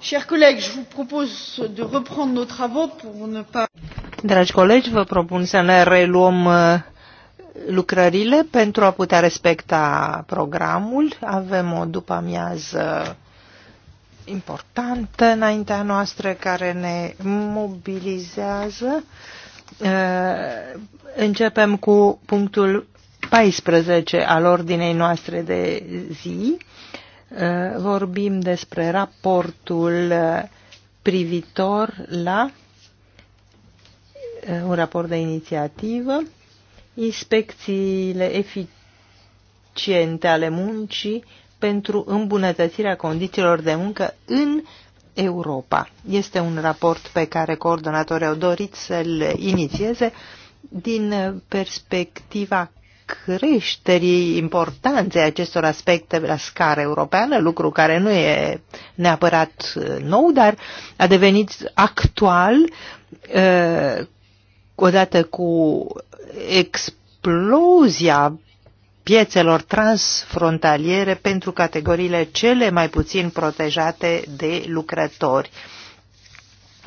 Chers collègues, je vous propose de reprendre nos travaux pour ne pas... Dragi colegi, vă propun să ne reluăm uh, lucrările pentru a putea respecta programul. Avem o după-amiază importantă înaintea noastră care ne mobilizează. Uh, începem cu punctul 14 al ordinei noastre de zi Eh, vorbim despre raportul eh, privitor la eh, un raport de inițiativă, inspecțiile eficiente ale muncii pentru îmbunătățirea condițiilor de muncă în Europa. Este un raport pe care coordonatorii au dorit să-l inițieze din perspectiva creșterii importanței acestor aspecte la scară europeană, lucru care nu e neapărat uh, nou, dar a devenit actual uh, odată cu explozia piețelor transfrontaliere pentru categoriile cele mai puțin protejate de lucrători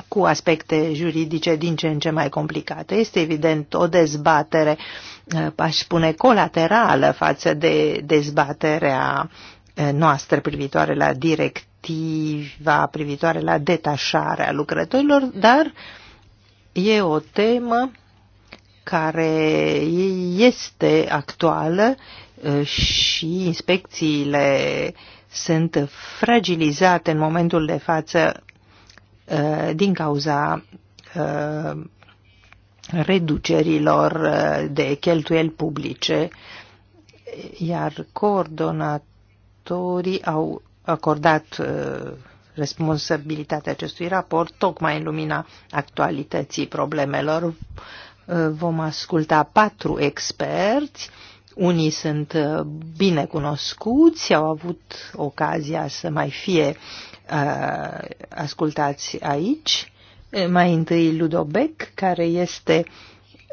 cu aspecte juridice din ce în ce mai complicate. Este evident o dezbatere uh, Eh, aș spune, colaterală față de dezbaterea eh, noastră privitoare la directiva, privitoare la detașarea lucrătorilor, dar e o temă care este actuală eh, și inspecțiile sunt fragilizate în momentul de față din cauza reducerilor uh, de cheltuieli publice, iar coordonatorii au acordat uh, responsabilitatea acestui raport tocmai în lumina actualității problemelor. Uh, vom asculta patru experți, unii sunt bine cunoscuți, au avut ocazia să mai fie ascultați aici mai întâi Ludobec, care este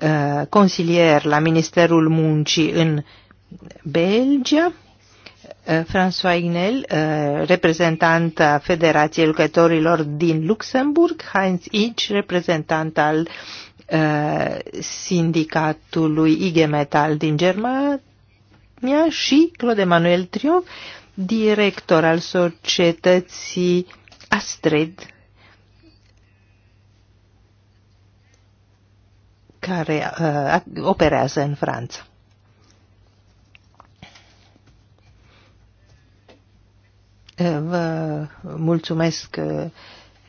uh, consilier la Ministerul Muncii în Belgia, uh, François Ignel, uh, reprezentant a Federației Lucrătorilor din Luxemburg, Heinz Ich, reprezentant al uh, sindicatului IG Metal din Germania și Claude Manuel Trion, director al societății Astrid care uh, operează în Franța. Uh, vă mulțumesc uh,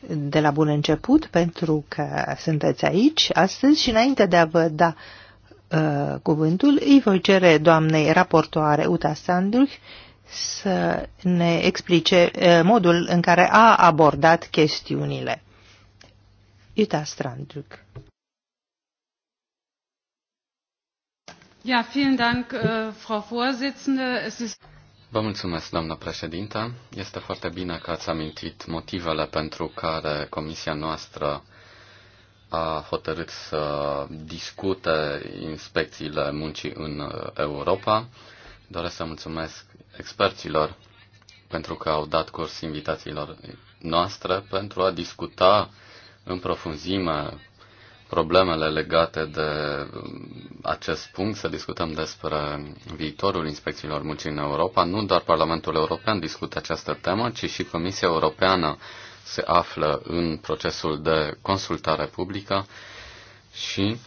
de la bun început pentru că sunteți aici astăzi și înainte de a vă da uh, cuvântul, îi voi cere doamnei raportoare Uta Sanduch să ne explice uh, modul în care a abordat chestiunile. Uta Sanduch. Äh, Vă mulțumesc, doamnă președintă. Este foarte bine că ați amintit motivele pentru care comisia noastră a hotărât să discute inspecțiile muncii în uh, Europa. Doresc să mulțumesc experților pentru că au dat curs invitațiilor noastre pentru a discuta în profunzime problemele legate de um, acest punct, să discutăm despre viitorul inspecțiilor muncii în Europa. Nu doar Parlamentul European discută această temă, ci și Comisia Europeană se află în procesul de consultare publică și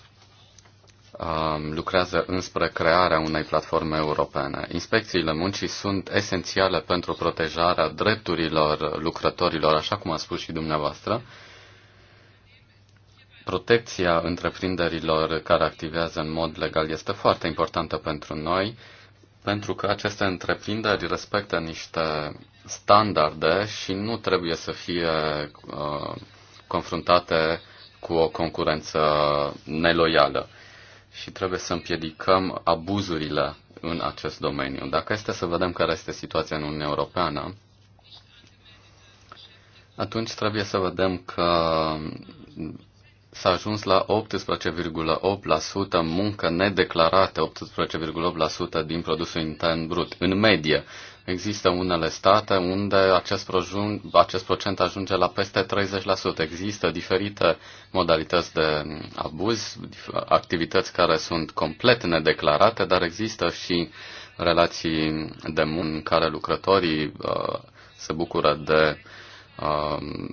um, lucrează înspre crearea unei platforme europene. Inspecțiile muncii sunt esențiale pentru protejarea drepturilor lucrătorilor, așa cum a spus și dumneavoastră, Protecția întreprinderilor care activează în mod legal este foarte importantă pentru noi, pentru că aceste întreprinderi respectă niște standarde și nu trebuie să fie uh, confruntate cu o concurență neloială. Și trebuie să împiedicăm abuzurile în acest domeniu. Dacă este să vedem care este situația în Uniunea Europeană, atunci trebuie să vedem că s-a ajuns la 18,8% muncă nedeclarată, 18,8% din produsul intern brut, în medie. Există unele state unde acest, projun, acest procent ajunge la peste 30%. Există diferite modalități de abuz, activități care sunt complet nedeclarate, dar există și relații de muncă în care lucrătorii uh, se bucură de uh,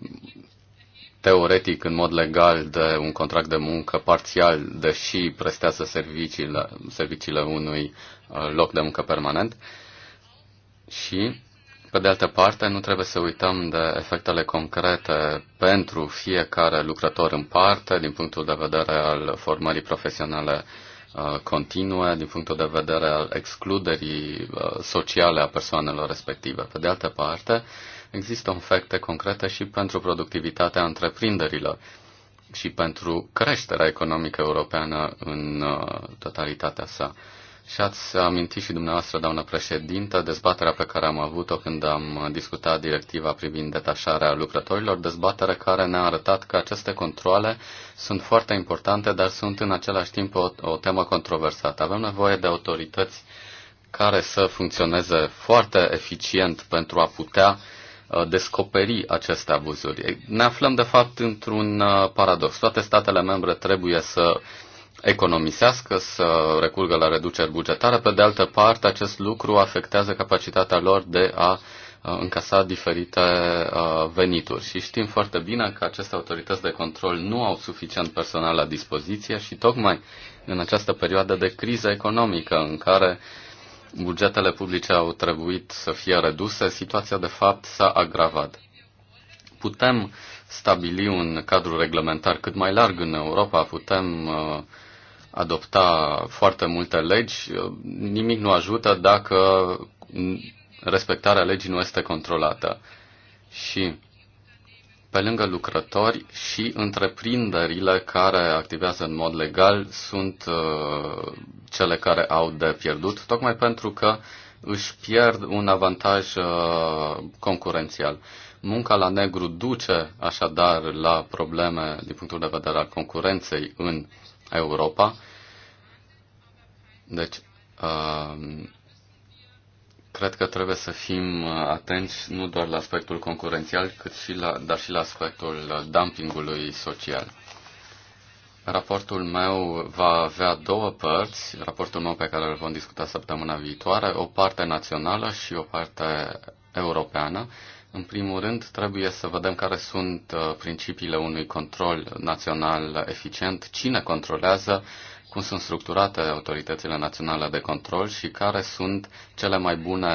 teoretic în mod legal de un contract de muncă parțial, deși prestează serviciile, serviciile unui uh, loc de muncă permanent. Și, pe de altă parte, nu trebuie să uităm de efectele concrete pentru fiecare lucrător în parte, din punctul de vedere al formării profesionale uh, continue, din punctul de vedere al excluderii uh, sociale a persoanelor respective. Pe de altă parte, există efecte concrete și pentru productivitatea întreprinderilor și pentru creșterea economică europeană în uh, totalitatea sa. Și ați amintit și dumneavoastră, doamnă președintă, dezbaterea pe care am avut-o când am discutat directiva privind detașarea lucrătorilor, dezbatere care ne-a arătat că aceste controle sunt foarte importante, dar sunt în același timp o, o temă controversată. Avem nevoie de autorități care să funcționeze foarte eficient pentru a putea uh, Uh, descoperi aceste abuzuri. Ne aflăm, de fapt, într-un uh, paradox. Toate statele membre trebuie să economisească, să recurgă la reduceri bugetare. Pe de altă parte, acest lucru afectează capacitatea lor de a uh, încasa diferite venituri. Și știm foarte bine că aceste autorități de control nu au suficient personal la dispoziție și tocmai în această perioadă de criză economică în care uh, bugetele publice au trebuit să fie reduse, situația de fapt s-a agravat. Putem stabili un cadru reglementar cât mai larg în Europa, putem uh, adopta foarte multe legi, nimic nu ajută dacă respectarea legii nu este controlată. Și pe lângă lucrători și întreprinderile care activează în mod legal sunt uh, cele care au de pierdut, tocmai pentru că își pierd un avantaj uh, concurențial. Munca la negru duce așadar la probleme din punctul de vedere al concurenței în Europa. Deci, uh, Cred că trebuie să fim uh, atenți nu doar la aspectul concurențial, cât și la, dar și la aspectul uh, dumpingului social. Raportul meu va avea două părți, raportul meu pe care îl vom discuta săptămâna viitoare, o parte națională și o parte europeană. În primul rând, trebuie să vedem care sunt uh, principiile unui control național eficient, cine controlează, uh, cum sunt structurate autoritățile naționale de control și care sunt cele mai bune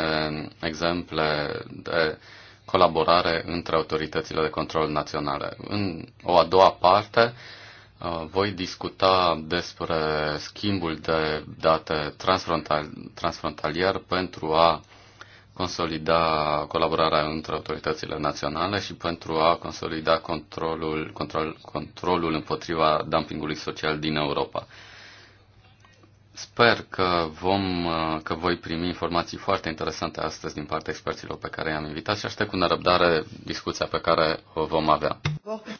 exemple de colaborare între autoritățile de control naționale. În o a doua parte uh, voi discuta despre schimbul de date transfrontal, transfrontalier pentru a consolida colaborarea între autoritățile naționale și pentru a consolida controlul, control, controlul împotriva dumpingului social din Europa. Sper că, vom, că voi primi informații foarte interesante astăzi din partea experților pe care i-am invitat și aștept cu nerăbdare discuția pe care o vom avea.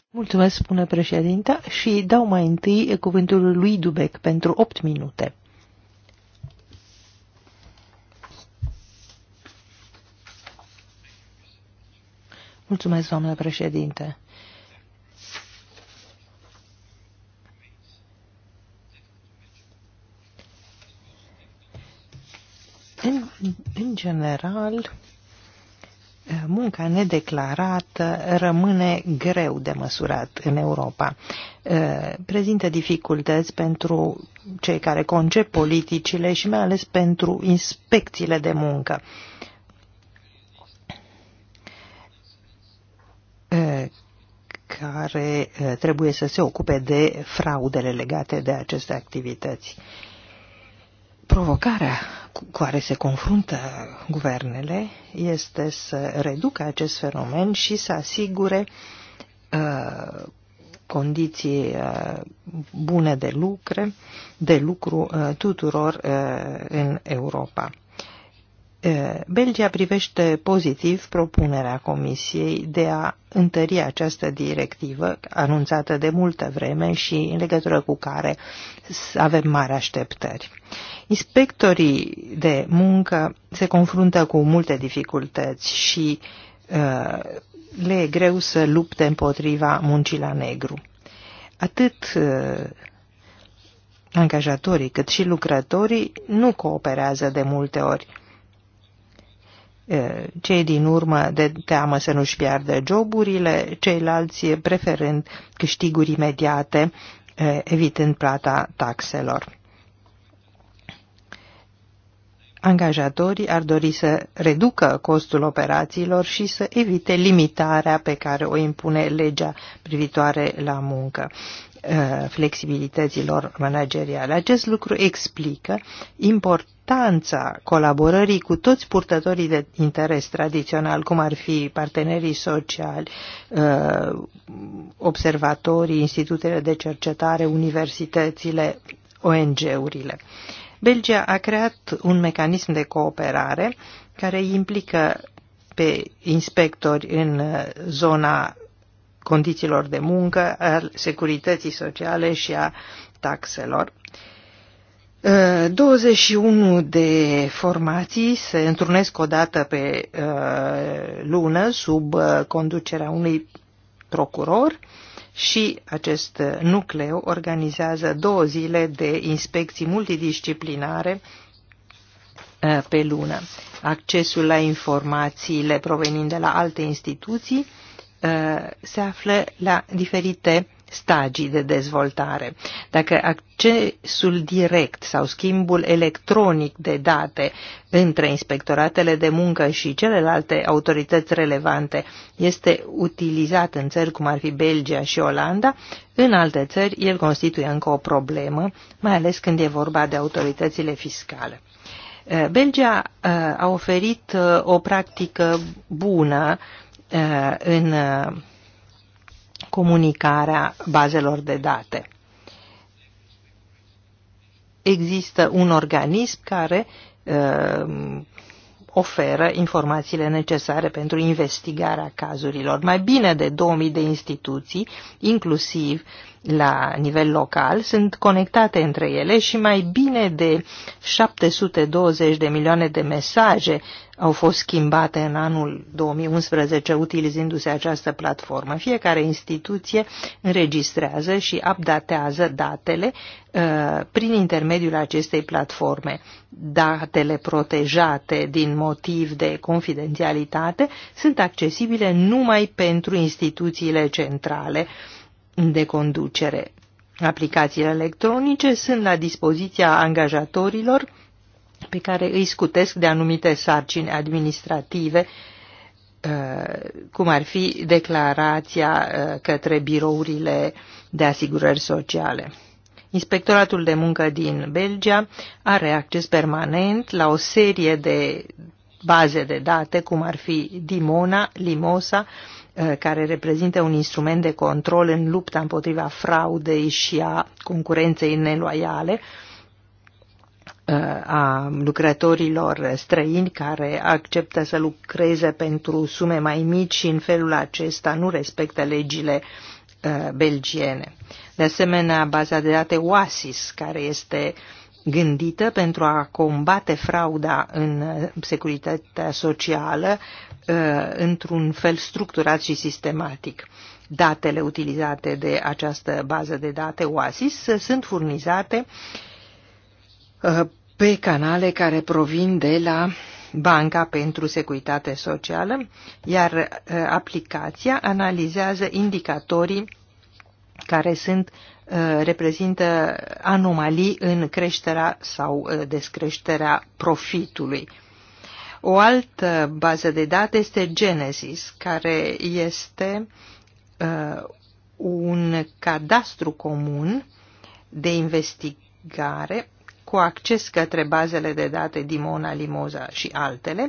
Mulțumesc, spune președinta, și dau mai întâi cuvântul lui Dubec pentru 8 minute. Mulțumesc, doamnă președinte. În general, munca nedeclarată rămâne greu de măsurat în Europa. Prezintă dificultăți pentru cei care concep politicile și mai ales pentru inspecțiile de muncă. care trebuie să se ocupe de fraudele legate de aceste activități. Uh, provocarea cu care se confruntă guvernele este să reducă acest fenomen și să asigure uh, condiții uh, bune de, lucre, de lucru uh, tuturor uh, în Europa. Belgia privește pozitiv propunerea Comisiei de a întări această directivă anunțată de multă vreme și în legătură cu care avem mari așteptări. Inspectorii de muncă se confruntă cu multe dificultăți și le e greu să lupte împotriva muncii la negru. Atât angajatorii cât și lucrătorii nu cooperează de multe ori cei din urmă de teamă să nu-și piardă joburile, ceilalți preferând câștiguri imediate, evitând plata taxelor. Angajatorii ar dori să reducă costul operațiilor și să evite limitarea pe care o impune legea privitoare la muncă flexibilităților manageriale. Acest lucru explică import importanța colaborării cu toți purtătorii de interes tradițional, cum ar fi partenerii sociali, uh, observatorii, institutele de cercetare, universitățile, ONG-urile. Belgia a creat un mecanism de cooperare care implică pe inspectori în uh, zona condițiilor de muncă, al securității sociale și a taxelor 21 uh, de formații se întrunesc o dată pe uh, lună sub uh, conducerea unui procuror și acest uh, nucleu organizează două zile de inspecții multidisciplinare uh, pe lună. Accesul la informațiile provenind de la alte instituții uh, se află la diferite stagii de dezvoltare. Dacă accesul direct sau schimbul electronic de date între inspectoratele de muncă și celelalte autorități relevante este utilizat în țări cum ar fi Belgia și Olanda, în alte țări el constituie încă o problemă, mai ales când e vorba de autoritățile fiscale. Eh, Belgia eh, a oferit eh, o practică bună în comunicarea bazelor de date. Există un organism care uh, oferă informațiile necesare pentru investigarea cazurilor. Mai bine de 2000 de instituții, inclusiv la nivel local sunt conectate între ele și mai bine de 720 de milioane de mesaje au fost schimbate în anul 2011 utilizându-se această platformă. Fiecare instituție înregistrează și updatează datele uh, prin intermediul acestei platforme. Datele protejate din motiv de confidențialitate sunt accesibile numai pentru instituțiile centrale uh, de conducere. Aplicațiile electronice sunt la dispoziția angajatorilor pe care îi scutesc de anumite sarcini administrative, uh, cum ar fi declarația uh, către birourile de asigurări sociale. Inspectoratul de muncă din Belgia are acces permanent la o serie de baze de date, cum ar fi Dimona, Limosa, Eh, care reprezintă un instrument de control în lupta împotriva fraudei și a concurenței neloiale eh, a lucrătorilor străini care acceptă să lucreze pentru sume mai mici și în felul acesta nu respectă legile eh, belgiene. De asemenea, baza de date OASIS, care este gândită pentru a combate frauda în securitatea socială, Uh, într-un fel structurat și sistematic. Datele utilizate de această bază de date OASIS sunt furnizate uh, pe canale care provin de la Banca pentru Securitate Socială, iar uh, aplicația analizează indicatorii care sunt reprezintă anomalii în creșterea sau descreșterea profitului. O altă bază de date este Genesis, care este uh, un cadastru comun de investigare cu acces către bazele de date Dimona, Limoza și altele,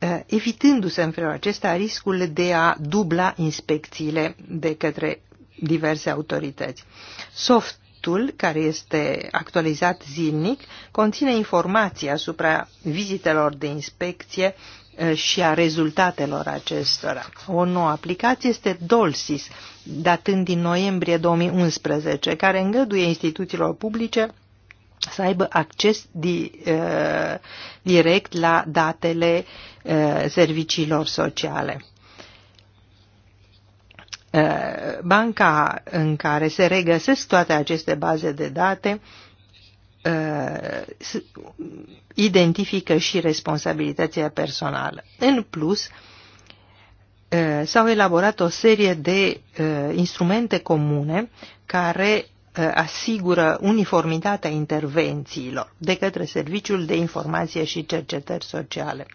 uh, evitându-se în felul acesta riscul de a dubla inspecțiile de către diverse autorități. Soft site-ul, care este actualizat zilnic, conține informații asupra vizitelor de inspecție eh, și a rezultatelor acestora. O nouă aplicație este Dolsis, datând din noiembrie 2011, care îngăduie instituțiilor publice să aibă acces di, eh, direct la datele eh, serviciilor sociale. Eh, banca în care se regăsesc toate aceste baze de date eh, identifică și responsabilitatea personală. În plus, eh, s-au elaborat o serie de instrumente comune care asigură uniformitatea intervențiilor de către Serviciul de Informație și Cercetări Sociale.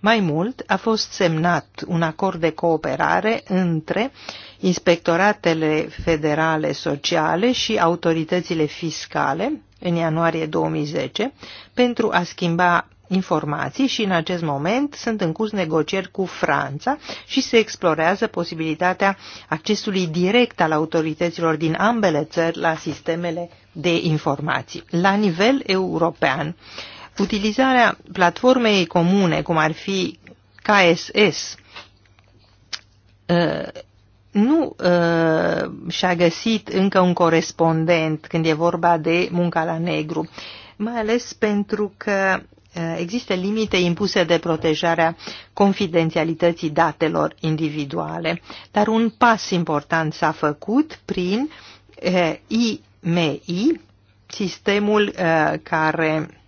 Mai mult, a fost semnat un acord de cooperare între inspectoratele federale sociale și autoritățile fiscale în ianuarie 2010 pentru a schimba informații și în acest moment sunt în curs negocieri cu Franța și se explorează posibilitatea accesului direct al autorităților din ambele țări la sistemele de informații. La nivel european, utilizarea platformei comune, cum ar fi KSS, uh, nu uh, și-a găsit încă un corespondent când e vorba de munca la negru, mai ales pentru că există limite impuse de protejarea confidențialității datelor individuale, dar un pas important s-a făcut prin IMI, eh, sistemul eh, care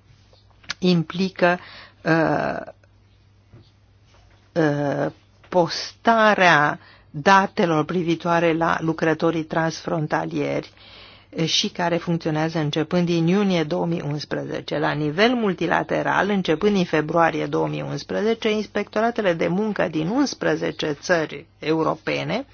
implică eh, postarea datelor privitoare la lucrătorii transfrontalieri și care funcționează începând din iunie 2011. La nivel multilateral, începând din februarie 2011, inspectoratele de muncă din 11 țări europene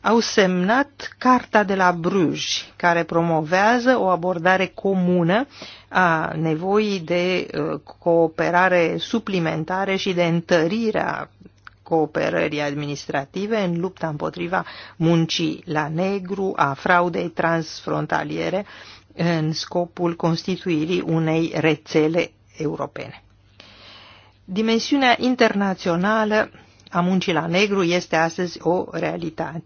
au semnat Carta de la Bruj, care promovează o abordare comună a nevoii de uh, cooperare suplimentare și de întărirea cooperării administrative în lupta împotriva muncii la negru, a fraudei transfrontaliere, în scopul constituirii unei rețele europene. Dimensiunea internațională a muncii la negru este astăzi o realitate.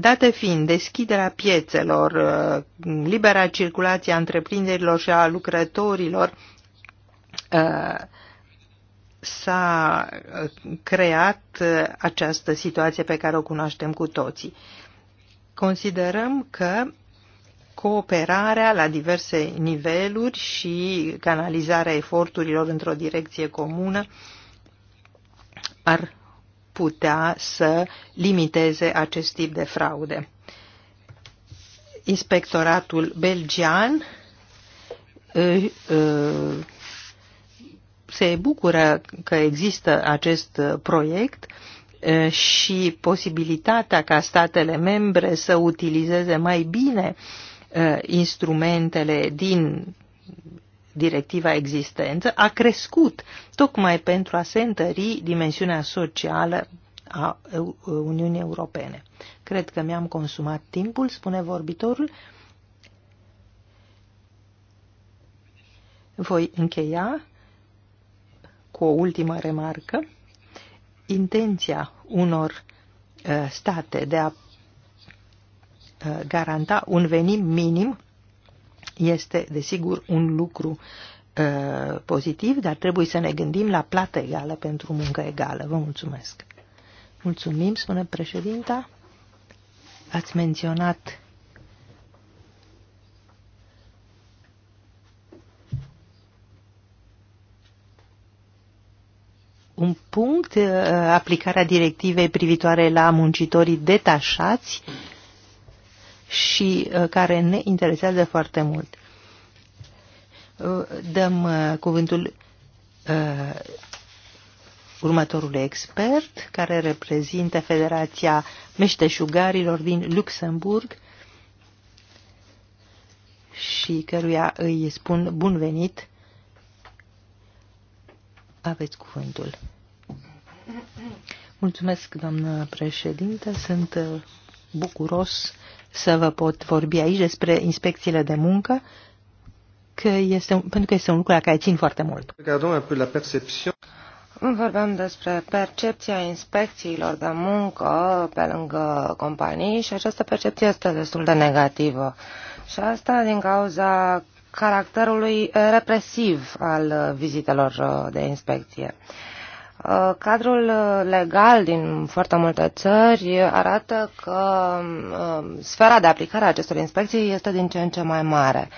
Date fiind deschiderea piețelor, libera circulație a întreprinderilor și a lucrătorilor, s-a uh, creat uh, această situație pe care o cunoaștem cu toții. Considerăm că cooperarea la diverse niveluri și canalizarea eforturilor într-o direcție comună ar putea să limiteze acest tip de fraude. Inspectoratul belgian uh, se bucură că există acest proiect și posibilitatea ca statele membre să utilizeze mai bine instrumentele din directiva existentă a crescut tocmai pentru a se întări dimensiunea socială a Uniunii Europene. Cred că mi-am consumat timpul, spune vorbitorul. Voi încheia cu o ultimă remarcă. Intenția unor uh, state de a uh, garanta un venit minim este, desigur, un lucru uh, pozitiv, dar trebuie să ne gândim la plată egală pentru muncă egală. Vă mulțumesc! Mulțumim, spune președinta. Ați menționat un punct, uh, aplicarea directivei privitoare la muncitorii detașați și uh, care ne interesează foarte mult. Uh, dăm cuvântul următorului expert, care reprezintă Federația Meșteșugarilor din Luxemburg și căruia îi spun bun venit aveți cuvântul. Mulțumesc, doamnă președinte. Sunt uh, bucuros să vă pot vorbi aici despre inspecțiile de muncă, că este, pentru că este un lucru la care țin foarte mult. Vorbeam despre percepția inspecțiilor de muncă pe lângă companii și această percepție este destul de negativă. Și asta din cauza caracterului eh, represiv al eh, vizitelor eh, de inspecție. Cadrul legal din foarte multe țări arată că sfera de aplicare a acestor inspecții este din ce în ce mai mare.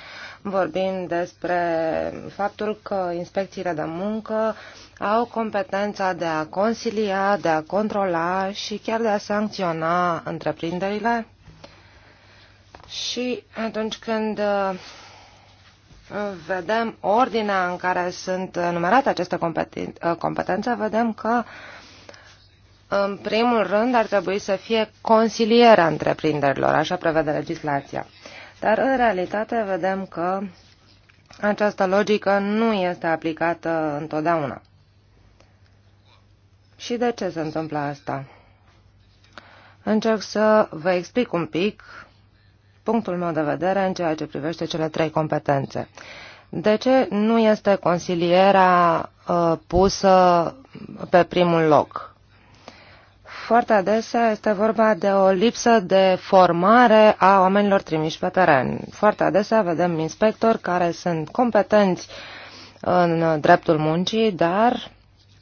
Vorbim despre faptul că inspecțiile de muncă au competența de a consilia, de a controla și chiar de a sancționa întreprinderile și atunci când vedem ordinea în care sunt numerate aceste uh, competențe, vedem că în primul rând ar trebui să fie consilierea întreprinderilor, așa prevede legislația. Dar în realitate vedem că această logică nu este aplicată întotdeauna. Și de ce se întâmplă asta? Încerc să vă explic un pic punctul meu de vedere în ceea ce privește cele trei competențe. De ce nu este consilierea uh, pusă pe primul loc? foarte adesea este vorba de o lipsă de formare a oamenilor trimiși pe teren. Foarte adesea vedem inspectori care sunt competenți în dreptul muncii, dar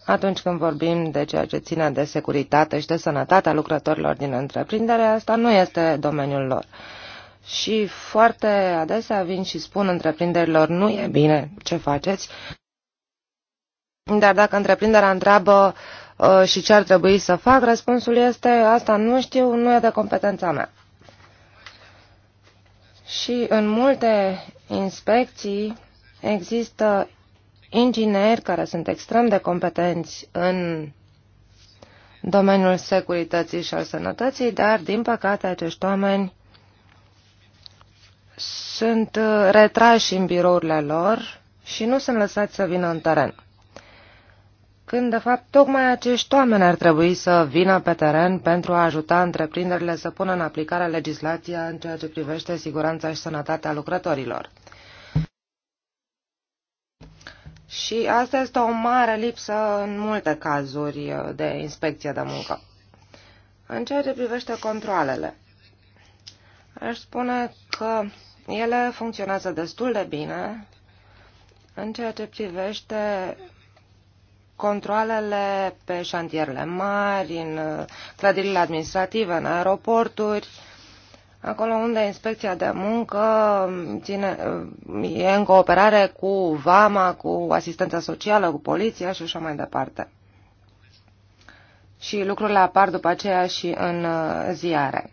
atunci când vorbim de ceea ce ține de securitate și de sănătatea lucrătorilor din întreprindere, asta nu este domeniul lor și foarte adesea vin și spun întreprinderilor, nu e bine ce faceți, dar dacă întreprinderea întreabă uh, și ce ar trebui să fac, răspunsul este, asta nu știu, nu e de competența mea. Și în multe inspecții există ingineri care sunt extrem de competenți în domeniul securității și al sănătății, dar, din păcate, acești oameni sunt uh, retrași în birourile lor și nu sunt lăsați să vină în teren. Când, de fapt, tocmai acești oameni ar trebui să vină pe teren pentru a ajuta întreprinderile să pună în aplicare legislația în ceea ce privește siguranța și sănătatea lucrătorilor. Și asta este o mare lipsă în multe cazuri uh, de inspecție de muncă. În ceea ce privește controlele, aș spune că ele funcționează destul de bine în ceea ce privește controlele pe șantierele mari, în uh, clădirile administrative, în aeroporturi, acolo unde inspecția de muncă um, ține, um, e în cooperare cu VAMA, cu asistența socială, cu poliția și așa mai departe. Și lucrurile apar după aceea și în uh, ziare.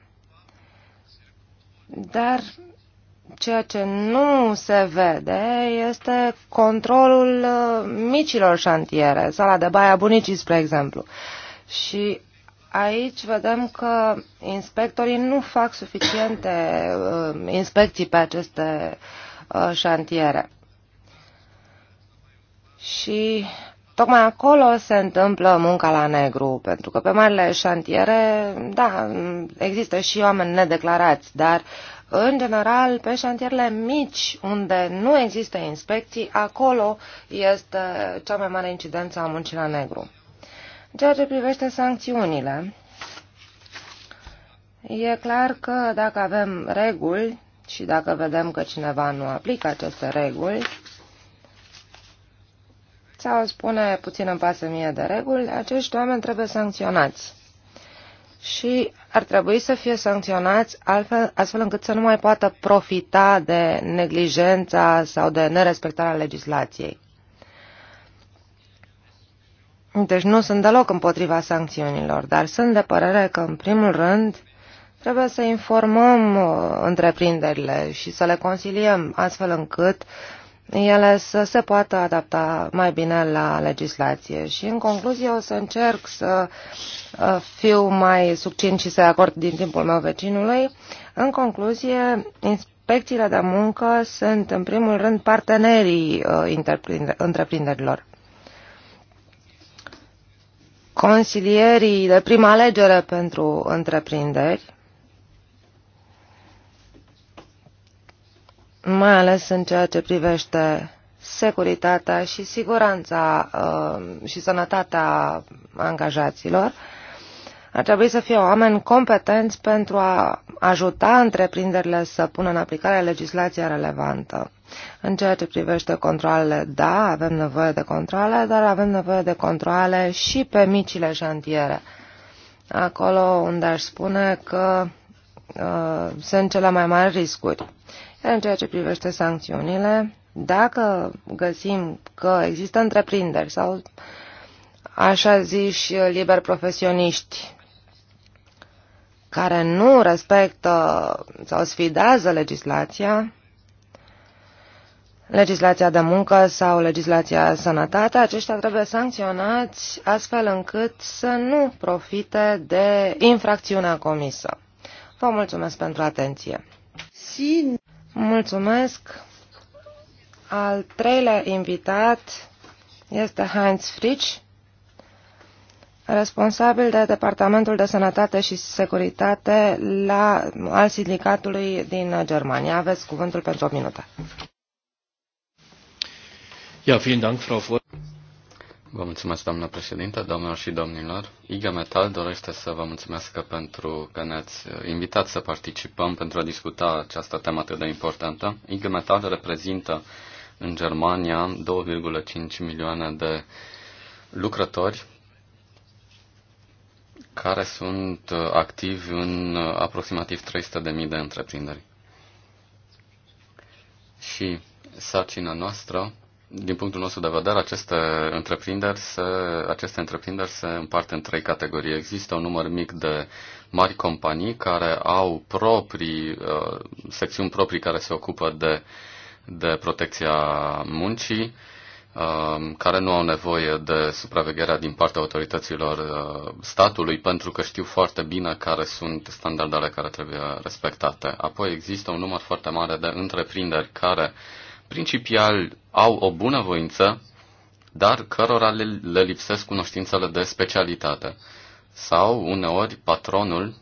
Dar Ceea ce nu se vede este controlul uh, micilor șantiere, sala de baia bunicii, spre exemplu. Și aici vedem că inspectorii nu fac suficiente uh, inspecții pe aceste uh, șantiere. Și Tocmai acolo se întâmplă munca la negru, pentru că pe marile șantiere, da, există și oameni nedeclarați, dar în general, pe șantierele mici, unde nu există inspecții, acolo este cea mai mare incidență a muncii la negru. ceea ce privește sancțiunile, e clar că dacă avem reguli și dacă vedem că cineva nu aplică aceste reguli, sau spune puțin în pasă mie de reguli, acești oameni trebuie sancționați și ar trebui să fie sancționați altfel, astfel încât să nu mai poată profita de neglijența sau de nerespectarea legislației. Deci nu sunt deloc împotriva sancțiunilor, dar sunt de părere că, în primul rând, trebuie să informăm uh, întreprinderile și să le consiliem astfel încât ele să se poată adapta mai bine la legislație. Și în concluzie o să încerc să uh, fiu mai succint și să acord din timpul meu vecinului. În concluzie, inspecțiile de muncă sunt în primul rând partenerii uh, întreprinderilor. Consilierii de prima alegere pentru întreprinderi mai ales în ceea ce privește securitatea și siguranța uh, și sănătatea angajaților. Ar trebui să fie oameni competenți pentru a ajuta întreprinderile să pună în aplicare legislația relevantă. În ceea ce privește controlele, da, avem nevoie de controle, dar avem nevoie de controle și pe micile șantiere. Acolo unde aș spune că uh, sunt cele mai mari riscuri. În ceea ce privește sancțiunile, dacă găsim că există întreprinderi sau așa ziși liber profesioniști care nu respectă sau sfidează legislația, legislația de muncă sau legislația sănătate, aceștia trebuie sancționați astfel încât să nu profite de infracțiunea comisă. Vă mulțumesc pentru atenție. Mulțumesc. Al treilea invitat este Heinz Fritsch, responsabil de Departamentul de Sănătate și Securitate la, al sindicatului din Germania. Aveți cuvântul pentru o minută. Ja, vielen Dank, Frau Vor Vă mulțumesc, doamnă președinte, domnilor și domnilor. IG Metal dorește să vă mulțumesc pentru că ne-ați invitat să participăm pentru a discuta această temă atât de importantă. IG Metal reprezintă în Germania 2,5 milioane de lucrători care sunt activi în aproximativ 300.000 de întreprinderi. Și sarcina noastră din punctul nostru de vedere, aceste întreprinderi se, aceste întreprinderi se împart în trei categorii. Există un număr mic de mari companii care au proprii, uh, secțiuni proprii care se ocupă de, de protecția muncii, uh, care nu au nevoie de supravegherea din partea autorităților uh, statului pentru că știu foarte bine care sunt standardele care trebuie respectate. Apoi există un număr foarte mare de întreprinderi care uh, principial au o bună voință, dar cărora le, le lipsesc cunoștințele de specialitate. Sau, uneori, patronul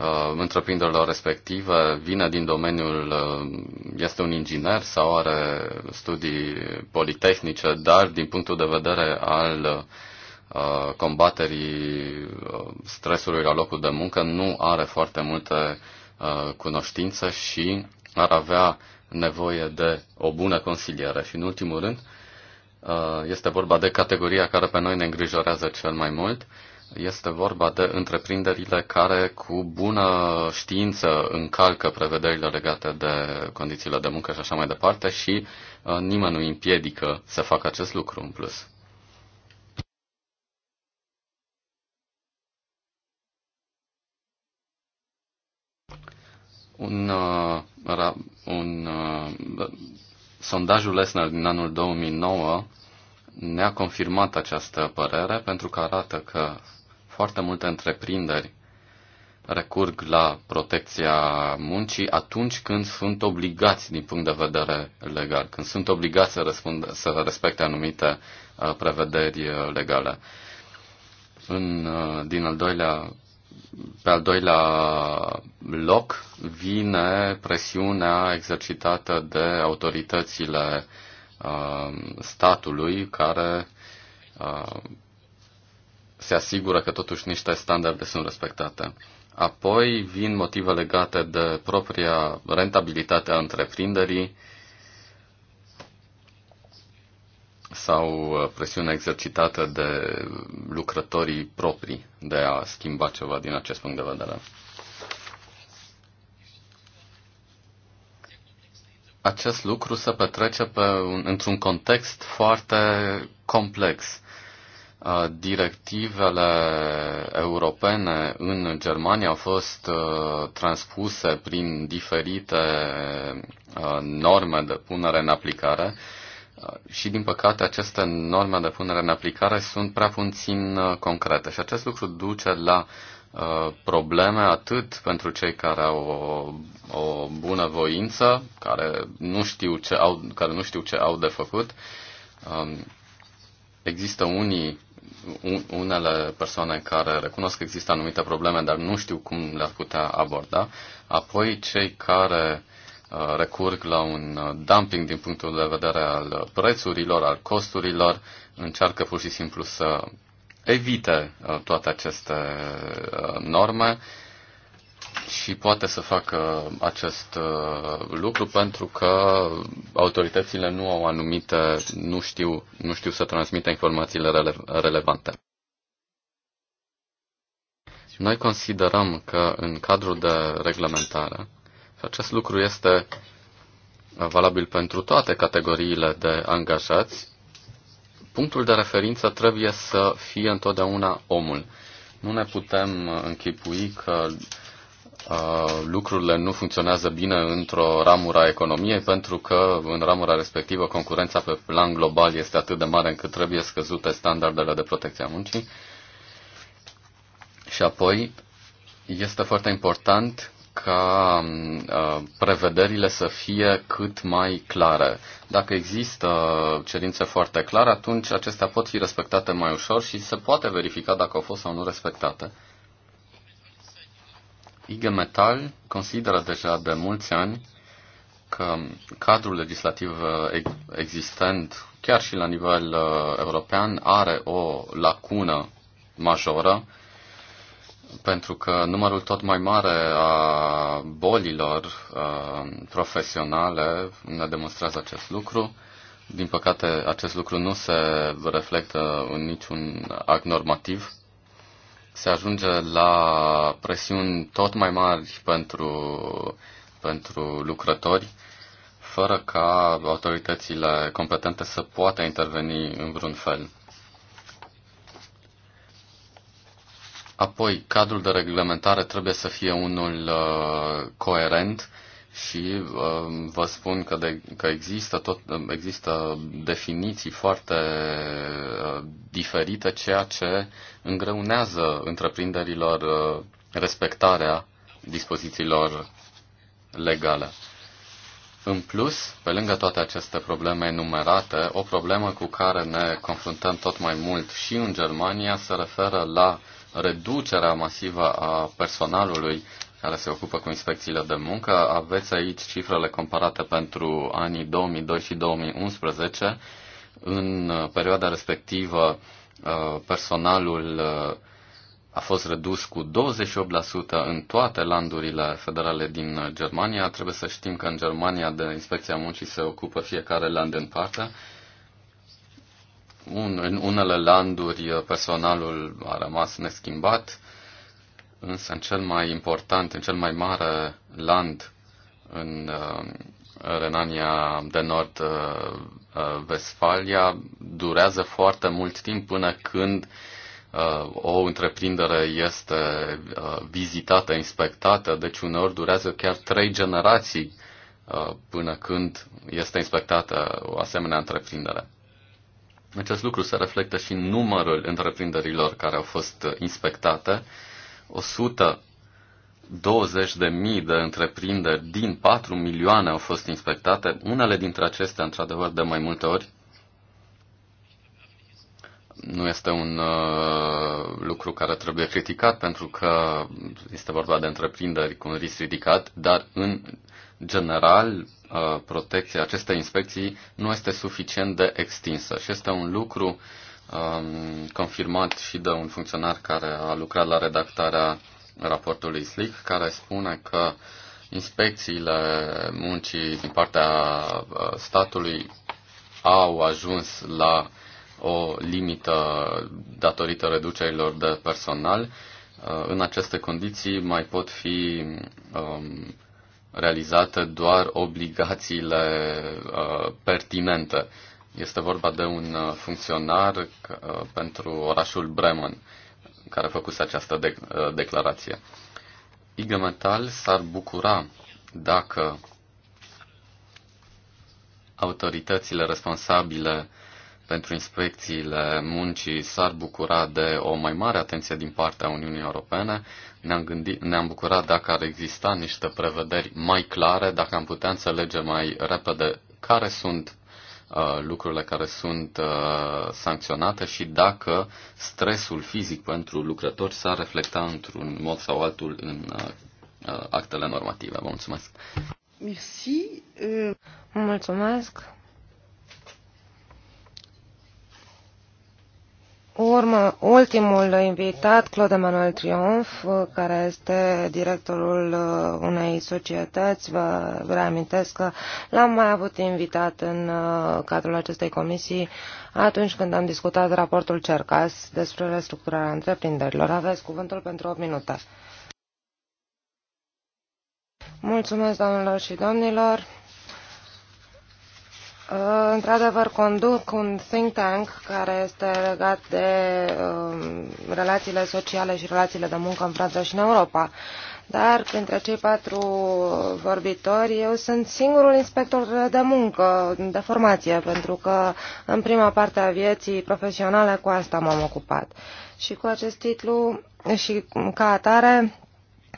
uh, întreprinderilor respective vine din domeniul, uh, este un inginer sau are studii politehnice, dar din punctul de vedere al uh, combaterii uh, stresului la locul de muncă nu are foarte multe uh, cunoștință și ar avea nevoie de o bună consiliere. Și în ultimul rând, uh, este vorba de categoria care pe noi ne îngrijorează cel mai mult. Este vorba de întreprinderile care cu bună știință încalcă prevederile legate de condițiile de muncă și așa mai departe și uh, nimeni nu împiedică să facă acest lucru în plus. Un uh, un uh, sondajul Lesnar din anul 2009 ne-a confirmat această părere pentru că arată că foarte multe întreprinderi recurg la protecția muncii atunci când sunt obligați din punct de vedere legal, când sunt obligați să, răspund, să respecte anumite uh, prevederi uh, legale. În, uh, din al doilea pe al doilea loc vine presiunea exercitată de autoritățile uh, statului care uh, se asigură că totuși niște standarde sunt respectate. Apoi vin motive legate de propria rentabilitate a întreprinderii, sau uh, presiunea exercitată de lucrătorii proprii de a schimba ceva din acest punct de vedere. Acest lucru se petrece pe un, într-un context foarte complex. Uh, directivele europene în Germania au fost uh, transpuse prin diferite norme de punere în aplicare și, din păcate, aceste norme de punere în aplicare sunt prea puțin uh, concrete și acest lucru duce la uh, probleme atât pentru cei care au o, o bună voință, care nu știu ce au, care nu știu ce au de făcut. Um, există unii unele persoane care recunosc că există anumite probleme, dar nu știu cum le-ar putea aborda. Apoi cei care uh, Uh, recurg la un uh, dumping din punctul de vedere al prețurilor, al costurilor, încearcă pur și simplu să evite uh, toate aceste norme și poate să facă acest lucru pentru că autoritățile nu au anumite, nu știu, nu știu să transmită informațiile rele, relevante. Noi considerăm că în cadrul de reglementare și acest lucru este valabil pentru toate categoriile de angajați. Punctul de referință trebuie să fie întotdeauna omul. Nu ne putem închipui că uh, lucrurile nu funcționează bine într-o ramură a economiei, pentru că în ramura respectivă concurența pe plan global este atât de mare încât trebuie scăzute standardele de protecție a muncii. Și apoi este foarte important ca uh, prevederile să fie cât mai clare. Dacă există cerințe foarte clare, atunci acestea pot fi respectate mai ușor și se poate verifica dacă au fost sau nu respectate. IG Metal consideră deja de mulți ani că cadrul legislativ uh, existent, chiar și la nivel uh, european, are o lacună majoră pentru că numărul tot mai mare a bolilor uh, profesionale ne demonstrează acest lucru. Din păcate, acest lucru nu se reflectă în niciun act normativ. Se ajunge la presiuni tot mai mari pentru, pentru lucrători, fără ca autoritățile competente să poată interveni în vreun fel. Apoi, cadrul de reglementare trebuie să fie unul uh, coerent și uh, vă spun că, de, că există, tot, există definiții foarte uh, diferite, ceea ce îngreunează întreprinderilor uh, respectarea dispozițiilor legale. În plus, pe lângă toate aceste probleme enumerate, o problemă cu care ne confruntăm tot mai mult și în Germania se referă la uh, reducerea masivă a personalului care se ocupă cu inspecțiile de muncă. Aveți aici cifrele comparate pentru anii 2002 și 2011. În uh, perioada respectivă, uh, personalul uh, a fost redus cu 28% în toate landurile federale din Germania. Trebuie să știm că în Germania de inspecția muncii se ocupă fiecare land în parte un, în unele landuri uh, personalul a rămas neschimbat, însă în cel mai important, în cel mai mare land în uh, Renania de Nord-Vestfalia uh, durează foarte mult timp până când o întreprindere este vizitată, inspectată, deci uneori durează chiar trei generații până când este inspectată o asemenea întreprindere. Acest lucru se reflectă și în numărul întreprinderilor care au fost inspectate. 120.000 de mii de întreprinderi din 4 milioane au fost inspectate, unele dintre acestea, într-adevăr, de mai multe ori. Nu este un uh, lucru care trebuie criticat, pentru că este vorba de întreprinderi cu un risc ridicat, dar în general, uh, protecția acestei inspecții nu este suficient de extinsă și este un lucru um, confirmat și de un funcționar care a lucrat la redactarea raportului SLIC, care spune că inspecțiile muncii din partea uh, statului au ajuns la o limită datorită reducerilor de personal. Uh, în aceste condiții mai pot fi um, realizate doar obligațiile uh, pertinente. Este vorba de un uh, funcționar uh, pentru orașul Bremen care a făcut această de- uh, declarație. IG Metal s-ar bucura dacă autoritățile responsabile pentru inspecțiile muncii s-ar bucura de o mai mare atenție din partea Uniunii Europene, ne-am, gândit, ne-am bucurat dacă ar exista niște prevederi mai clare, dacă am putea înțelege mai repede care sunt uh, lucrurile care sunt uh, sancționate și dacă stresul fizic pentru lucrători s-ar reflecta într-un mod sau altul în uh, uh actele normative. Vă mulțumesc! Merci. Mulțumesc! urmă, ultimul invitat, Claude Manuel Triumf, care este directorul uh, unei societăți. Vă reamintesc că l-am mai avut invitat în uh, cadrul acestei comisii atunci când am discutat raportul Cercas despre restructurarea întreprinderilor. Aveți cuvântul pentru 8 minute. Mulțumesc, doamnelor și domnilor. Uh, într-adevăr, conduc un think tank care este legat de um, relațiile sociale și relațiile de muncă în Franța și în Europa. Dar printre cei patru vorbitori, eu sunt singurul inspector de muncă, de formație, pentru că în prima parte a vieții profesionale cu asta m-am ocupat. Și cu acest titlu și ca atare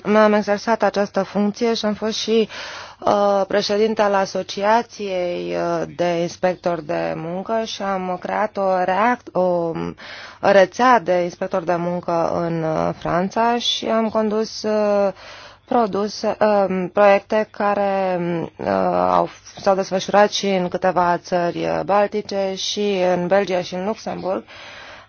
mi-am exersat această funcție și am fost și uh, Uh, președinte al Asociației uh, de Inspectori de Muncă și am creat o, react, o rețea de inspectori de muncă în uh, Franța și am condus produs, proiecte care s-au desfășurat și în câteva țări baltice și în Belgia și în Luxemburg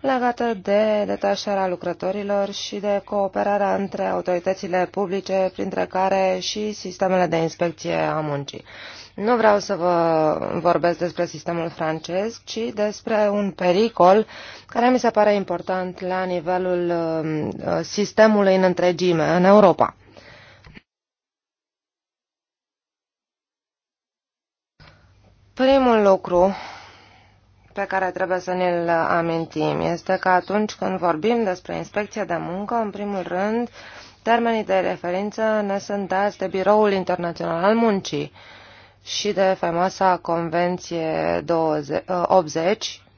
legată de detașarea lucrătorilor și de cooperarea între autoritățile publice, printre care și sistemele de inspecție a muncii. Nu vreau să vă vorbesc despre sistemul francez, ci despre un pericol care mi se pare important la nivelul uh, sistemului în întregime, în Europa. Primul lucru pe care trebuie să ne-l amintim este că atunci când vorbim despre inspecția de muncă, în primul rând, termenii de referință ne sunt dați de Biroul Internațional al Muncii și de faimoasa Convenție 20, 80 ă,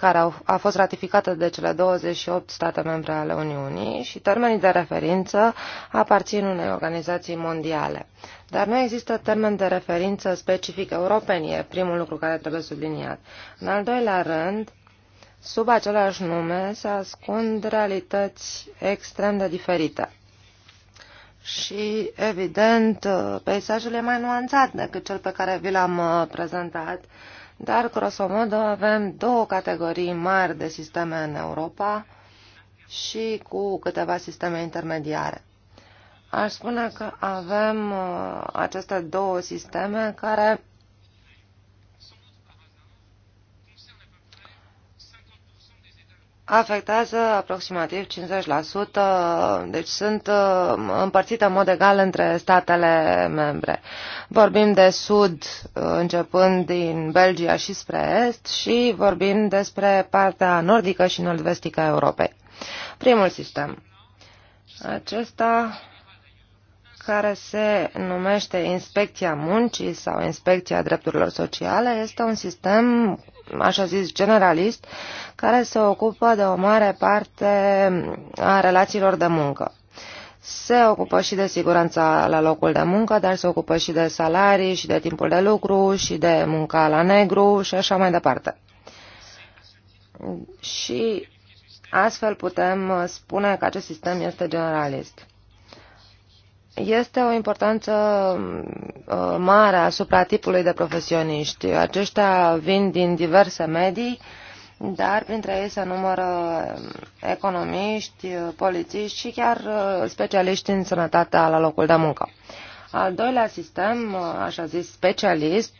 care a fost ratificată de cele 28 state membre ale Uniunii și termenii de referință aparțin unei organizații mondiale. Dar nu există termen de referință specific european, e primul lucru care trebuie subliniat. În al doilea rând, sub același nume se ascund realități extrem de diferite. Și, evident, peisajul e mai nuanțat decât cel pe care vi l-am uh, prezentat dar, grosomodo, avem două categorii mari de sisteme în Europa și cu câteva sisteme intermediare. Aș spune că avem uh, aceste două sisteme care afectează aproximativ 50%, deci sunt uh, împărțite în mod egal între statele membre. Vorbim de sud, uh, începând din Belgia și spre est, și vorbim despre partea nordică și nord-vestică a Europei. Primul sistem. Acesta care se numește Inspecția Muncii sau Inspecția Drepturilor Sociale este un sistem așa zis, generalist, care se ocupă de o mare parte a relațiilor de muncă. Se ocupă și de siguranța la locul de muncă, dar se ocupă și de salarii, și de timpul de lucru, și de munca la negru și așa mai departe. Și astfel putem spune că acest sistem este generalist. Este o importanță uh, mare asupra tipului de profesioniști. Aceștia vin din diverse medii, dar printre ei se numără uh, economiști, uh, polițiști și chiar specialiști în sănătatea la locul de muncă. Al doilea sistem, așa zis specialist,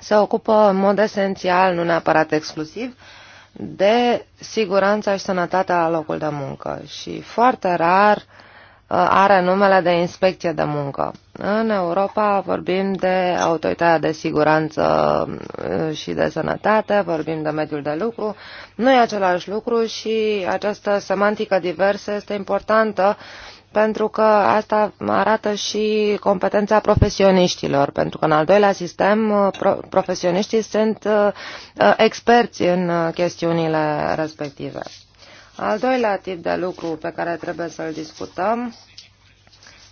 se ocupă în mod esențial, nu neapărat exclusiv, de siguranța și sănătatea la locul de muncă și foarte rar uh, are numele de inspecție de muncă. În Europa vorbim de autoritatea de siguranță uh, și de sănătate, vorbim de mediul de lucru. Nu e același lucru și această semantică diversă este importantă pentru că asta arată și competența profesioniștilor, pentru că în al doilea sistem uh, profesioniștii sunt uh, experți în chestiunile respective. Al doilea tip de lucru pe care trebuie să-l discutăm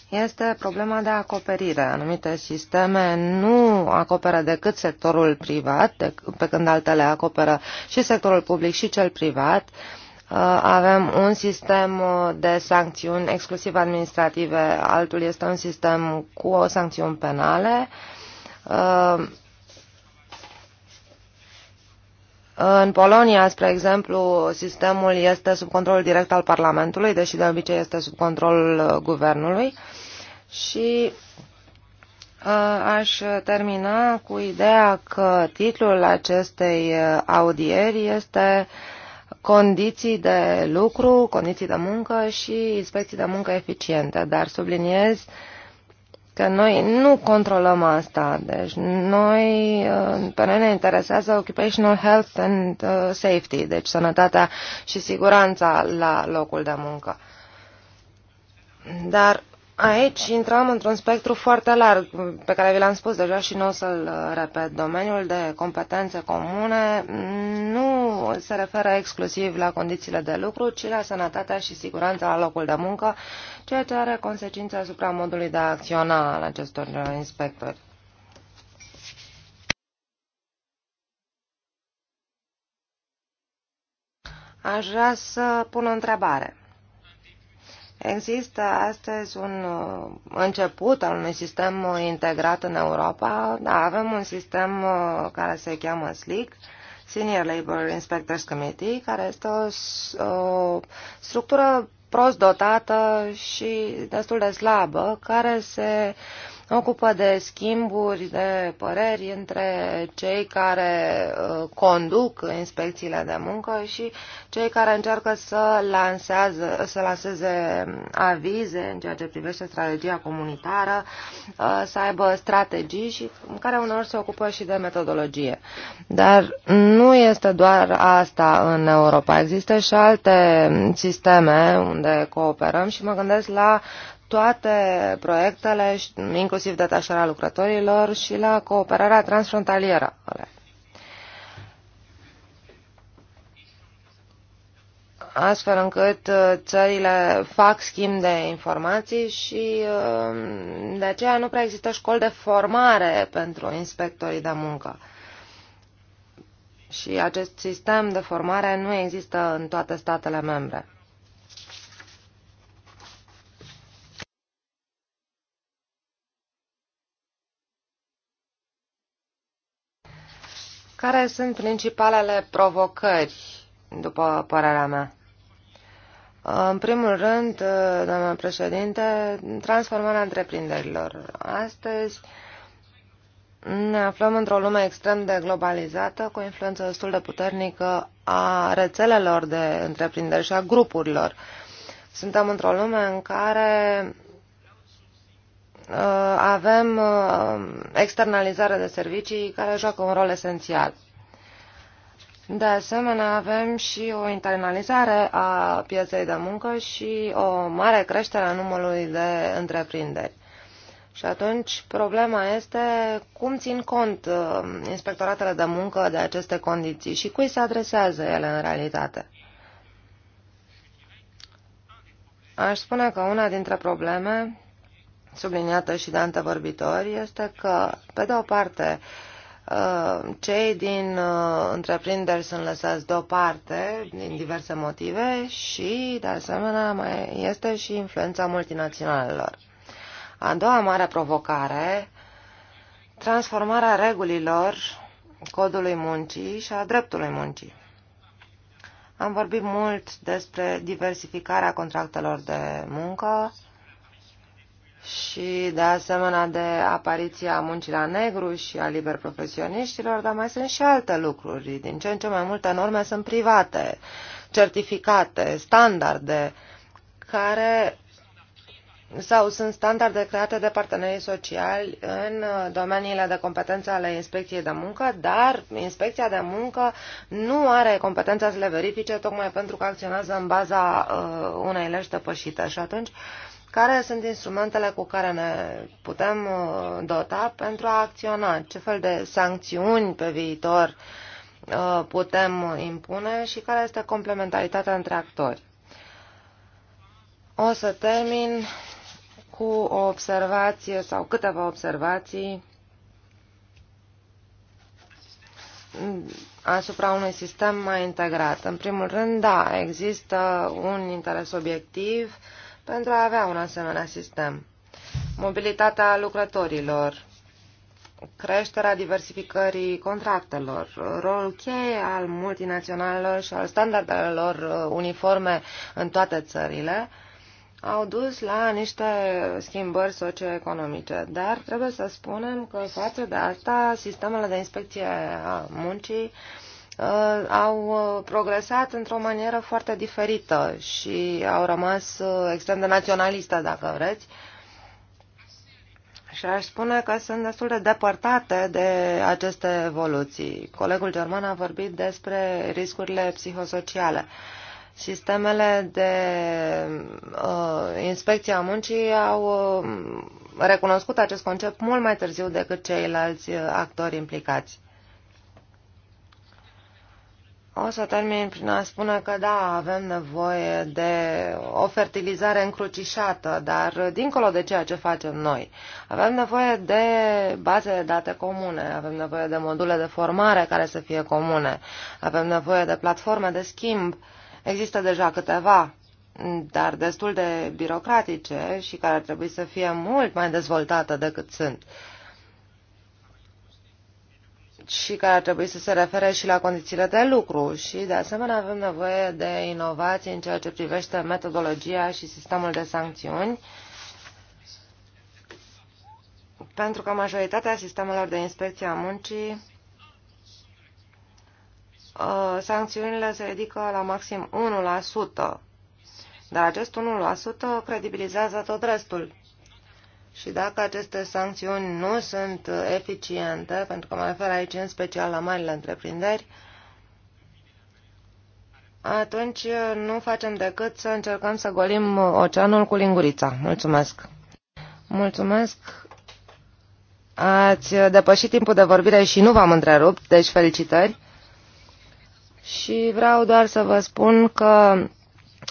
este problema de acoperire. Anumite sisteme nu acoperă decât sectorul privat, pe când altele acoperă și sectorul public și cel privat. Uh, avem un sistem uh, de sancțiuni exclusiv administrative, altul este un sistem cu o sancțiuni penale uh, În Polonia, spre exemplu, sistemul este sub controlul direct al Parlamentului, deși de obicei este sub controlul uh, guvernului. Și uh, aș termina cu ideea că titlul acestei uh, audieri este condiții de lucru, condiții de muncă și inspecții de muncă eficiente, dar subliniez uh, că noi nu controlăm asta. Deci noi, uh, pe noi ne interesează occupational health and uh, safety, deci sănătatea și siguranța la locul de muncă. Dar Aici intrăm într-un spectru foarte larg, pe care vi l-am spus deja și nu o să-l uh, repet. Domeniul de competențe comune nu se referă exclusiv la condițiile de lucru, ci la sănătatea și siguranța la locul de muncă, ceea ce are consecințe asupra modului de a acționa al acestor uh, inspectori. Aș vrea să pun o întrebare. Există astăzi un uh, început al unui sistem integrat în Europa. Da, avem un sistem uh, care se cheamă SLIC, Senior Labor Inspectors Committee, care este o, o structură prost dotată și destul de slabă, care se uh, ocupă de schimburi de păreri între cei care uh, conduc inspecțiile de muncă și cei care încearcă să, lansează, să lanseze avize în ceea ce privește strategia comunitară, uh, să aibă strategii și în care uneori se ocupă și de metodologie. Dar nu este doar asta în Europa. Există și alte sisteme unde cooperăm și mă gândesc la toate proiectele, inclusiv detașarea lucrătorilor și la cooperarea transfrontalieră. astfel încât uh, țările fac schimb de informații și uh, de aceea nu prea există școli de formare pentru inspectorii de muncă. Și acest sistem de formare nu există în toate statele membre. Care sunt principalele provocări, după părerea mea? În primul rând, doamnă președinte, transformarea întreprinderilor. Astăzi ne aflăm într-o lume extrem de globalizată, cu o influență destul de puternică a rețelelor de întreprinderi și a grupurilor. Suntem într-o lume în care Uh, avem uh, externalizarea de servicii care joacă un rol esențial. De asemenea, avem și o internalizare a pieței de muncă și o mare creștere a numărului de întreprinderi. Și atunci problema este cum țin cont uh, inspectoratele de muncă de aceste condiții și cui se adresează ele în realitate. Aș spune că una dintre probleme subliniată și de antevorbitori este că, pe de o parte, uh, cei din uh, întreprinderi sunt lăsați deoparte din diverse motive și, de asemenea, mai este și influența multinaționalelor. A doua mare provocare, transformarea regulilor codului muncii și a dreptului muncii. Am vorbit mult despre diversificarea contractelor de muncă, și de asemenea de apariția muncii la negru și a liber profesioniștilor, dar mai sunt și alte lucruri. Din ce în ce mai multe norme sunt private, certificate, standarde, care sau sunt standarde create de partenerii sociali în domeniile de competență ale inspecției de muncă, dar inspecția de muncă nu are competența să le verifice tocmai pentru că acționează în baza uh, unei legi depășite. Și atunci uh, care sunt instrumentele cu care ne putem uh, dota pentru a acționa? Ce fel de sancțiuni pe viitor uh, putem impune și care este complementaritatea între actori? O să termin cu o observație sau câteva observații asupra unui sistem mai integrat. În primul rând, da, există un interes obiectiv uh, pentru a avea un asemenea sistem. Mobilitatea lucrătorilor, creșterea diversificării contractelor, rolul cheie al multinaționalelor și al standardelor uh, uniforme în toate țările, au dus la niște schimbări socioeconomice. Dar trebuie să spunem că față de asta, sistemele de inspecție a muncii uh, Uh, au uh, progresat într-o manieră foarte diferită și au rămas uh, extrem de naționaliste, dacă vreți. Și aș spune că sunt destul de depărtate de aceste evoluții. Colegul german a vorbit despre riscurile psihosociale. Sistemele de uh, inspecție a muncii au uh, recunoscut acest concept mult mai târziu decât ceilalți actori implicați. O să termin prin a spune că da, avem nevoie de o fertilizare încrucișată, dar dincolo de ceea ce facem noi. Avem nevoie de baze de date comune, avem nevoie de module de formare care să fie comune, avem nevoie de platforme de schimb. Există deja câteva, dar destul de birocratice și care ar trebui să fie mult mai dezvoltată decât sunt și care ar trebui să se refere și la condițiile de lucru și, de asemenea, avem nevoie de inovații în ceea ce privește metodologia și sistemul de sancțiuni, pentru că majoritatea sistemelor de inspecție a muncii uh, sancțiunile se ridică la maxim 1%, dar acest 1% credibilizează tot restul. Și dacă aceste sancțiuni nu sunt eficiente, pentru că mă refer aici în special la marile întreprinderi, atunci nu facem decât să încercăm să golim oceanul cu lingurița. Mulțumesc! Mulțumesc! Ați depășit timpul de vorbire și nu v-am întrerupt, deci felicitări! Și vreau doar să vă spun că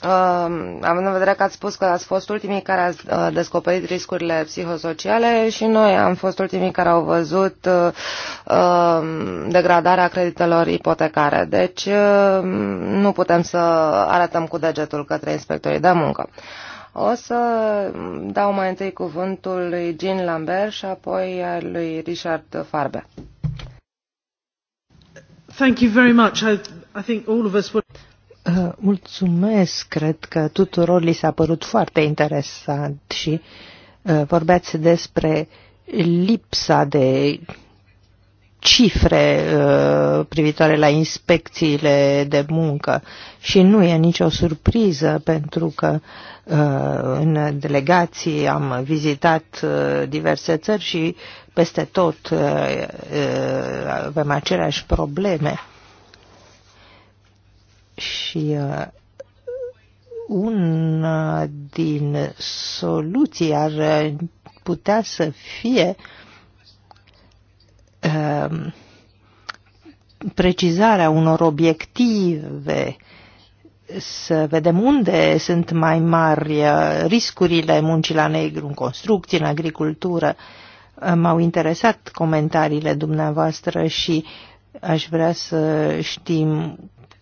Um, având în vedere că ați spus că ați fost ultimii care ați uh, descoperit riscurile psihosociale și noi am fost ultimii care au văzut uh, um, degradarea creditelor ipotecare. Deci uh, nu putem să arătăm cu degetul către inspectorii de muncă. O să dau mai întâi cuvântul lui Jean Lambert și apoi lui Richard Farbe. Thank you very much. I, I think all of us would... Uh, mulțumesc, cred că tuturor li s-a părut foarte interesant și uh, vorbeați despre lipsa de cifre uh, privitoare la inspecțiile de muncă și nu e nicio surpriză pentru că în delegații am vizitat diverse țări și peste tot avem aceleași probleme și uh, una din soluții ar uh, putea să fie um, precizarea unor obiective, să vedem unde sunt mai mari uh, riscurile muncii la negru în construcții, în agricultură. M-au interesat comentariile dumneavoastră și aș vrea să știm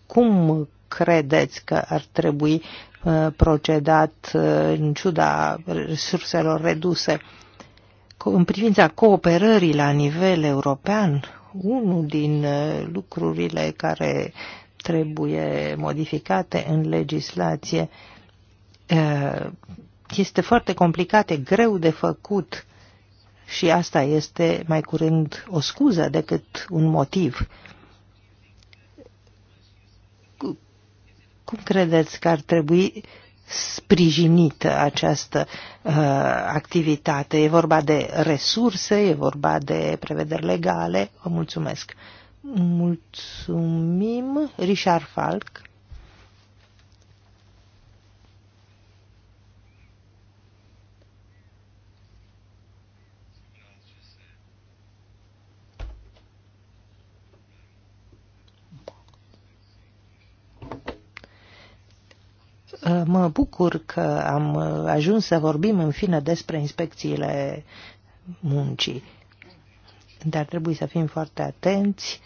cum credeți că ar trebui uh, procedat uh, în ciuda resurselor reduse? În privința cooperării la nivel european, unul din uh, lucrurile care trebuie modificate în legislație este foarte complicat, e greu de făcut și asta este mai curând o scuză decât un motiv. Cum credeți că ar trebui sprijinită această uh, activitate? E vorba de resurse, e vorba de prevederi legale? Vă mulțumesc! Mulțumim, Richard Falk! Mă bucur că am ajuns să vorbim în fine despre inspecțiile muncii. Dar trebuie să fim foarte atenți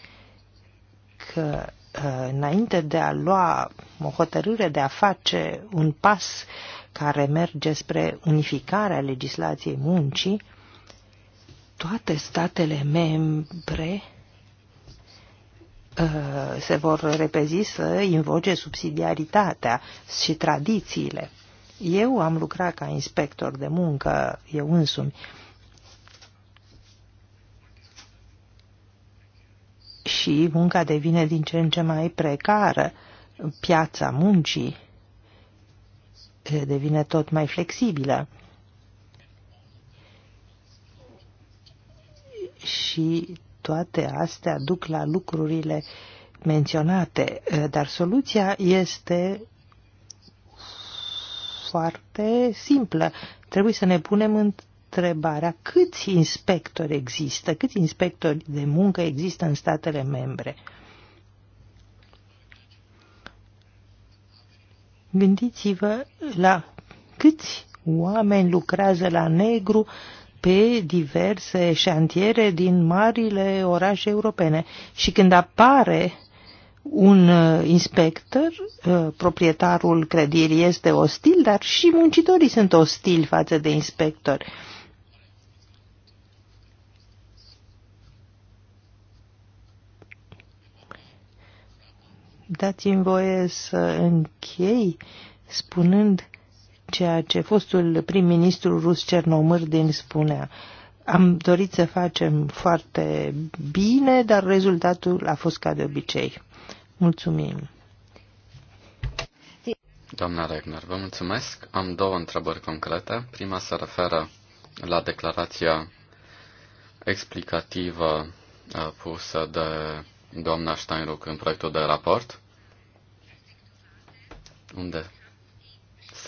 că uh, înainte de a lua o hotărâre de a face un pas care merge spre unificarea legislației muncii, toate statele membre Uh, se vor repezi să invoce subsidiaritatea și tradițiile. Eu am lucrat ca inspector de muncă, eu însumi, și munca devine din ce în ce mai precară. Piața muncii uh, devine tot mai flexibilă. Și toate astea duc la lucrurile menționate, eh, dar soluția este foarte simplă. Trebuie să ne punem întrebarea câți inspectori există, câți inspectori de muncă există în statele membre. Gândiți-vă la câți oameni lucrează la negru pe diverse șantiere din marile orașe europene. Și când apare un uh, inspector, uh, proprietarul clădirii este ostil, dar și muncitorii sunt ostili față de inspector. Dați-mi voie să închei spunând ceea ce fostul prim-ministru rus Cernomârdin spunea. Am dorit să facem foarte bine, dar rezultatul a fost ca de obicei. Mulțumim! Doamna Regner, vă mulțumesc. Am două întrebări concrete. Prima se referă la declarația explicativă uh, pusă de doamna Steinruck în proiectul de raport, unde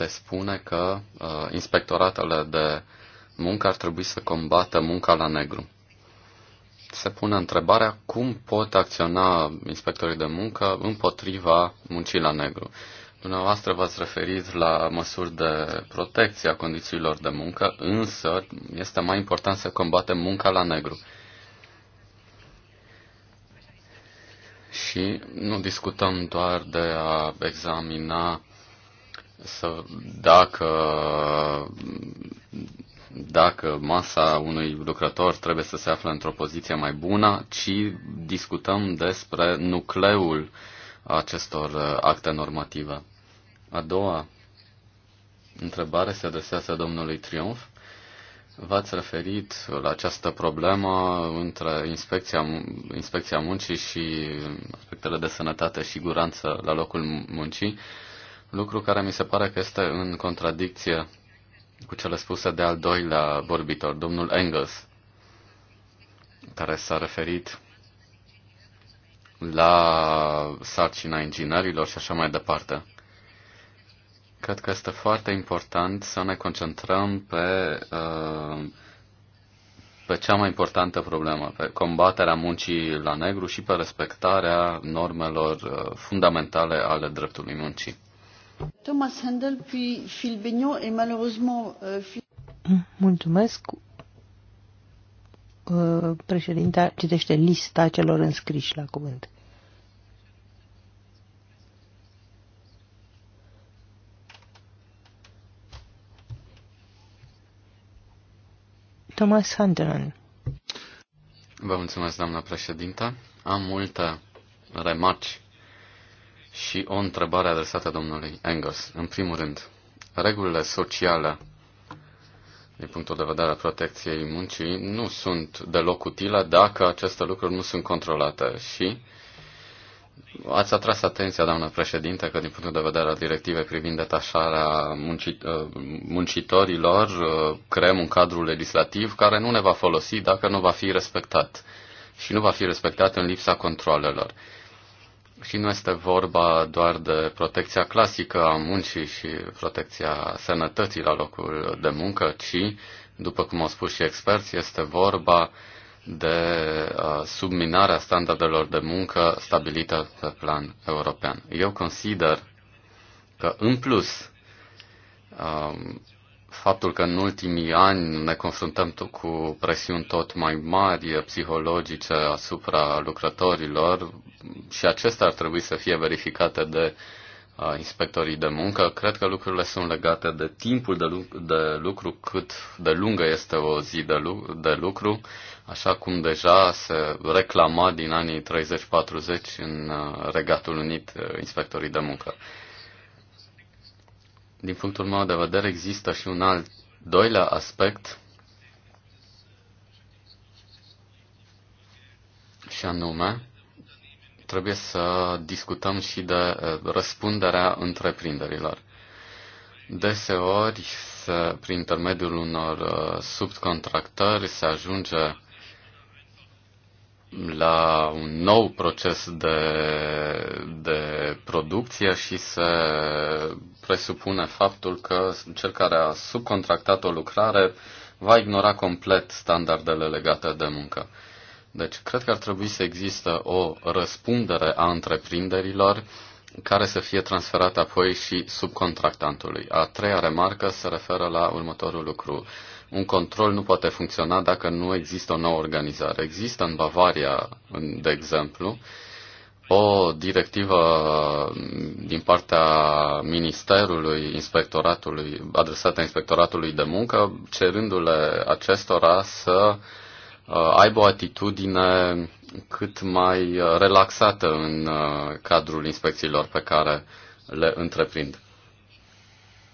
se spune că uh, inspectoratele de muncă ar trebui să combată munca la negru. Se pune întrebarea cum pot acționa inspectorii de muncă împotriva muncii la negru. Dumneavoastră v-ați referit la măsuri de protecție a condițiilor de muncă, însă este mai important să combatem munca la negru. Și nu discutăm doar de a examina să dacă dacă masa unui lucrător trebuie să se afle într-o poziție mai bună, ci discutăm despre nucleul acestor uh, acte normative. A doua întrebare se adresează domnului Triumf. V-ați referit la această problemă între inspecția, inspecția muncii și aspectele de sănătate și siguranță la locul muncii. Uh, lucru care mi se pare că este în contradicție cu cele spuse de al doilea vorbitor, domnul Engels, care s-a referit la sarcina inginerilor și așa mai departe. Cred că este foarte important să ne concentrăm pe, uh, pe cea mai importantă problemă, pe combaterea muncii la negru și pe respectarea normelor uh, fundamentale ale dreptului muncii. Thomas Handel, puis Phil Baignon et malheureusement... Euh, Phil... Mulțumesc. Uh, președinta citește lista celor înscriși la cuvânt. Thomas Handel. Vă mulțumesc, doamna președinta. Am multe remarci și o întrebare adresată domnului Engels. În primul rând, regulile sociale din punctul de vedere al protecției muncii nu sunt deloc utile dacă aceste lucruri nu sunt controlate și Ați atras atenția, doamnă președinte, că din punctul de vedere al directivei privind detașarea munci, ă, muncitorilor, ă, creăm un cadru legislativ care nu ne va folosi dacă nu va fi respectat și nu va fi respectat în lipsa controlelor. Și nu este vorba doar de protecția clasică a muncii și protecția sănătății la locul de muncă, ci, după cum au spus și experți, este vorba de uh, subminarea standardelor de muncă stabilită pe plan european. Eu consider că, în plus, um, faptul că în ultimii ani ne confruntăm cu presiuni tot mai mari psihologice asupra lucrătorilor și acestea ar trebui să fie verificate de inspectorii de muncă. Cred că lucrurile sunt legate de timpul de, lu- de lucru, cât de lungă este o zi de, lu- de lucru, așa cum deja se reclama din anii 30-40 în Regatul Unit inspectorii de muncă. Din punctul meu de vedere, există și un alt doilea aspect și anume trebuie să discutăm și de răspunderea întreprinderilor. Deseori, se, prin intermediul unor subcontractări, se ajunge la un nou proces de, de producție și se presupune faptul că cel care a subcontractat o lucrare va ignora complet standardele legate de muncă. Deci, cred că ar trebui să există o răspundere a întreprinderilor care să fie transferată apoi și subcontractantului. A treia remarcă se referă la următorul lucru. Uh, un control nu poate funcționa dacă nu există o nouă organizare. Există în Bavaria, de exemplu, o directivă din partea Ministerului Inspectoratului, adresată Inspectoratului de Muncă, cerându-le acestora să uh, aibă o atitudine cât mai relaxată în uh, cadrul inspecțiilor pe care le întreprind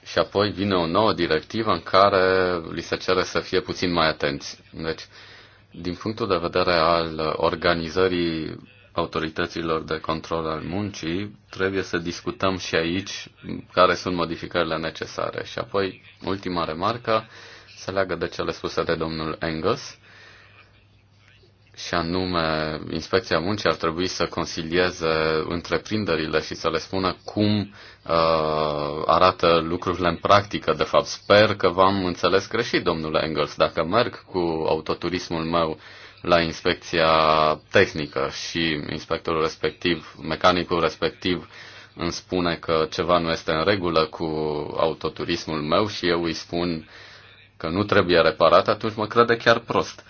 și apoi vine o nouă directivă în care li se cere să fie puțin mai atenți. Deci, din punctul de vedere al organizării autorităților de control al muncii, trebuie să discutăm și aici care sunt modificările necesare. Și apoi, ultima remarcă se leagă de cele spuse de domnul Engels și anume Inspecția Muncii ar trebui să consilieze întreprinderile și să le spună cum uh, arată lucrurile în practică. De fapt, sper că v-am înțeles greșit, domnule Engels. Dacă merg cu autoturismul meu la inspecția tehnică și inspectorul respectiv, mecanicul respectiv, îmi spune că ceva nu este în regulă cu autoturismul meu și eu îi spun că nu trebuie reparat, atunci mă crede chiar prost.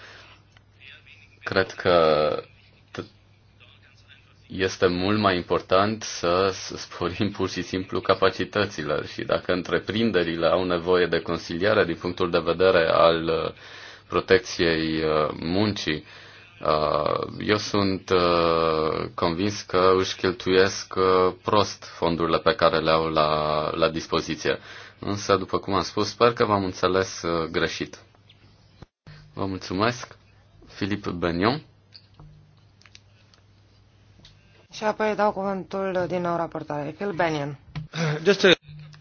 Cred că este mult mai important să sporim pur și simplu capacitățile și dacă întreprinderile au nevoie de consiliare din punctul de vedere al uh, protecției uh, muncii, uh, eu sunt convins că își cheltuiesc prost fondurile pe care le au la, la dispoziție. Însă, după cum am spus, sper că v-am înțeles greșit. Vă mulțumesc! Philippe Bagnon. Și apoi dau cuvântul din nou raportare. Phil Bagnon.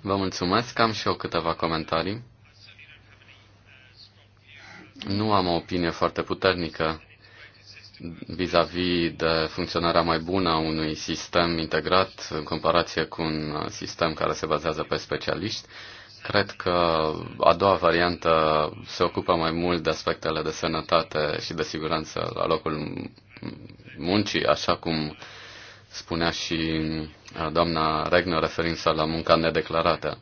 Vă mulțumesc, am și eu câteva comentarii. Nu am o opinie foarte puternică vis-a-vis -vis de funcționarea mai bună a unui sistem integrat în comparație cu un sistem care se bazează pe specialiști. Cred că a doua variantă se ocupă mai mult de aspectele de sănătate și de siguranță la locul muncii, așa cum spunea și uh, doamna Regnă referința la munca nedeclarată.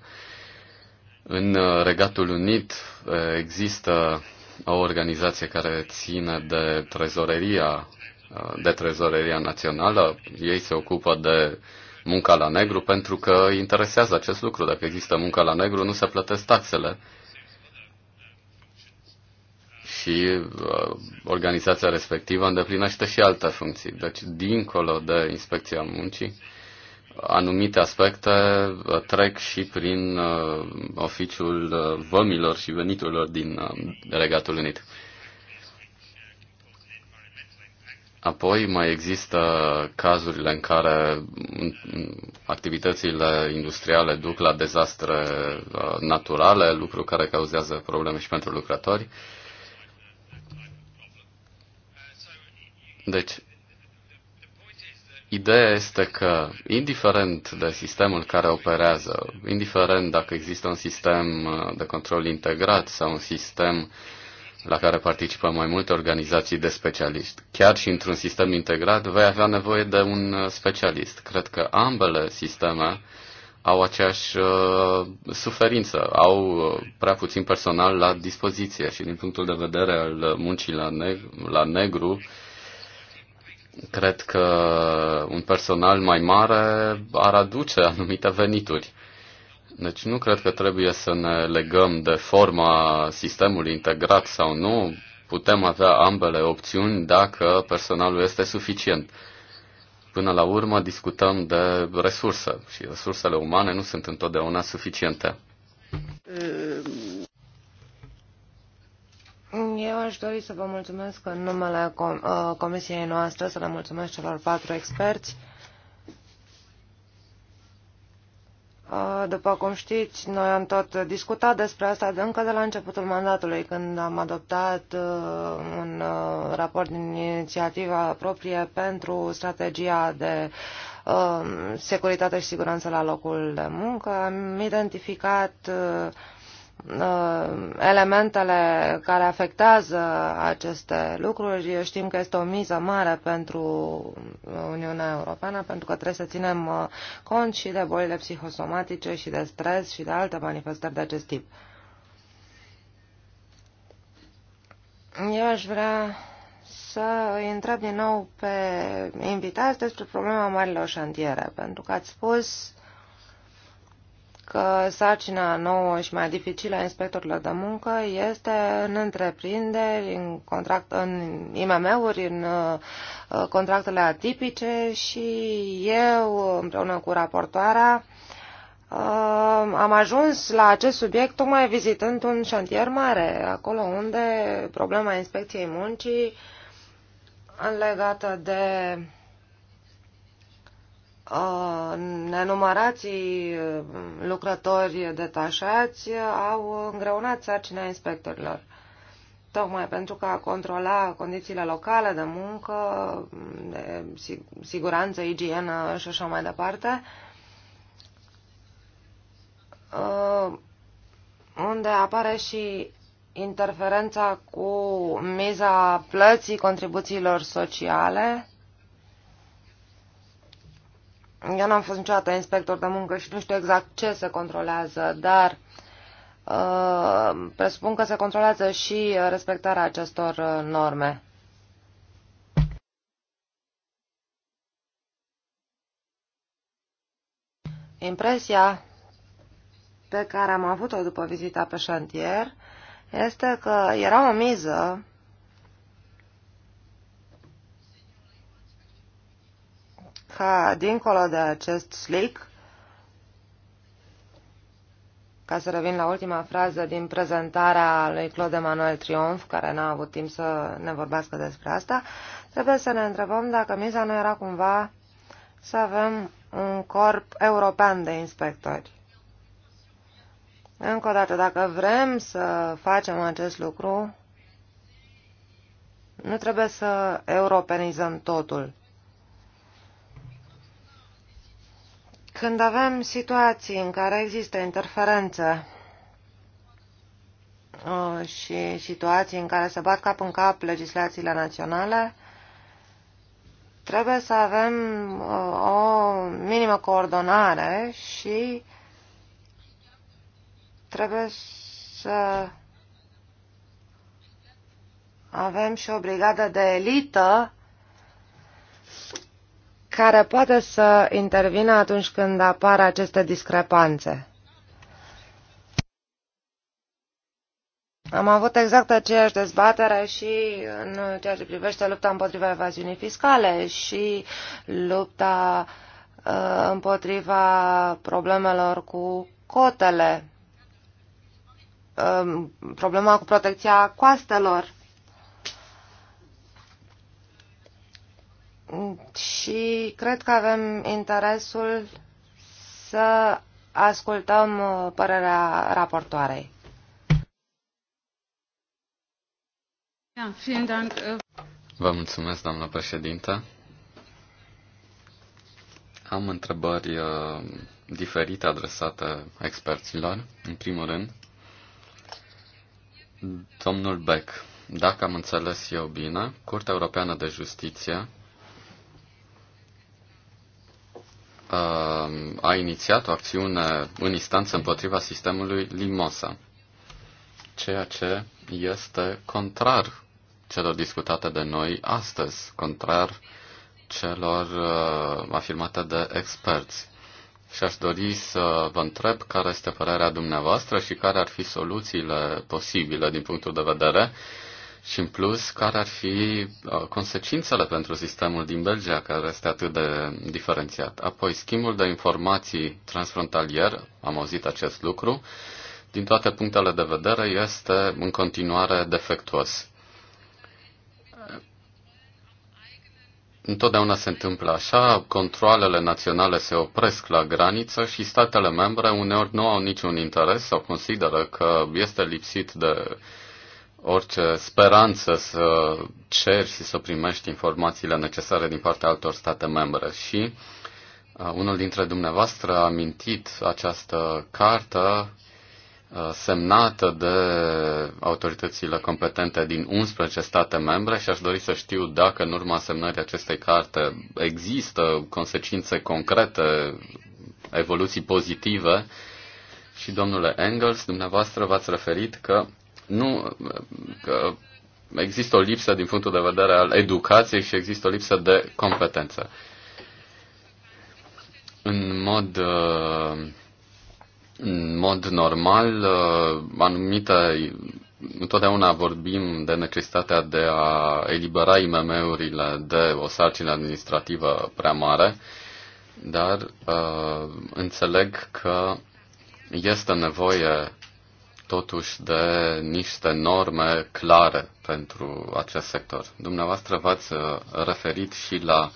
În uh, Regatul Unit uh, există o organizație care ține de trezoreria, de trezoreria națională. Ei se ocupă de uh, munca la negru pentru că îi interesează acest lucru. Dacă există muncă la negru, nu se plătesc taxele. Și uh, organizația respectivă îndeplinește și alte funcții. Deci, dincolo de inspecția muncii, anumite aspecte uh, trec și prin uh, oficiul uh, vămilor și veniturilor din uh, Regatul Unit. Apoi mai există cazurile în care activitățile industriale duc la dezastre uh, naturale, lucru care cauzează probleme și pentru lucrători. Deci, ideea este că, indiferent de sistemul care operează, indiferent dacă există un sistem uh, de control integrat sau un sistem uh, la care participă mai multe organizații de specialiști. Chiar și într-un sistem integrat vei avea nevoie de un uh, specialist. Cred că ambele sisteme au aceeași uh, suferință, au uh, prea puțin personal la dispoziție și din punctul de vedere al muncii la, neg- la negru, cred că un personal mai mare ar aduce anumite venituri. Deci nu cred că trebuie să ne legăm de forma sistemului integrat sau nu. Putem avea ambele opțiuni dacă personalul este suficient. Până la urmă discutăm de resurse și resursele umane nu sunt întotdeauna suficiente. Eu aș dori să vă mulțumesc în numele com uh, comisiei noastre, să le mulțumesc celor patru experți Uh, după cum știți, noi am tot discutat despre asta de încă de la începutul mandatului, când am adoptat uh, un uh, raport din inițiativa proprie pentru strategia de securitate și siguranță la locul de muncă. Am identificat Uh, elementele care afectează aceste lucruri. știm că este o miză mare pentru Uniunea Europeană, pentru că trebuie să ținem uh, cont și de bolile psihosomatice și de stres și de alte manifestări de acest tip. Eu aș vrea să îi întreb din nou pe invitați despre problema marilor șantiere, pentru că ați spus că sarcina nouă și mai dificilă a inspectorilor de muncă este în întreprinderi, în, contract, în IMM-uri, în uh, contractele atipice și eu, împreună cu raportoarea, uh, am ajuns la acest subiect tocmai vizitând un șantier mare, acolo unde problema inspecției muncii legată de Uh, nenumărații uh, lucrători detașați au îngreunat sarcina inspectorilor. Tocmai pentru că a controla condițiile locale de muncă, de siguranță, igienă și așa mai departe, uh, unde apare și interferența cu miza plății contribuțiilor sociale, eu n-am fost niciodată inspector de muncă și nu știu exact ce se controlează, dar uh, presupun că se controlează și respectarea acestor uh, norme. Impresia pe care am avut-o după vizita pe șantier este că era o miză ca dincolo de acest slick, ca să revin la ultima frază din prezentarea lui Claude Manuel Triumf, care n-a avut timp să ne vorbească despre asta, trebuie să ne întrebăm dacă miza nu era cumva să avem un corp european de inspectori. Încă o dată, dacă vrem să facem acest lucru, nu trebuie să europenizăm totul. Când avem situații în care există interferențe uh, și situații în care se bat cap în cap legislațiile naționale, trebuie să avem uh, o minimă coordonare și trebuie să avem și o brigadă de elită care poate să intervină atunci când apar aceste discrepanțe. Am avut exact aceeași dezbatere și în ceea ce privește lupta împotriva evaziunii fiscale și lupta uh, împotriva problemelor cu cotele, uh, problema cu protecția coastelor. și cred că avem interesul să ascultăm uh, părerea raportoarei. Da, Vă mulțumesc, doamnă președintă. Am întrebări uh, diferite adresate experților. În primul rând, domnul Beck, dacă am înțeles eu bine, Curtea Europeană de Justiție Um, a inițiat o acțiune în instanță împotriva sistemului Limosa, ceea ce este contrar celor discutate de noi astăzi, contrar celor uh, afirmate de experți. Și aș dori să vă întreb care este părerea dumneavoastră și care ar fi soluțiile posibile din punctul de vedere uh, și în plus, care ar fi uh, consecințele pentru sistemul din Belgia, care este atât de diferențiat? Apoi, schimbul de informații transfrontalier, am auzit acest lucru, din toate punctele de vedere este în continuare defectuos. Întotdeauna se întâmplă așa, controlele naționale se opresc la graniță și statele membre uneori nu au niciun interes sau consideră că este lipsit de orice speranță să ceri și să primești informațiile necesare din partea altor state membre. Și uh, unul dintre dumneavoastră a mintit această cartă uh, semnată de autoritățile competente din 11 state membre și aș dori să știu dacă în urma semnării acestei carte există consecințe concrete, evoluții pozitive. Și domnule Engels, dumneavoastră v-ați referit că nu, că există o lipsă din punctul de vedere al educației și există o lipsă de competență. În mod, uh, în mod normal, uh, anumite, întotdeauna vorbim de necesitatea de a elibera IMM-urile de o sarcină administrativă prea mare, dar uh, înțeleg că este nevoie totuși de niște norme clare pentru acest sector. Dumneavoastră v-ați uh, referit și la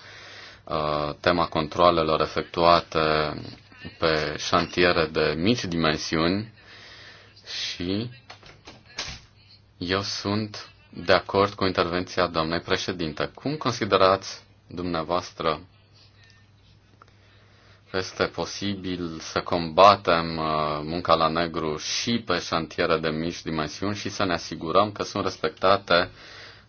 uh, tema controlelor efectuate pe șantiere de mici dimensiuni și eu sunt de acord cu intervenția doamnei președinte. Cum considerați dumneavoastră este posibil să combatem uh, munca la negru și pe șantiere de mici dimensiuni și să ne asigurăm că sunt respectate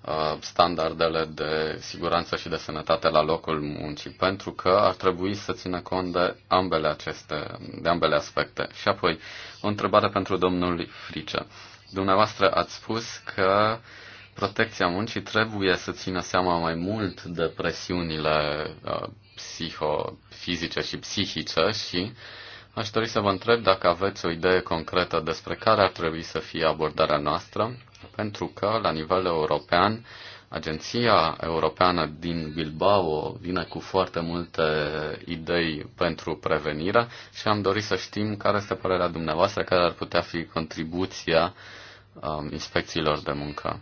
uh, standardele de siguranță și de sănătate la locul muncii, pentru că ar trebui să țină cont de ambele aceste, de ambele aspecte. Și apoi, o întrebare pentru domnul Frice. Dumneavoastră ați spus că protecția muncii trebuie să țină seama mai mult de presiunile uh, psihofizice și psihice și aș dori să vă întreb dacă aveți o idee concretă despre care ar trebui să fie abordarea noastră, pentru că la nivel european Agenția Europeană din Bilbao vine cu foarte multe idei pentru prevenire și am dorit să știm care este părerea dumneavoastră, care ar putea fi contribuția um, inspecțiilor de muncă.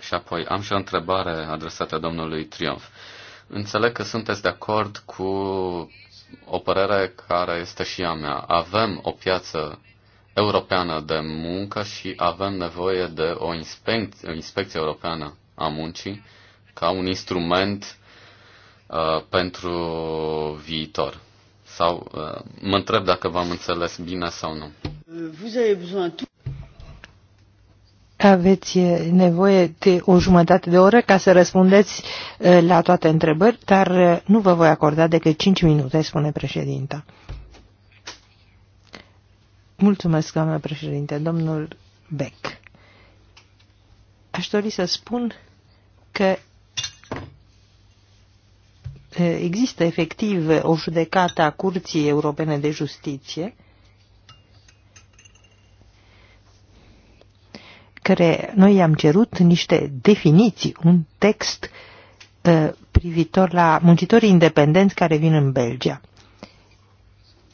Și apoi am și o întrebare adresată domnului Triumf. Înțeleg că sunteți de acord cu o părere care este și a mea. Avem o piață europeană de muncă și avem nevoie de o, inspecție, o inspecție europeană a muncii ca un instrument uh, pentru viitor. Sau uh, mă întreb dacă v-am înțeles bine sau nu. Vous avez besoin tout... Aveți nevoie de o jumătate de oră ca să răspundeți la toate întrebări, dar nu vă voi acorda decât 5 minute, spune președinta. Mulțumesc, doamnă președinte. Domnul Beck. Aș dori să spun că există efectiv o judecată a Curții Europene de Justiție care noi i-am cerut niște definiții, un text uh, privitor la muncitorii independenți care vin în Belgia.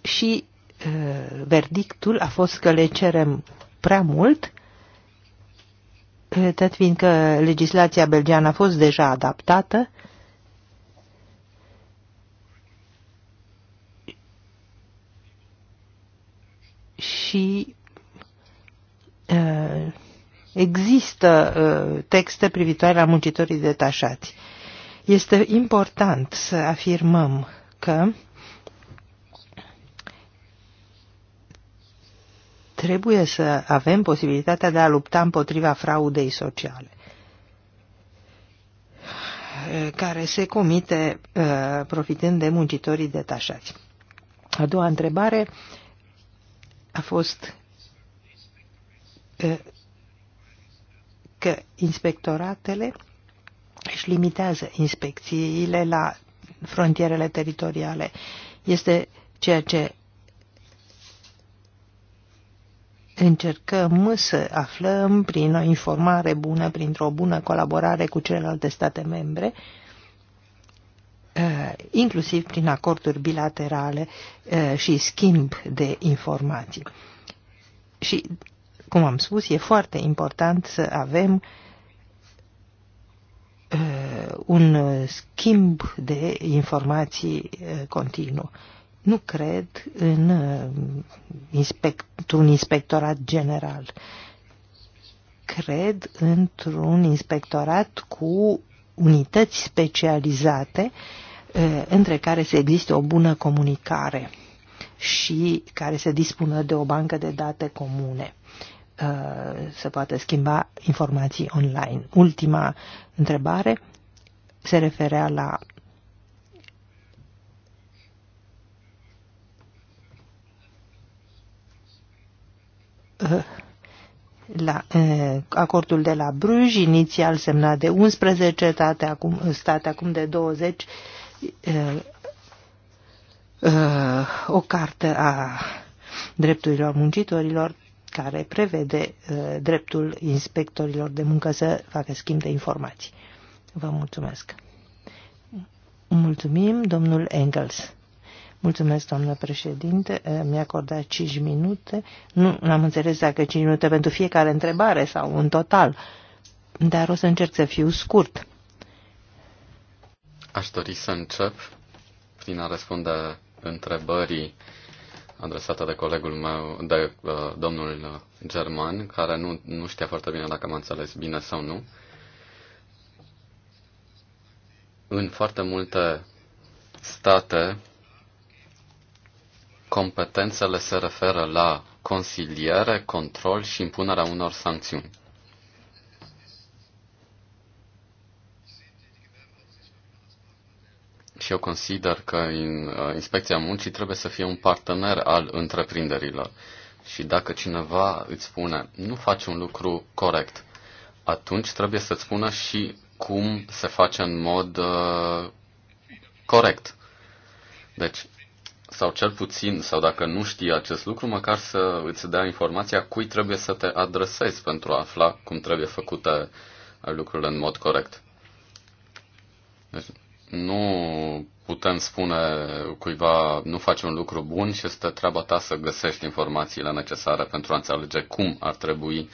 Și uh, verdictul a fost că le cerem prea mult, tot uh, fiindcă legislația belgeană a fost deja adaptată, și uh, există uh, texte privitoare la muncitorii detașați. Este important să afirmăm că trebuie să avem posibilitatea de a lupta împotriva fraudei sociale uh, care se comite uh, profitând de muncitorii detașați. A doua întrebare a fost uh, că inspectoratele își limitează inspecțiile la frontierele teritoriale. Este ceea ce încercăm să aflăm prin o informare bună, printr-o bună colaborare cu celelalte state membre, uh, inclusiv prin acorduri bilaterale uh, și schimb de informații. Și cum am spus, e foarte important să avem uh, un schimb de informații uh, continuu. Nu cred în uh, inspect, un inspectorat general. Cred într-un inspectorat cu unități specializate între care să existe o bună comunicare și care se dispună de o bancă de date comune. Uh, se poate schimba informații online. Ultima întrebare se referea la uh, la eh, acordul de la Bruj, inițial semnat de 11 state, acum, state acum de 20, eh, eh, o carte a drepturilor muncitorilor care prevede uh, dreptul inspectorilor de muncă să facă schimb de informații. Vă mulțumesc. Mulțumim, domnul Engels. Mulțumesc, doamnă președinte. Uh, mi-a acordat 5 minute. Nu am înțeles dacă 5 minute pentru fiecare întrebare sau în total, dar o să încerc să fiu scurt. Aș dori să încep prin a răspunde întrebării adresată de colegul meu, de uh, domnul uh, German, care nu, nu știa foarte bine dacă m-a înțeles bine sau nu. În foarte multe state, competențele se referă la consiliere, control și impunerea unor sancțiuni. eu consider că în uh, inspecția muncii trebuie să fie un partener al întreprinderilor. Și dacă cineva îți spune, nu faci un lucru corect, atunci trebuie să-ți spună și cum se face în mod uh, corect. Deci, sau cel puțin, sau dacă nu știi acest lucru, măcar să îți dea informația cui trebuie să te adresezi pentru a afla cum trebuie făcute lucrurile în mod corect. Deci, nu putem spune cuiva nu faci un lucru bun și este treaba ta să găsești informațiile necesare pentru a înțelege cum ar trebui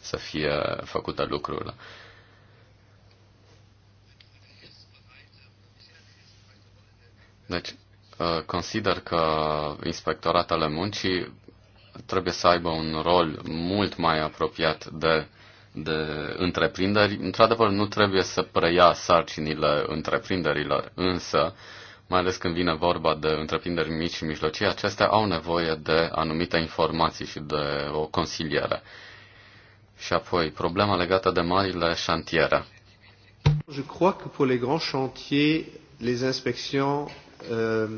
să fie făcute lucrurile. Deci, uh, consider că inspectoratele muncii trebuie să aibă un rol mult mai apropiat de uh, de întreprinderi, într-adevăr nu trebuie să preia sarcinile întreprinderilor, însă, mai ales când vine vorba de întreprinderi mici și mijlocii, acestea au nevoie de anumite informații și de o consiliere. Și apoi, problema legată de marile șantiere. Je crois que pour les grands chantiers, les inspections euh,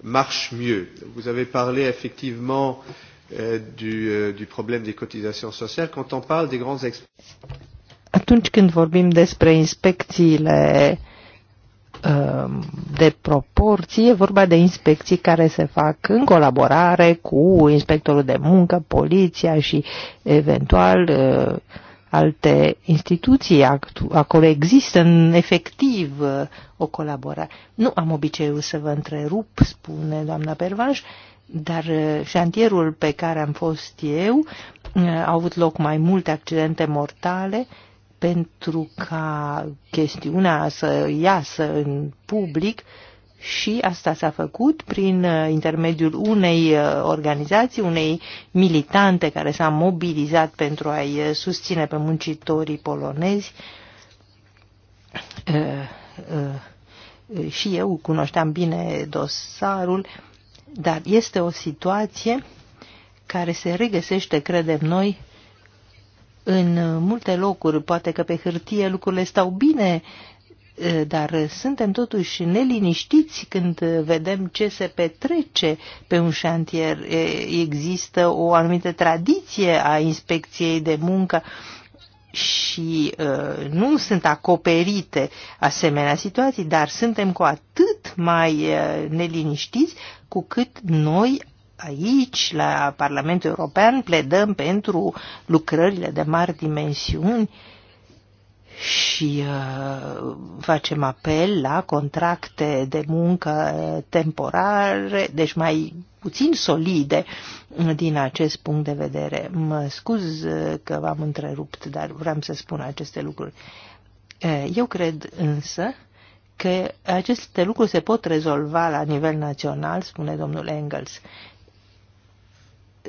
marchent mieux. Vous avez parlé effectivement euh, Euh, du, euh, du problème des cotisations sociales quand on parle des grands Atunci când vorbim despre inspecțiile uh, de proporție, vorba de inspecții care se fac în colaborare cu inspectorul de muncă, poliția și eventual uh, alte instituții. Acolo există în efectiv uh, o colaborare. Nu am obiceiul să vă întrerup, spune doamna Pervanș, dar uh, șantierul pe care am fost eu uh, au avut loc mai multe accidente mortale pentru ca chestiunea să iasă în public și asta s-a făcut prin uh, intermediul unei organizații, unei militante care s-a mobilizat pentru a-i susține pe muncitorii polonezi. Și eu cunoșteam bine dosarul dar este o situație care se regăsește, credem noi, în multe locuri. Poate că pe hârtie lucrurile stau bine, eh, dar suntem totuși neliniștiți când vedem ce se petrece pe un șantier. Eh, există o anumită tradiție a inspecției de muncă și uh, nu sunt acoperite asemenea situații, dar suntem cu atât mai uh, neliniștiți cu cât noi aici, la Parlamentul European, pledăm pentru lucrările de mari dimensiuni uh, și uh, facem apel la contracte de muncă temporare, deci mai puțin solide uh, din acest punct de vedere. Mă scuz uh, că v-am întrerupt, dar vreau să spun aceste lucruri. Eu cred însă că aceste lucruri se pot rezolva la nivel național, spune domnul Engels.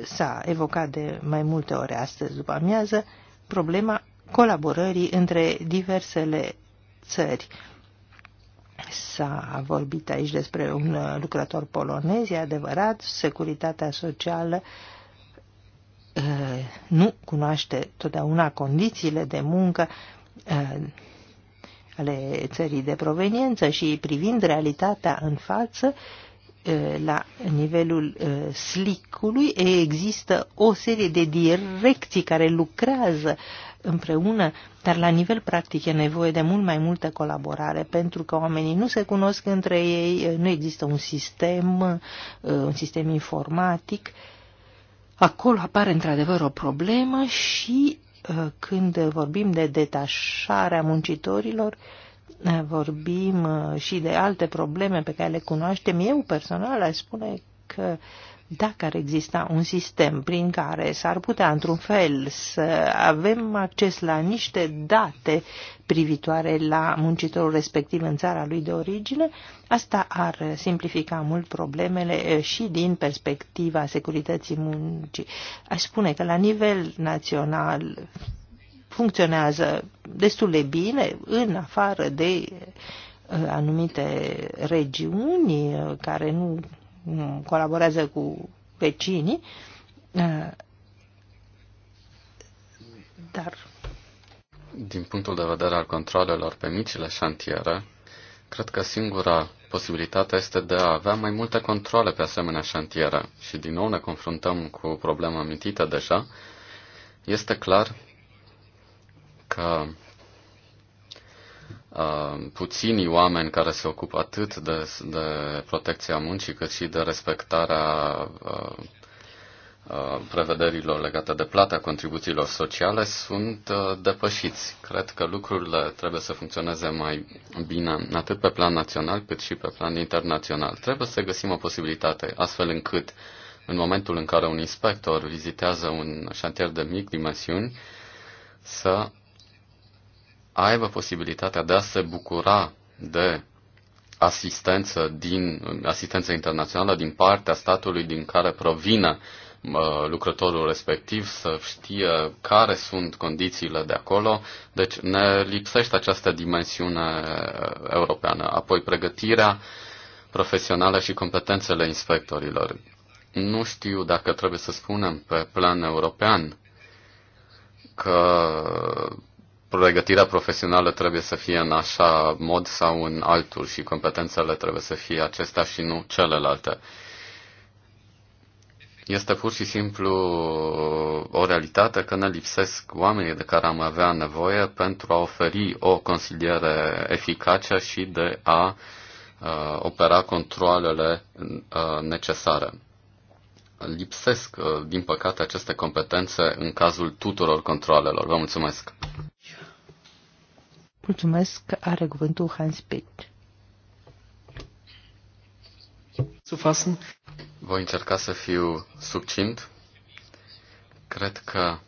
S-a evocat de mai multe ori astăzi după amiază problema colaborării între diversele țări. S-a vorbit aici despre un lucrător polonez, e adevărat, securitatea socială uh, nu cunoaște totdeauna condițiile de muncă uh, ale țării de proveniență și privind realitatea în față, Eh, la nivelul eh, slicului există o serie de direcții care lucrează împreună, dar la nivel practic e nevoie de mult mai multă colaborare, pentru că oamenii nu se cunosc între ei, eh, nu există un sistem, un sistem informatic. Acolo apare într-adevăr o problemă și când vorbim de detașarea muncitorilor, uh, vorbim uh, și de alte probleme pe care le cunoaștem, eu personal aș spune că dacă ar exista un sistem prin care s-ar putea, într-un fel, să avem acces la niște date privitoare la muncitorul respectiv în țara lui de origine, asta ar simplifica mult problemele uh, și din perspectiva securității muncii. Aș spune că la nivel național funcționează destul de bine în afară de uh, anumite regiuni uh, care nu colaborează cu vecinii, uh, dar... Din punctul de vedere al controlelor pe micile șantiere, cred că singura posibilitate este de a avea mai multe controle pe asemenea șantiere și din nou ne confruntăm cu problema amintită deja, este clar că puțini oameni care se ocupă atât de, de protecția muncii, cât și de respectarea uh, uh, prevederilor legate de plata contribuțiilor sociale sunt uh, depășiți. Cred că lucrurile trebuie să funcționeze mai bine, atât pe plan național, cât și pe plan internațional. Trebuie să găsim o posibilitate, astfel încât, în momentul în care un inspector vizitează un șantier de mic dimensiuni, să aibă posibilitatea de a se bucura de asistență, din, asistență internațională din partea statului din care provine lucrătorul respectiv, să știe care sunt condițiile de acolo. Deci ne lipsește această dimensiune europeană. Apoi pregătirea profesională și competențele inspectorilor. Nu știu dacă trebuie să spunem pe plan european că pregătirea profesională trebuie să fie în așa mod sau în altul și competențele trebuie să fie acestea și nu celelalte. Este pur și simplu o realitate că ne lipsesc oamenii de care am avea nevoie pentru a oferi o consiliere eficace și de a uh, opera controlele uh, necesare. Lipsesc, uh, din păcate, aceste competențe în cazul tuturor controlelor. Vă mulțumesc! Mulțumesc, are cuvântul Hans Pitt. Voi încerca să fiu succint. Cred că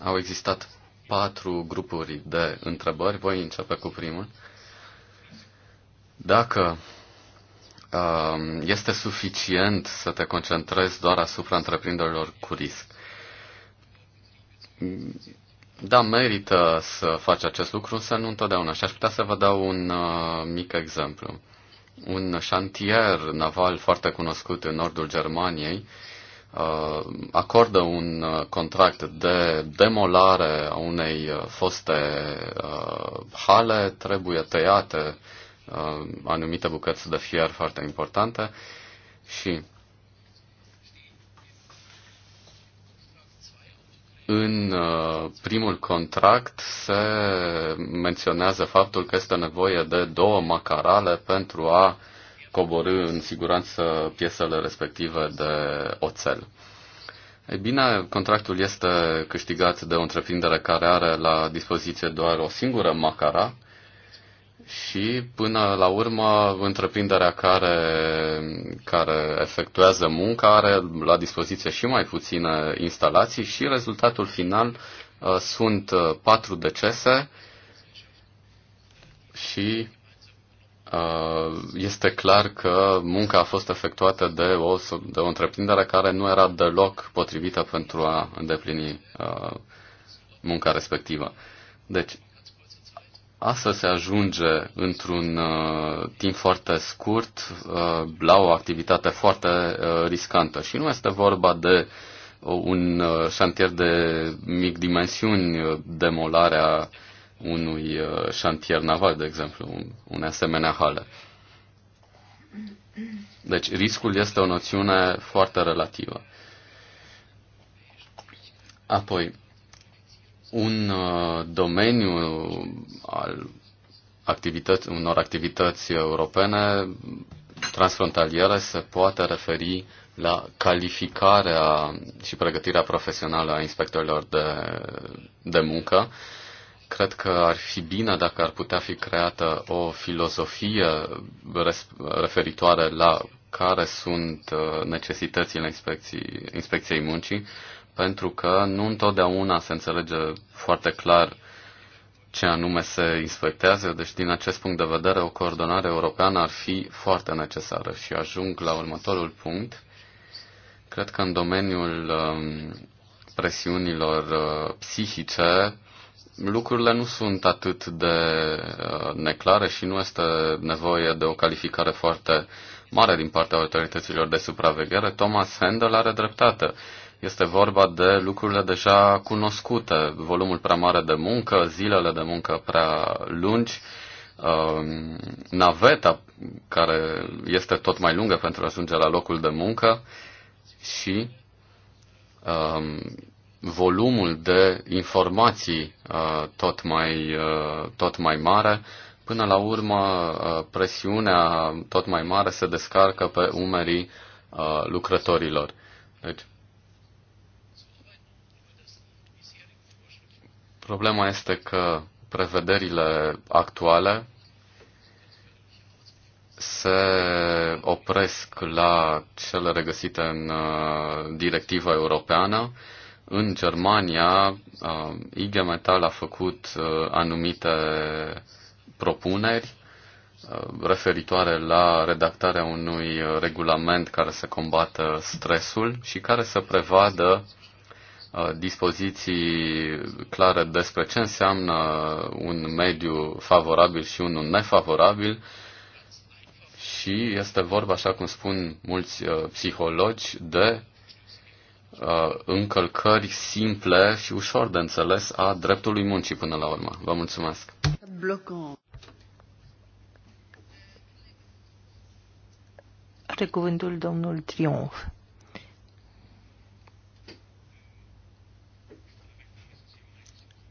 au existat patru grupuri de întrebări. Voi începe cu primul. Dacă um, este suficient să te concentrezi doar asupra întreprinderilor cu risc. Da, merită să faci acest lucru, însă nu întotdeauna. Și aș putea să vă dau un uh, mic exemplu. Un șantier naval foarte cunoscut în nordul Germaniei uh, acordă un uh, contract de demolare a unei uh, foste uh, hale, trebuie tăiate uh, anumite bucăți de fier foarte importante și În uh, primul contract se menționează faptul că este nevoie de două macarale pentru a coborâ în siguranță piesele respective de oțel. Ei bine, contractul este câștigat de o întreprindere care are la dispoziție doar o singură macara, și până la urmă întreprinderea care, care efectuează munca are la dispoziție și mai puține instalații și rezultatul final uh, sunt uh, patru decese și uh, este clar că munca a fost efectuată de o, de o întreprindere care nu era deloc potrivită pentru a îndeplini uh, munca respectivă. Deci, Asta se ajunge într-un uh, timp foarte scurt uh, la o activitate foarte uh, riscantă și nu este vorba de uh, un uh, șantier de mic dimensiuni, uh, demolarea unui uh, șantier naval, de exemplu, un, un asemenea hale. Deci riscul este o noțiune foarte relativă. Apoi, un uh, domeniu al activități, unor activități europene transfrontaliere se poate referi la calificarea și pregătirea profesională a inspectorilor de, de muncă. Cred că ar fi bine dacă ar putea fi creată o filozofie referitoare la care sunt uh, necesitățile inspecției muncii, pentru că nu întotdeauna se înțelege foarte clar ce anume se inspectează, deci din acest punct de vedere o coordonare europeană ar fi foarte necesară. Și ajung la următorul punct. Cred că în domeniul um, presiunilor uh, psihice lucrurile nu sunt atât de uh, neclare și nu este nevoie de o calificare foarte mare din partea autorităților de supraveghere. Thomas Handel are dreptate este vorba de lucrurile deja cunoscute, volumul prea mare de muncă, zilele de muncă prea lungi, um, naveta care este tot mai lungă pentru a ajunge la locul de muncă și um, volumul de informații uh, tot mai, uh, tot mai mare. Până la urmă, uh, presiunea tot mai mare se descarcă pe umerii lucrătorilor. Deci, Problema este că prevederile actuale se opresc la cele regăsite în uh, directiva europeană. În Germania, uh, IG Metal a făcut uh, anumite propuneri referitoare la redactarea unui regulament care să combată stresul și care să prevadă Uh, dispoziții clare despre ce înseamnă un mediu favorabil și unul nefavorabil și este vorba, așa cum spun mulți uh, psihologi, de uh, încălcări simple și ușor de înțeles a dreptului muncii până la urmă. Vă mulțumesc! Are cuvântul domnul Triumf.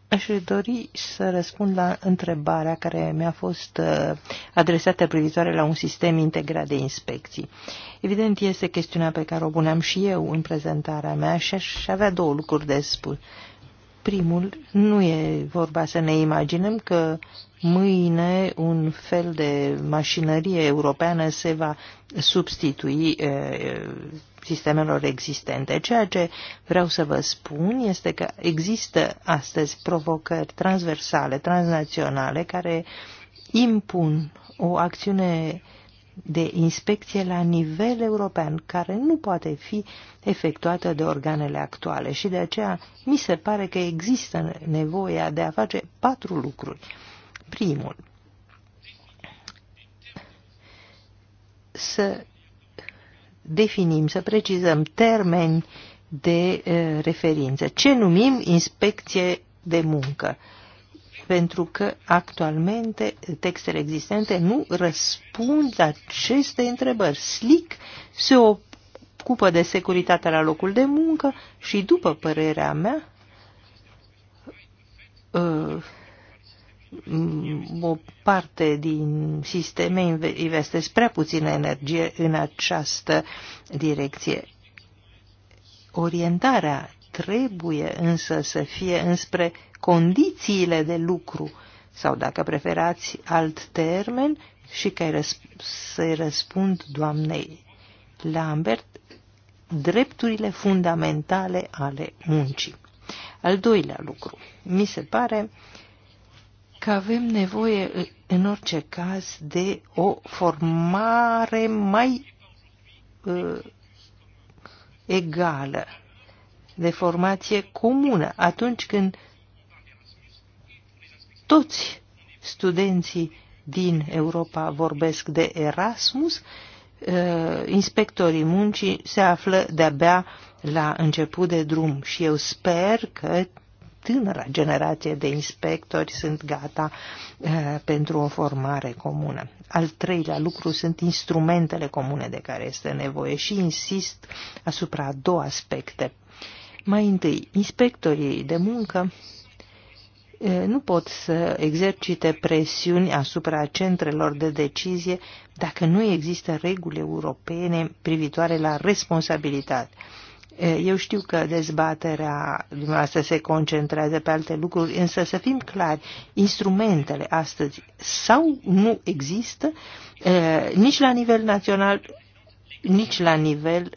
Aș dori să răspund la întrebarea care mi-a fost uh, adresată privitoare la un sistem integrat de inspecții. Evident, este chestiunea pe care o puneam și eu în prezentarea mea și aș avea două lucruri de spus. Primul, nu e vorba să ne imaginăm că mâine un fel de mașinărie europeană se va substitui uh, sistemelor existente. Ceea ce vreau să vă spun este că există astăzi provocări transversale, transnaționale, care impun o acțiune de inspecție la nivel european, care nu poate fi efectuată de organele actuale și de aceea mi se pare că există nevoia de a face patru lucruri. Primul, să definim, să precizăm termeni de referință. Ce numim inspecție de muncă? Pentru că actualmente textele existente nu răspund aceste întrebări. SLIC se ocupă de securitatea la locul de muncă și, după părerea mea, Mm, o parte din sisteme investesc prea puțină energie în această direcție. Orientarea trebuie însă să fie înspre condițiile de lucru sau, dacă preferați, alt termen și că răsp- să-i răspund doamnei Lambert drepturile fundamentale ale muncii. Al doilea lucru, mi se pare uh, că avem nevoie, în orice caz, de o formare mai uh, egală, de formație comună, atunci când toți studenții din Europa vorbesc de Erasmus, uh, inspectorii muncii se află de-abia la început de drum și eu sper că tânăra generație de inspectori sunt gata eh, pentru o formare comună. Al treilea lucru sunt instrumentele comune de care este nevoie și insist asupra două aspecte. Mai întâi, inspectorii de muncă eh, nu pot să exercite presiuni asupra centrelor de decizie dacă nu există reguli europene privitoare la responsabilitate. Eu știu că dezbaterea dumneavoastră se concentrează pe alte lucruri, însă să fim clari, instrumentele astăzi sau nu există nici la nivel național, nici la nivel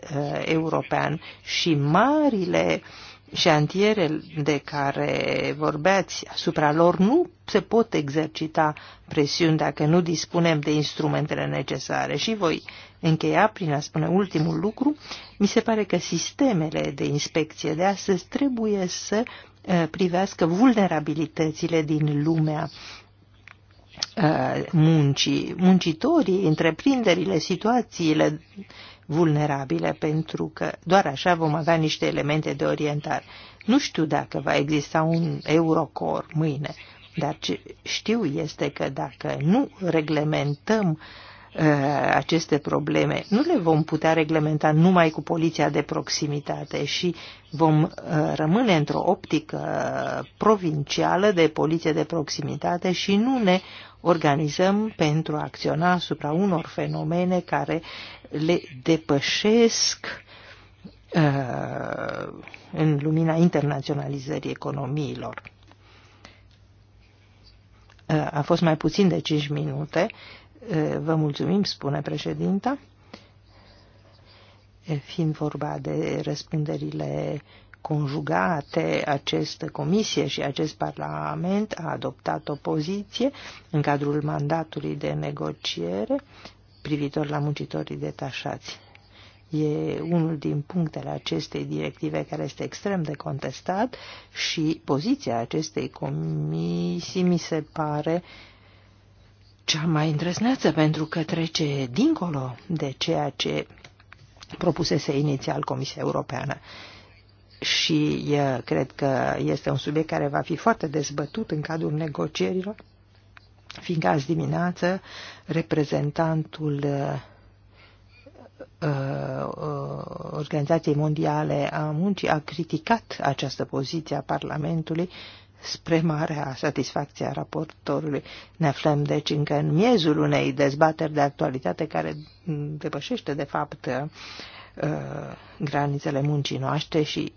european și marile șantiere de care vorbeați asupra lor nu se pot exercita presiuni dacă nu dispunem de instrumentele necesare. Și voi încheia prin a spune ultimul lucru, mi se pare că sistemele de inspecție de astăzi trebuie să uh, privească vulnerabilitățile din lumea uh, muncii, muncitorii, întreprinderile, situațiile vulnerabile, pentru că doar așa vom avea niște elemente de orientare. Nu știu dacă va exista un Eurocor mâine, dar ce știu este că dacă nu reglementăm uh, Uh, aceste probleme. Nu le vom putea reglementa numai cu poliția de proximitate și vom uh, rămâne într-o optică provincială de poliție de proximitate și nu ne organizăm pentru a acționa asupra unor fenomene care le depășesc uh, în lumina internaționalizării economiilor. A fost mai puțin de 5 minute Vă mulțumim, spune președinta, fiind vorba de răspunderile conjugate, această comisie și acest parlament a adoptat o poziție în cadrul mandatului de negociere privitor la muncitorii detașați. E unul din punctele acestei directive care este extrem de contestat și poziția acestei comisii mi se pare uh, cea mai îndrăzneață pentru că trece dincolo de ceea ce propusese inițial Comisia Europeană. Și cred că este un subiect care va fi foarte dezbătut în cadrul negocierilor, fiindcă azi dimineață reprezentantul Organizației Mondiale a Muncii a criticat această poziție a Parlamentului Spre marea satisfacție a raportorului, ne aflăm deci încă în miezul unei dezbateri de actualitate care depășește, de fapt, uh, granițele muncii noastre și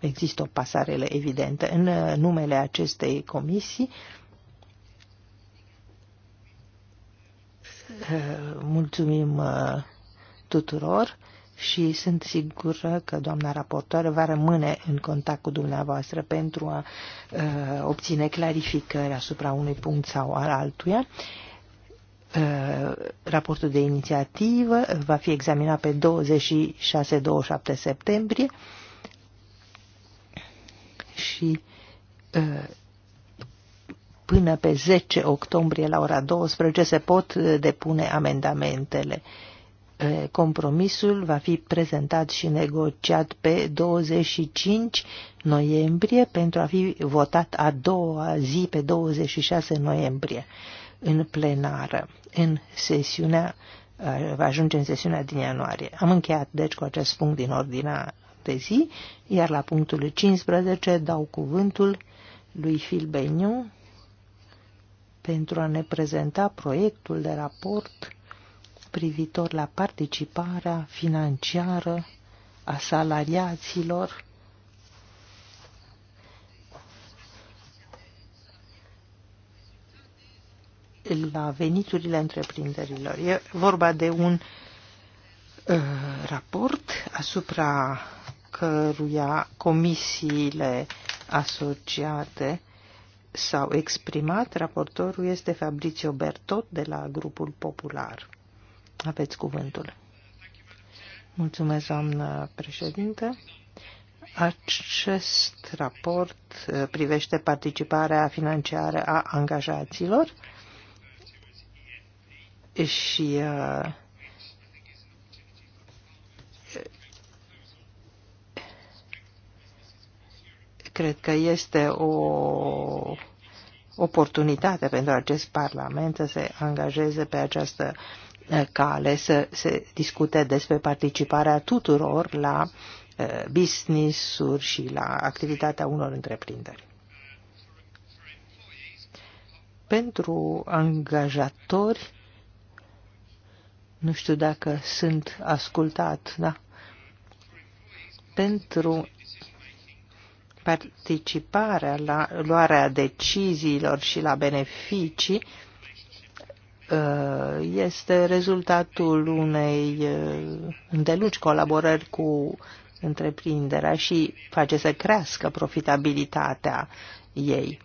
există o pasarele evidentă. În uh, numele acestei comisii, uh, mulțumim tuturor și sunt sigură că doamna raportoare va rămâne în contact cu dumneavoastră pentru a uh, obține clarificări asupra unui punct sau al altuia. Uh, raportul de inițiativă va fi examinat pe 26-27 septembrie și uh, până pe 10 octombrie la ora 12 se pot uh, depune amendamentele. Uh, Compromisul va fi prezentat și negociat pe 25 noiembrie pentru a fi votat a doua zi pe 26 noiembrie în plenară, în sesiunea, va ajunge în sesiunea din ianuarie. Am încheiat deci cu acest punct din ordinea de zi, iar la punctul 15 dau cuvântul lui Phil Beniu pentru a ne prezenta proiectul de raport privitor la participarea financiară a salariaților la veniturile întreprinderilor. E vorba de un uh, raport asupra căruia comisiile asociate s-au exprimat. Raportorul este Fabrizio Bertot de la Grupul Popular. Aveți cuvântul. Mulțumesc, doamnă președinte. Acest raport uh, privește participarea financiară a angajaților și uh, cred că este o oportunitate pentru acest Parlament să se angajeze pe această uh, cale să se discute despre participarea tuturor la eh, business-uri și la activitatea unor întreprinderi. Pentru angajatori, nu știu dacă sunt ascultat, da? Pentru participarea la luarea deciziilor și la beneficii, Uh, este rezultatul unei uh, îndelugi colaborări cu întreprinderea și face să crească profitabilitatea ei.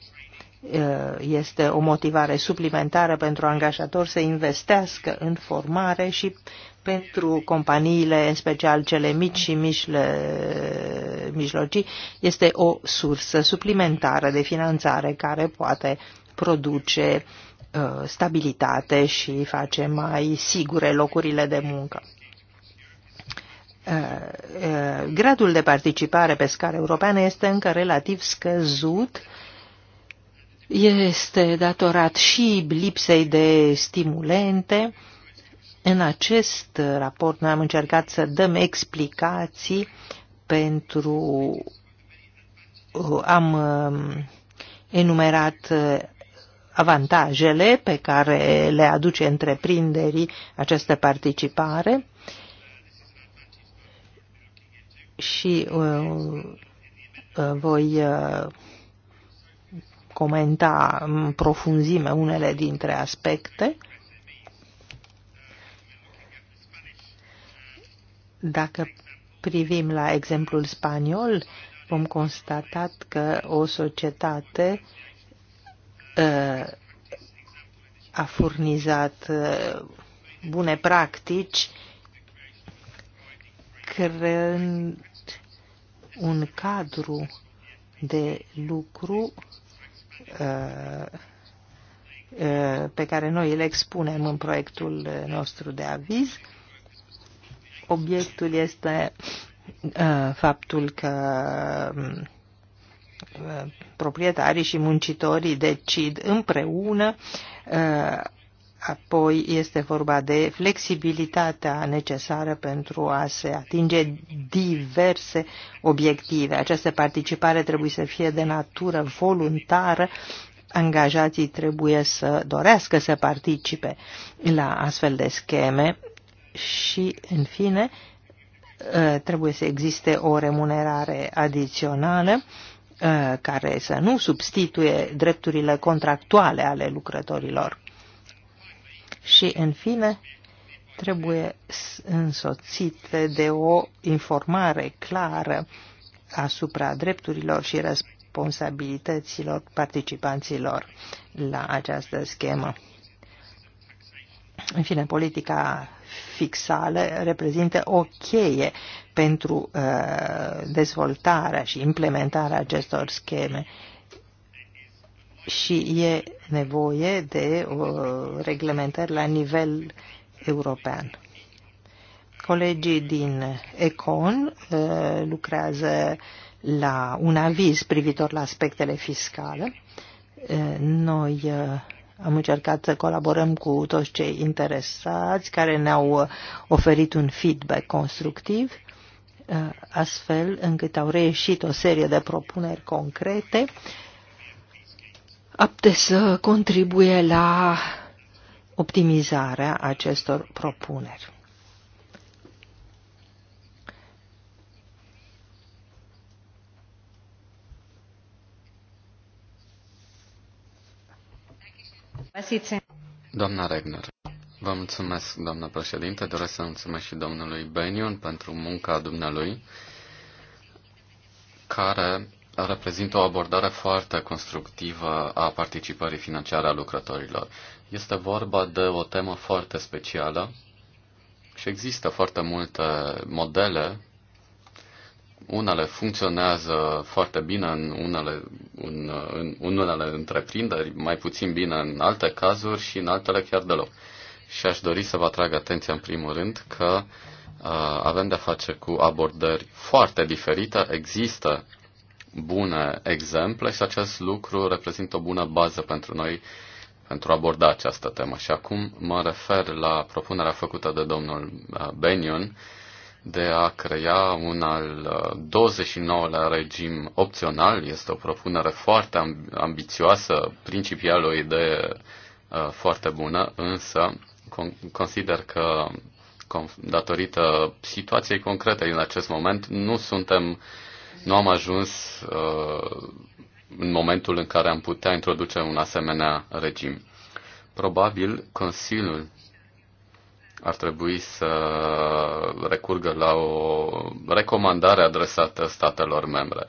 Uh, este o motivare suplimentară pentru angajator să investească în formare și pentru companiile, în special cele mici și mișle, mijlocii, este o sursă suplimentară de finanțare care poate produce Uh, stabilitate și face mai sigure locurile de muncă. Uh, uh, gradul de participare pe scară europeană este încă relativ scăzut, este datorat și lipsei de stimulente. În acest raport noi am încercat să dăm explicații pentru am enumerat avantajele pe care le aduce întreprinderii această participare și uh, uh, voi uh, comenta în profunzime unele dintre aspecte. Dacă privim la exemplul spaniol, vom constata că o societate uh, a furnizat uh, bune practici creând un cadru de lucru uh, uh, pe care noi îl expunem în proiectul nostru de aviz. Obiectul este faptul că um, proprietarii și muncitorii decid împreună, uh, apoi este vorba de flexibilitatea necesară pentru a se atinge diverse obiective. Această participare trebuie să fie de natură voluntară, angajații trebuie să dorească să participe la astfel de scheme și, în fine, uh, trebuie să existe o remunerare adițională Uh, care să nu substituie drepturile contractuale ale lucrătorilor. Și, în fine, trebuie însoțite de o informare clară asupra drepturilor și responsabilităților participanților la această schemă. În fine, politica fixale reprezintă o cheie pentru uh, dezvoltarea și implementarea acestor scheme și e nevoie de uh, reglementări la nivel european. Colegii din Econ uh, lucrează la un aviz privitor la aspectele fiscale. Noi am încercat să colaborăm cu toți cei interesați care ne-au uh, oferit un feedback constructiv, uh, astfel încât au reieșit o serie de propuneri concrete apte să contribuie la optimizarea acestor propuneri. Doamna Regner, vă mulțumesc, doamna președinte. Doresc să mulțumesc și domnului Benion pentru munca dumnealui, care reprezintă o abordare foarte constructivă a participării financiare a lucrătorilor. Este vorba de o temă foarte specială și există foarte multe modele unele funcționează foarte bine în unele, în, în, în unele întreprinderi, mai puțin bine în alte cazuri și în altele chiar deloc. Și aș dori să vă atrag atenția în primul rând că uh, avem de-a face cu abordări foarte diferite. Există bune exemple și acest lucru reprezintă o bună bază pentru noi pentru a aborda această temă. Și acum mă refer la propunerea făcută de domnul uh, Benion de a crea un al 29-lea uh, regim opțional. Este o propunere foarte ambițioasă, principial o idee uh, foarte bună, însă consider că datorită situației concrete în acest moment nu suntem, nu am ajuns uh, în momentul în care am putea introduce un asemenea regim. Probabil Consiliul ar trebui să recurgă la o recomandare adresată statelor membre.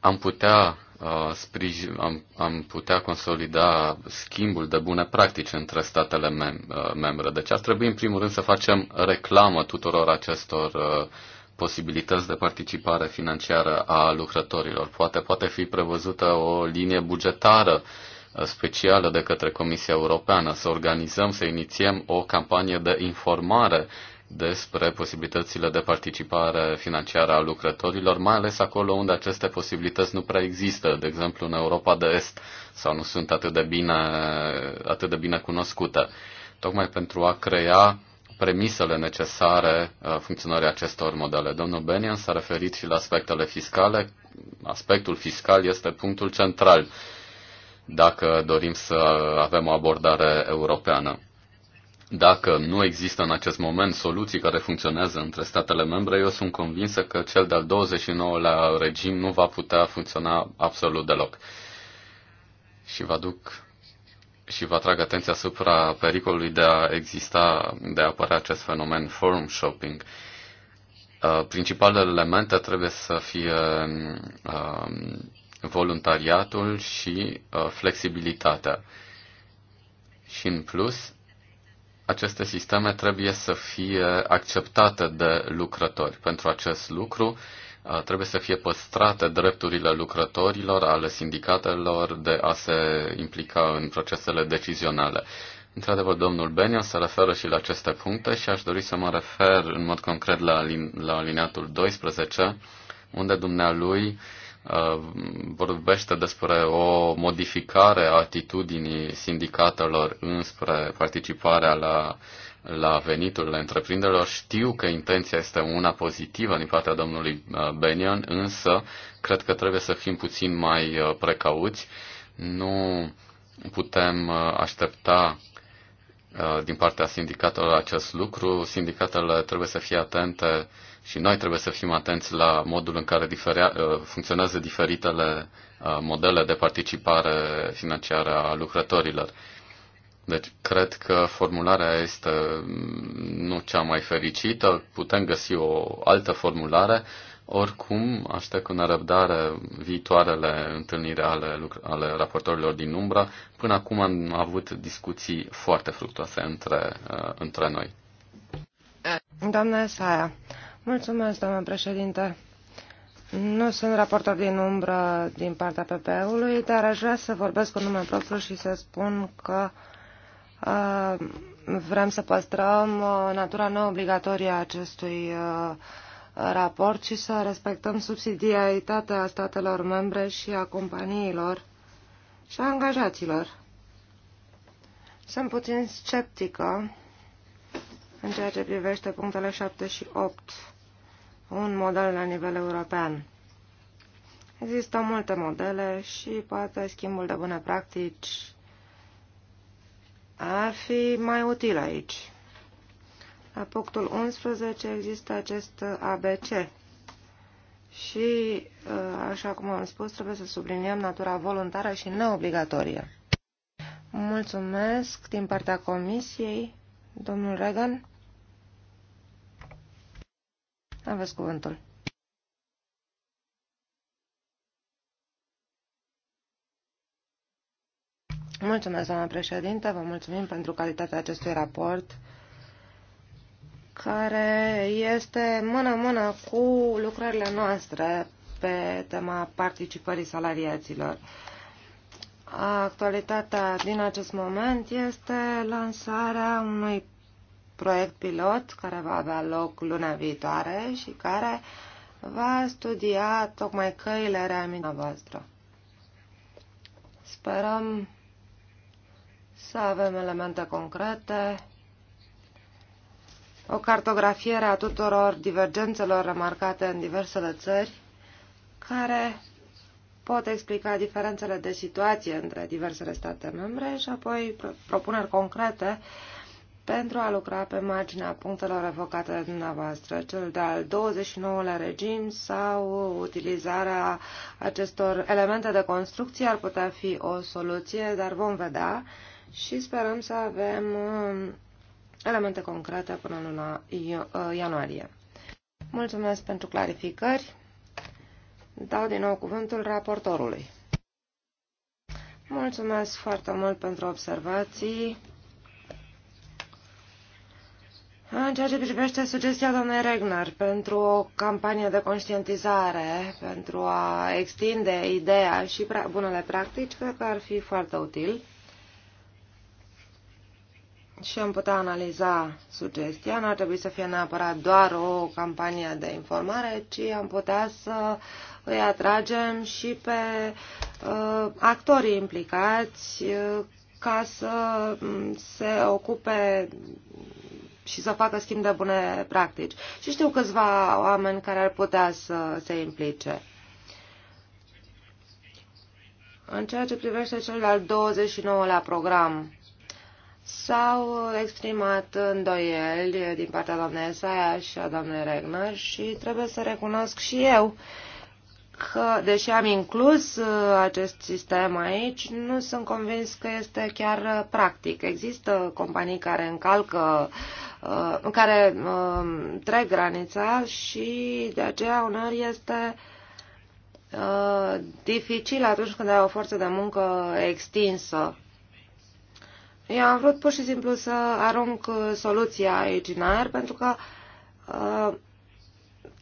Am putea, uh, sprij- am, am putea consolida schimbul de bune practici între statele mem- uh, membre. Deci ar trebui, în primul rând, să facem reclamă tuturor acestor uh, posibilități de participare financiară a lucrătorilor. Poate poate fi prevăzută o linie bugetară uh, specială de către Comisia Europeană, să organizăm, să inițiem o campanie de informare despre posibilitățile de participare financiară a lucrătorilor, mai ales acolo unde aceste posibilități nu prea există, de exemplu în Europa de Est, sau nu sunt atât de bine, atât de bine cunoscute, tocmai pentru a crea premisele necesare uh, funcționării acestor modele. Domnul Benian s-a referit și la aspectele fiscale. Aspectul fiscal este punctul central dacă dorim să avem o abordare europeană. Dacă nu există în acest moment soluții care funcționează între statele membre, eu sunt convinsă că cel de-al 29-lea regim nu va putea funcționa absolut deloc. Și vă duc și vă atrag atenția asupra pericolului de a exista, de a apărea acest fenomen forum shopping. Uh, principalele elemente trebuie să fie um, voluntariatul și uh, flexibilitatea. Și în plus, aceste sisteme trebuie să fie acceptate de lucrători. Pentru acest lucru uh, trebuie să fie păstrate drepturile lucrătorilor, ale sindicatelor de a se implica în procesele decizionale. Într-adevăr, domnul Benio se referă și la aceste puncte și aș dori să mă refer în mod concret la, la alineatul 12, unde dumnealui Uh, vorbește despre o modificare a atitudinii sindicatelor înspre participarea la, la veniturile întreprinderilor. Știu că intenția este una pozitivă din partea domnului uh, Benion, însă cred că trebuie să fim puțin mai uh, precauți. Nu putem aștepta din partea sindicatelor acest lucru. Sindicatele trebuie să fie atente uh, și noi trebuie să fim atenți la modul în care diferea, uh, funcționează diferitele uh, modele de participare financiară a lucrătorilor. Deci, cred că formularea este mm, nu cea mai fericită, putem găsi o altă formulare, oricum aștept cu nerăbdare viitoarele întâlniri ale, ale raportorilor din umbra. Până acum am avut discuții foarte fructoase între, uh, între noi. Doamna Saia, Mulțumesc, președinte. Nu sunt raportor din umbră din partea PPE-ului, dar aș vrea să vorbesc cu nume propriu și să spun că uh, vrem să păstrăm uh, natura neobligatorie a acestui uh, raport și să respectăm subsidiaritatea statelor membre și a companiilor și a angajaților. Sunt puțin sceptică în ceea ce privește punctele 7 și 8, un model la nivel european. Există multe modele și poate schimbul de bune practici ar fi mai util aici. La punctul 11 există acest ABC și, uh, așa cum am spus, trebuie să subliniem natura voluntară și neobligatorie. Mulțumesc din partea Comisiei, domnul Regan. Aveți cuvântul. Mulțumesc, doamna președinte, vă mulțumim pentru calitatea acestui raport care este mână-mână cu lucrările noastre pe tema participării salariaților. Actualitatea din acest moment este lansarea unui proiect pilot care va avea loc luna viitoare și care va studia tocmai căile reamintea voastră. Sperăm să avem elemente concrete, o cartografiere a tuturor divergențelor remarcate în diversele țări, care pot explica diferențele de situație între diversele state membre și apoi propuneri concrete pentru a lucra pe marginea punctelor evocate de dumneavoastră, cel de-al 29-lea regim sau utilizarea acestor elemente de construcție ar putea fi o soluție, dar vom vedea și sperăm să avem um, elemente concrete până în luna uh, ianuarie. Mulțumesc pentru clarificări. Dau din nou cuvântul raportorului. Mulțumesc foarte mult pentru observații. În ceea ce privește sugestia doamnei Regner pentru o campanie de conștientizare, pentru a extinde ideea și bunele practici, cred că ar fi foarte util și am putea analiza sugestia. Nu ar trebui să fie neapărat doar o campanie de informare, ci am putea să îi atragem și pe uh, actorii implicați uh, ca să mm, se ocupe și să facă schimb de bune practici. Și știu câțiva oameni care ar putea să se implice. În ceea ce privește cel de-al 29-lea program, S-au exprimat îndoieli din partea doamnei Saia și a doamnei Regner și trebuie să recunosc și eu că, deși am inclus uh, acest sistem aici, nu sunt convins că este chiar uh, practic. Există companii care încalcă, uh, care um, trec granița și de aceea unor este dificil atunci când ai o forță de muncă extinsă. Eu am vrut pur și simplu să arunc soluția aici în aer, pentru că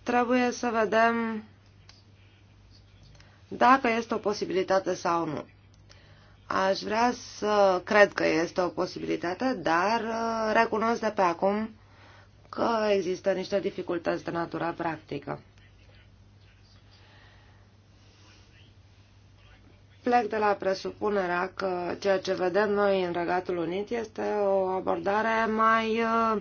trebuie să vedem dacă este o posibilitate sau nu. Aș vrea să cred că este o posibilitate, dar uh, recunosc de pe acum că există niște dificultăți de natură practică. Plec de la presupunerea că ceea ce vedem noi în Regatul Unit este o abordare mai uh,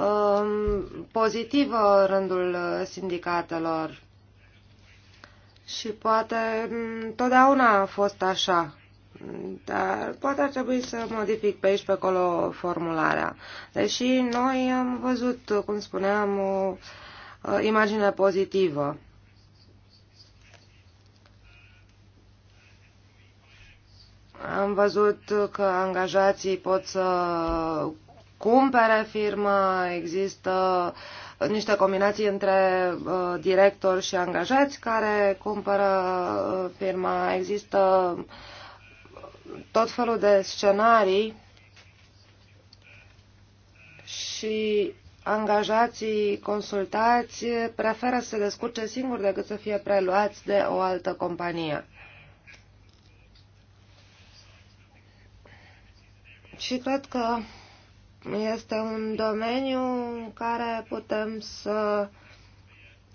um, pozitivă în rândul sindicatelor și poate mm, totdeauna a fost așa. Dar poate ar trebui să modific pe aici pe acolo formularea. Deși noi am văzut, cum spuneam, o imagine pozitivă. Am văzut că angajații pot să cumpere firma, există uh, niște combinații între uh, directori și angajați care cumpără uh, firma. Există tot felul de scenarii și angajații consultați preferă să se descurce singuri decât să fie preluați de o altă companie. Și cred că este un domeniu în care putem să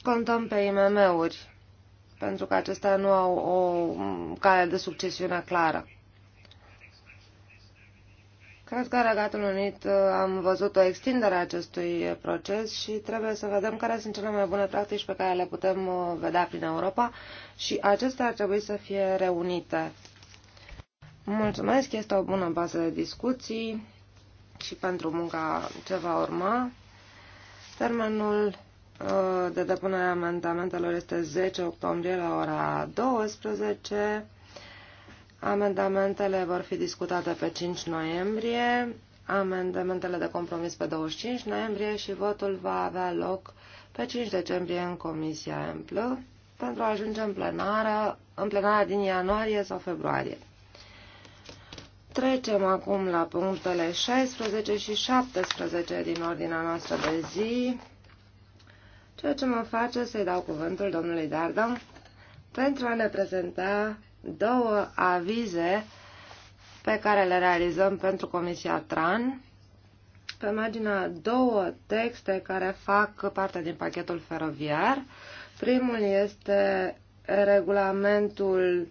contăm pe IMM-uri, pentru că acestea nu au o cale de succesiune clară. Cred că Regatul Unit uh, am văzut o extindere a acestui proces și trebuie să vedem care sunt cele mai bune practici pe care le putem uh, vedea prin Europa și acestea ar trebui să fie reunite. Mulțumesc, este o bună bază de discuții și pentru munca ce va urma. Termenul uh, de depunere a amendamentelor este 10 octombrie la ora 12. Amendamentele vor fi discutate pe 5 noiembrie, amendamentele de compromis pe 25 noiembrie și votul va avea loc pe 5 decembrie în Comisia Amplă pentru a ajunge în plenară, în plenarea din ianuarie sau februarie. Trecem acum la punctele 16 și 17 din ordinea noastră de zi, ceea ce mă face să-i dau cuvântul domnului Dardan pentru a ne prezenta două avize pe care le realizăm pentru Comisia TRAN, pe marginea două texte care fac parte din pachetul feroviar. Primul este regulamentul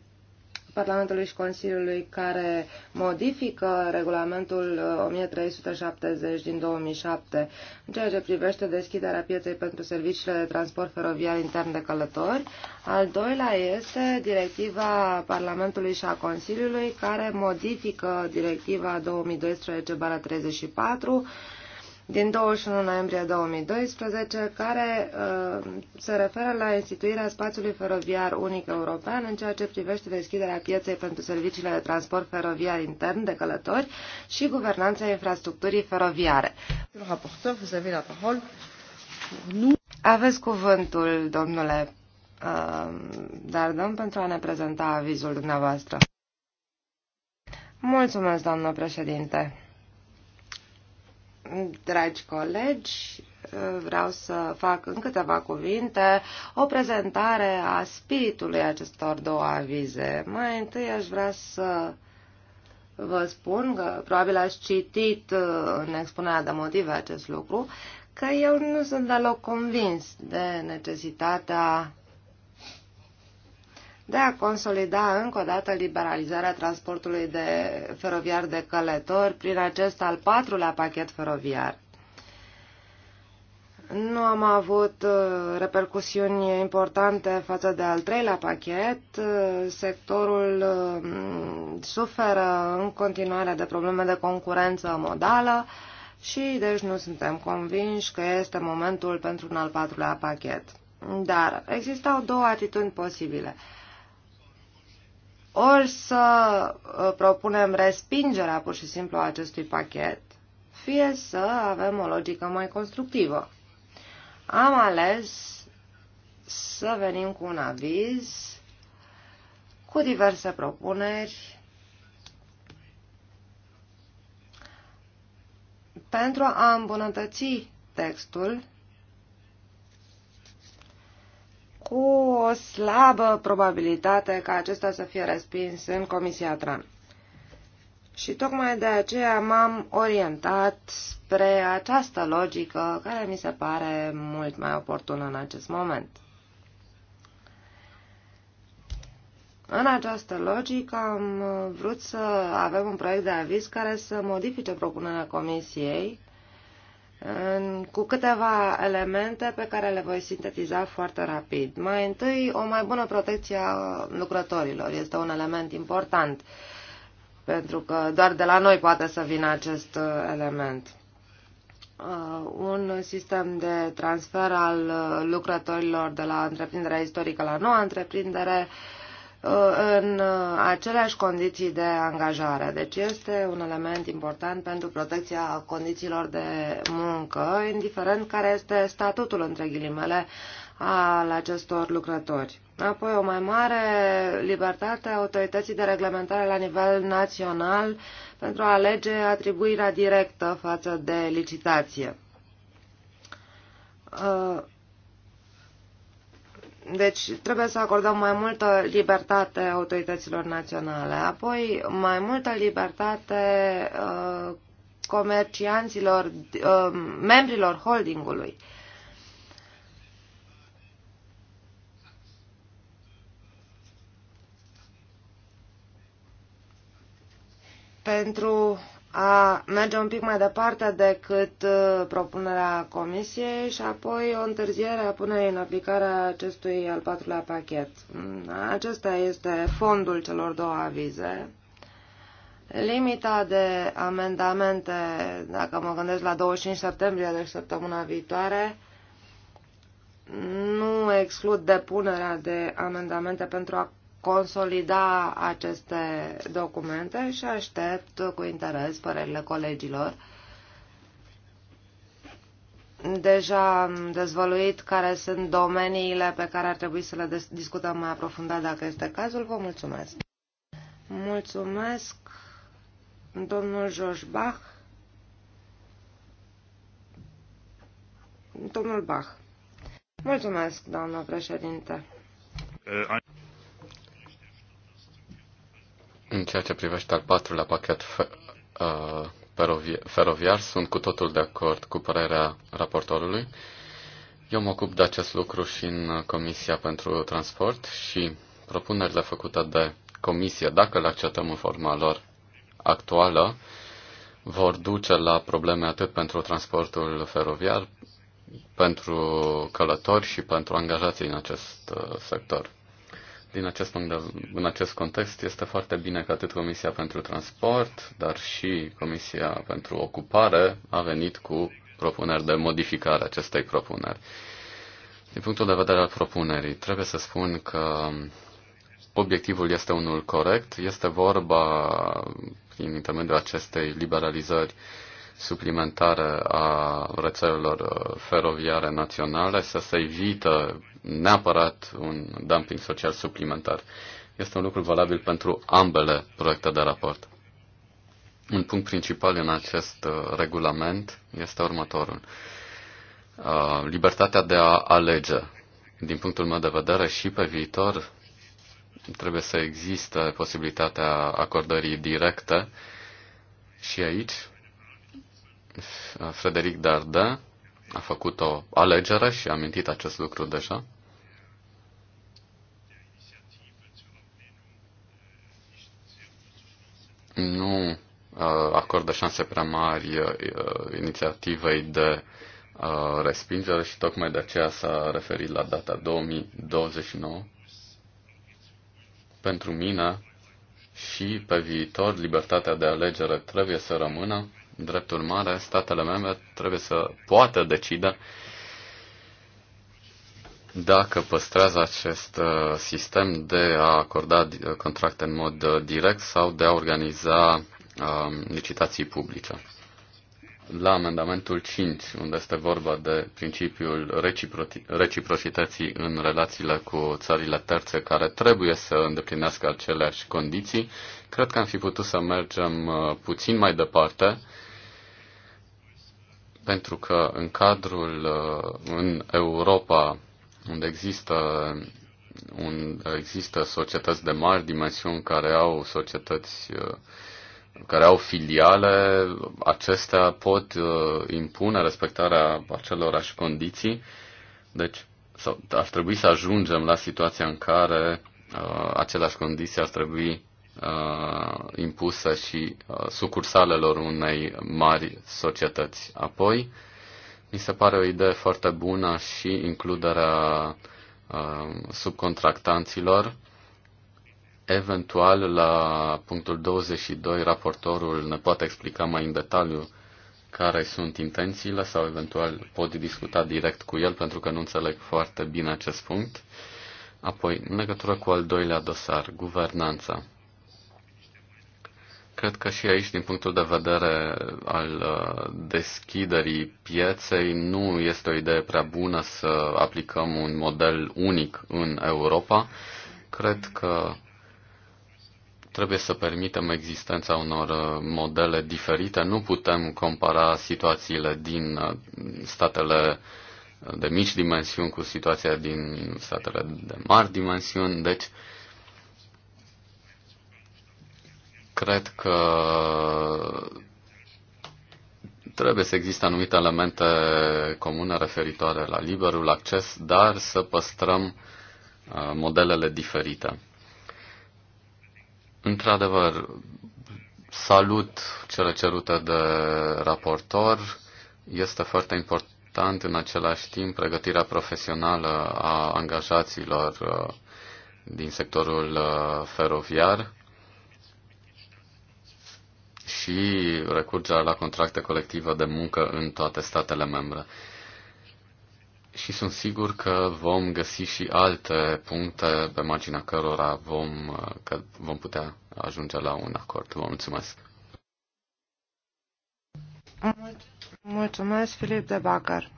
Parlamentului și Consiliului care modifică regulamentul 1370 uh, din 2007 în ceea ce privește deschiderea pieței pentru serviciile de transport feroviar intern de călători. Al doilea este directiva Parlamentului și a Consiliului care modifică directiva 2012-34 din 21 noiembrie 2012, care uh, se referă la instituirea spațiului feroviar unic european în ceea ce privește deschiderea pieței pentru serviciile de transport feroviar intern de călători și guvernanța infrastructurii feroviare. Aveți cuvântul, domnule uh, Dardon, pentru a ne prezenta avizul dumneavoastră. Mulțumesc, doamnă președinte. Dragi colegi, vreau să fac în câteva cuvinte o prezentare a spiritului acestor două avize. Mai întâi aș vrea să vă spun că probabil ați citit uh, în expunerea de motive acest lucru, că eu nu sunt deloc convins de necesitatea de a consolida încă o dată liberalizarea transportului de feroviar de călători prin acest al patrulea pachet feroviar. Nu am avut uh, repercusiuni importante față de al treilea pachet. Uh, sectorul uh, suferă în continuare de probleme de concurență modală și deci nu suntem convinși că este momentul pentru un al patrulea pachet. Dar existau două atitudini posibile ori să uh, propunem respingerea pur și simplu a acestui pachet, fie să avem o logică mai constructivă. Am ales să venim cu un aviz cu diverse propuneri pentru a îmbunătăți textul cu o slabă probabilitate ca acesta să fie respins în Comisia Tran. Și tocmai de aceea m-am orientat spre această logică care mi se pare mult mai oportună în acest moment. În această logică am vrut să avem un proiect de aviz care să modifice propunerea Comisiei cu câteva elemente pe care le voi sintetiza foarte rapid. Mai întâi, o mai bună protecție a lucrătorilor este un element important, pentru că doar de la noi poate să vină acest uh, element. Uh, un sistem de transfer al uh, lucrătorilor de la întreprinderea istorică la noua întreprindere, Uh, în uh, aceleași condiții de angajare. Deci este un element important pentru protecția condițiilor de muncă, indiferent care este statutul, între ghilimele, al acestor lucrători. Apoi, o mai mare libertate a autorității de reglementare la nivel național pentru a alege atribuirea directă față de licitație. Uh, deci trebuie să acordăm mai multă libertate autorităților naționale, apoi mai multă libertate uh, comercianților, uh, membrilor holdingului. Pentru a merge un pic mai departe decât uh, propunerea Comisiei și apoi o întârziere a punerii în aplicare a acestui al patrulea pachet. Mm, acesta este fondul celor două avize. Limita de amendamente, dacă mă gândesc la 25 septembrie, deci săptămâna viitoare, nu exclud depunerea de amendamente pentru a consolida aceste documente și aștept cu interes părerile colegilor. Deja am dezvăluit care sunt domeniile pe care ar trebui să le discutăm mai aprofundat dacă este cazul. Vă mulțumesc! Mulțumesc, domnul George Bach. Domnul Bach. Mulțumesc, doamnă președinte. Uh, în ceea ce privește al patrulea pachet uh, feroviar, sunt cu totul de acord cu părerea raportorului. Eu mă ocup de acest lucru și în Comisia pentru Transport și propunerile făcute de Comisie, dacă le acceptăm în forma lor actuală, vor duce la probleme atât pentru transportul feroviar, pentru călători și pentru angajații în acest uh, sector. Din acest punct de, în acest context, este foarte bine că atât Comisia pentru Transport, dar și Comisia pentru Ocupare a venit cu propuneri de modificare acestei propuneri. Din punctul de vedere al propunerii, trebuie să spun că obiectivul este unul corect. Este vorba, prin intermediul acestei liberalizări, suplimentare a rețelelor uh, feroviare naționale, să se evită neapărat un dumping social suplimentar. Este un lucru valabil pentru ambele proiecte de raport. Un punct principal în acest uh, regulament este următorul. Uh, libertatea de a alege. Din punctul meu de vedere, și pe viitor trebuie să existe posibilitatea acordării directe și aici Frederic Darda a făcut o alegere și a mintit acest lucru deja. Nu uh, acordă șanse prea mari uh, inițiativei de uh, respingere și tocmai de aceea s-a referit la data 2029. Pentru mine și pe viitor, libertatea de alegere trebuie să rămână Drept urmare, statele membre trebuie să poată decide dacă păstrează acest uh, sistem de a acorda uh, contracte în mod uh, direct sau de a organiza um, licitații publice. La amendamentul 5, unde este vorba de principiul reciprocității în relațiile cu țările terțe care trebuie să îndeplinească aceleași condiții, cred că am fi putut să mergem puțin mai departe pentru că în cadrul, uh, în Europa, unde există un, există societăți de mari dimensiuni care au societăți uh, care au filiale, acestea pot uh, impune respectarea acelorași condiții. Deci sau, ar trebui să ajungem la situația în care uh, aceleași condiții ar trebui uh, impusă și uh, sucursalelor unei mari societăți. Apoi, mi se pare o idee foarte bună și includerea uh, subcontractanților. Eventual, la punctul 22, raportorul ne poate explica mai în detaliu care sunt intențiile sau eventual pot discuta direct cu el pentru că nu înțeleg foarte bine acest punct. Apoi, în legătură cu al doilea dosar, guvernanța. Cred că și aici, din punctul de vedere al uh, deschiderii pieței, nu este o idee prea bună să aplicăm un model unic în Europa. Cred că trebuie să permitem existența unor uh, modele diferite. Nu putem compara situațiile din uh, statele de mici dimensiuni cu situația din statele de mari dimensiuni. Deci, uh, cred că trebuie să existe anumite elemente comune referitoare la liberul acces, dar să păstrăm uh, modelele diferite. Într-adevăr, salut cele cerute de raportor. Este foarte important în același timp pregătirea profesională a angajaților uh, din sectorul uh, feroviar și recurgerea la contracte colective de muncă în toate statele membre. Și sunt sigur că vom găsi și alte puncte pe marginea cărora vom, că vom putea ajunge la un acord. Vă mulțumesc! Mulțumesc, Filip de Bacar.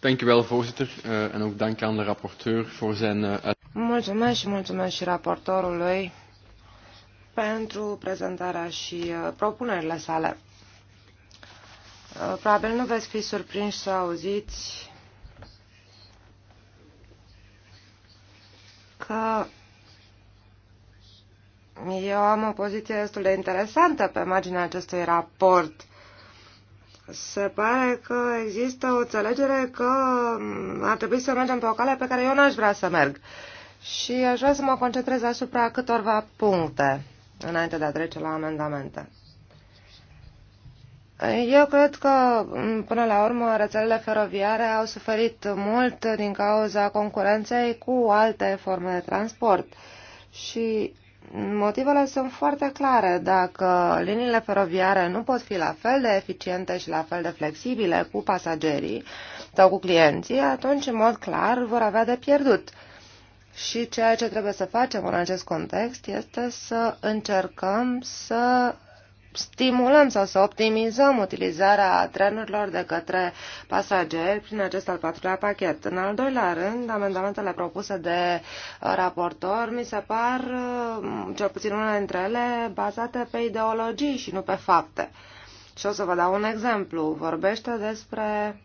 Dank u wel, voorzitter. Uh, en ook dank aan de rapporteur voor zijn... Uh... Mulțumesc mulțumesc și raportorului pentru prezentarea și uh, propunerile sale. Uh, probabil nu veți fi surprinși să auziți că eu am o poziție destul de interesantă pe marginea acestui raport. Se pare că există o înțelegere că mm, ar trebui să mergem pe o cale pe care eu n-aș vrea să merg. Și aș vrea să mă concentrez asupra câtorva puncte înainte de a trece la amendamente. Eu cred că, mm, până la urmă, rețelele feroviare au suferit mult din cauza concurenței cu alte forme de transport. Și motivele sunt foarte clare. Dacă liniile feroviare nu pot fi la fel de eficiente și la fel de flexibile cu pasagerii sau cu clienții, atunci, în mod clar, vor avea de pierdut. Uh, și ceea ce trebuie să facem în acest context este să încercăm să stimulăm sau să optimizăm utilizarea trenurilor de către pasageri prin acest al patrulea pachet. În al doilea rând, amendamentele propuse de uh, raportor mi se par, uh, cel puțin unele dintre ele, bazate pe ideologii și nu pe fapte. Și o să vă dau un exemplu. Vorbește despre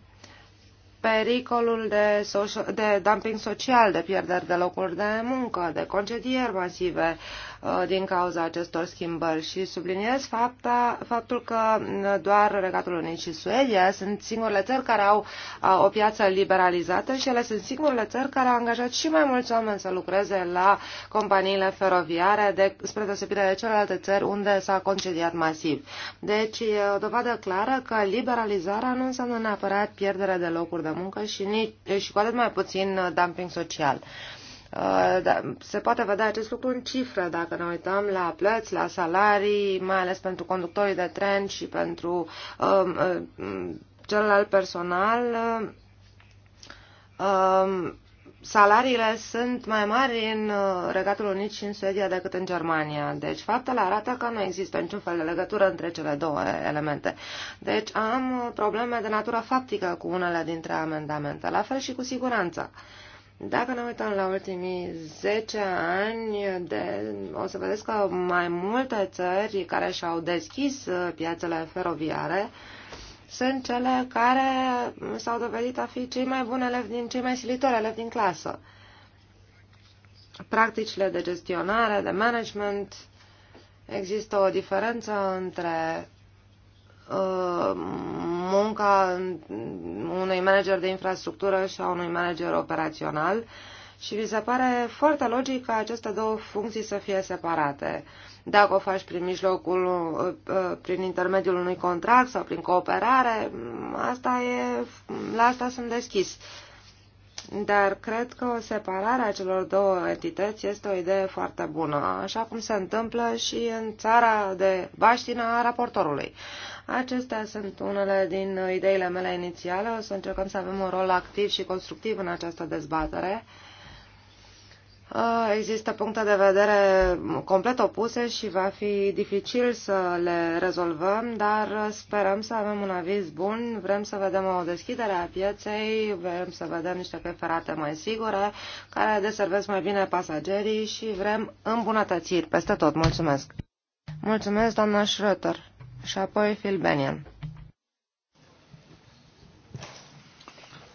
pericolul de, social, de dumping social, de pierderi de locuri de muncă, de concedieri masive, Uh, din cauza acestor schimbări și subliniez fapta, faptul că uh, doar Regatul Unit și Suedia sunt singurele țări care au uh, o piață liberalizată și ele sunt singurele țări care au angajat și mai mulți oameni să lucreze la companiile feroviare, de, spre deosebire de celelalte țări unde s-a concediat masiv. Deci e o dovadă clară că liberalizarea nu înseamnă neapărat pierdere de locuri de muncă și, nici, și cu atât mai puțin dumping social. Uh, da, se poate vedea acest lucru în cifre dacă ne uităm la plăți, la salarii, mai ales pentru conductorii de tren și pentru um, uh, celălalt personal um, salariile sunt mai mari în uh, Regatul Unit și în Suedia decât în Germania. Deci faptele arată că nu există niciun fel de legătură între cele două elemente. Deci am probleme de natură faptică cu unele dintre amendamente, la fel și cu siguranța. Uh, dacă ne uităm la ultimii 10 ani, de, o să vedeți că mai multe țări care și-au deschis uh, piațele feroviare sunt cele care s-au dovedit a fi cei mai buni elevi din cei mai silitori elevi din clasă. Practicile de gestionare, de management, există o diferență între Uh, munca unui manager de infrastructură și a unui manager operațional și vi se pare foarte logic ca aceste două funcții să fie separate. Dacă o faci prin mijlocul, uh, uh, prin intermediul unui contract sau prin cooperare, asta e, la asta sunt deschis. Dar cred că o separare a celor două entități este o idee foarte bună, așa cum se întâmplă și în țara de baștină a raportorului. Acestea sunt unele din ideile mele inițiale. O să încercăm să avem un rol activ și constructiv în această dezbatere. Există puncte de vedere complet opuse și va fi dificil să le rezolvăm, dar sperăm să avem un aviz bun, vrem să vedem o deschidere a pieței, vrem să vedem niște căi ferate mai sigure, care deservesc mai bine pasagerii și vrem îmbunătățiri peste tot. Mulțumesc! Mulțumesc, doamna Schröter! și apoi Phil Bennion.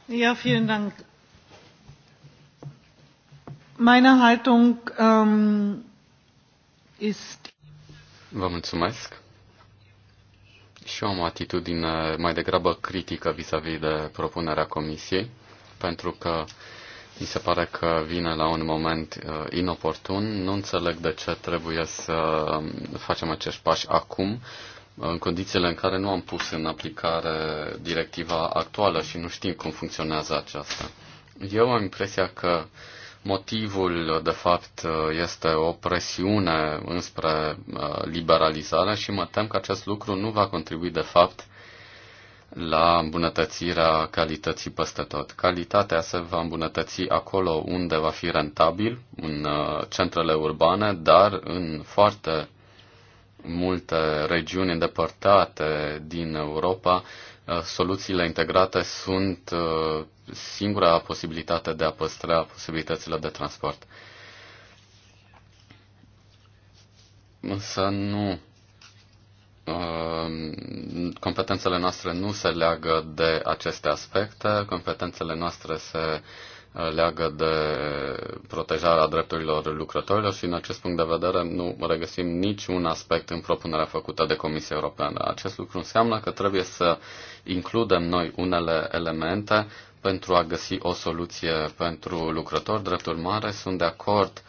Ja, vielen Dank. Meine Haltung ähm, ist. Vă mulțumesc. Și eu am o atitudine mai degrabă critică vis-a-vis -vis de propunerea Comisiei, pentru că mi se pare că vine la un moment uh, inoportun. Nu înțeleg de ce trebuie să um, facem acești pași acum, în condițiile în care nu am pus în aplicare directiva actuală și nu știm cum funcționează aceasta. Eu am impresia că motivul, de fapt, este o presiune înspre uh, liberalizare și mă tem că acest lucru nu va contribui, de fapt, la îmbunătățirea calității peste tot. Calitatea se va îmbunătăți acolo unde va fi rentabil, în uh, centrele urbane, dar în foarte multe regiuni îndepărtate din Europa, uh, soluțiile integrate sunt uh, singura posibilitate de a păstra posibilitățile de transport. Însă nu. Uh, competențele noastre nu se leagă de aceste aspecte, competențele noastre se leagă de protejarea drepturilor lucrătorilor și în acest punct de vedere nu regăsim niciun aspect în propunerea făcută de Comisia Europeană. Acest lucru înseamnă că trebuie să includem noi unele elemente pentru a găsi o soluție pentru lucrători. Dreptul mare sunt de acord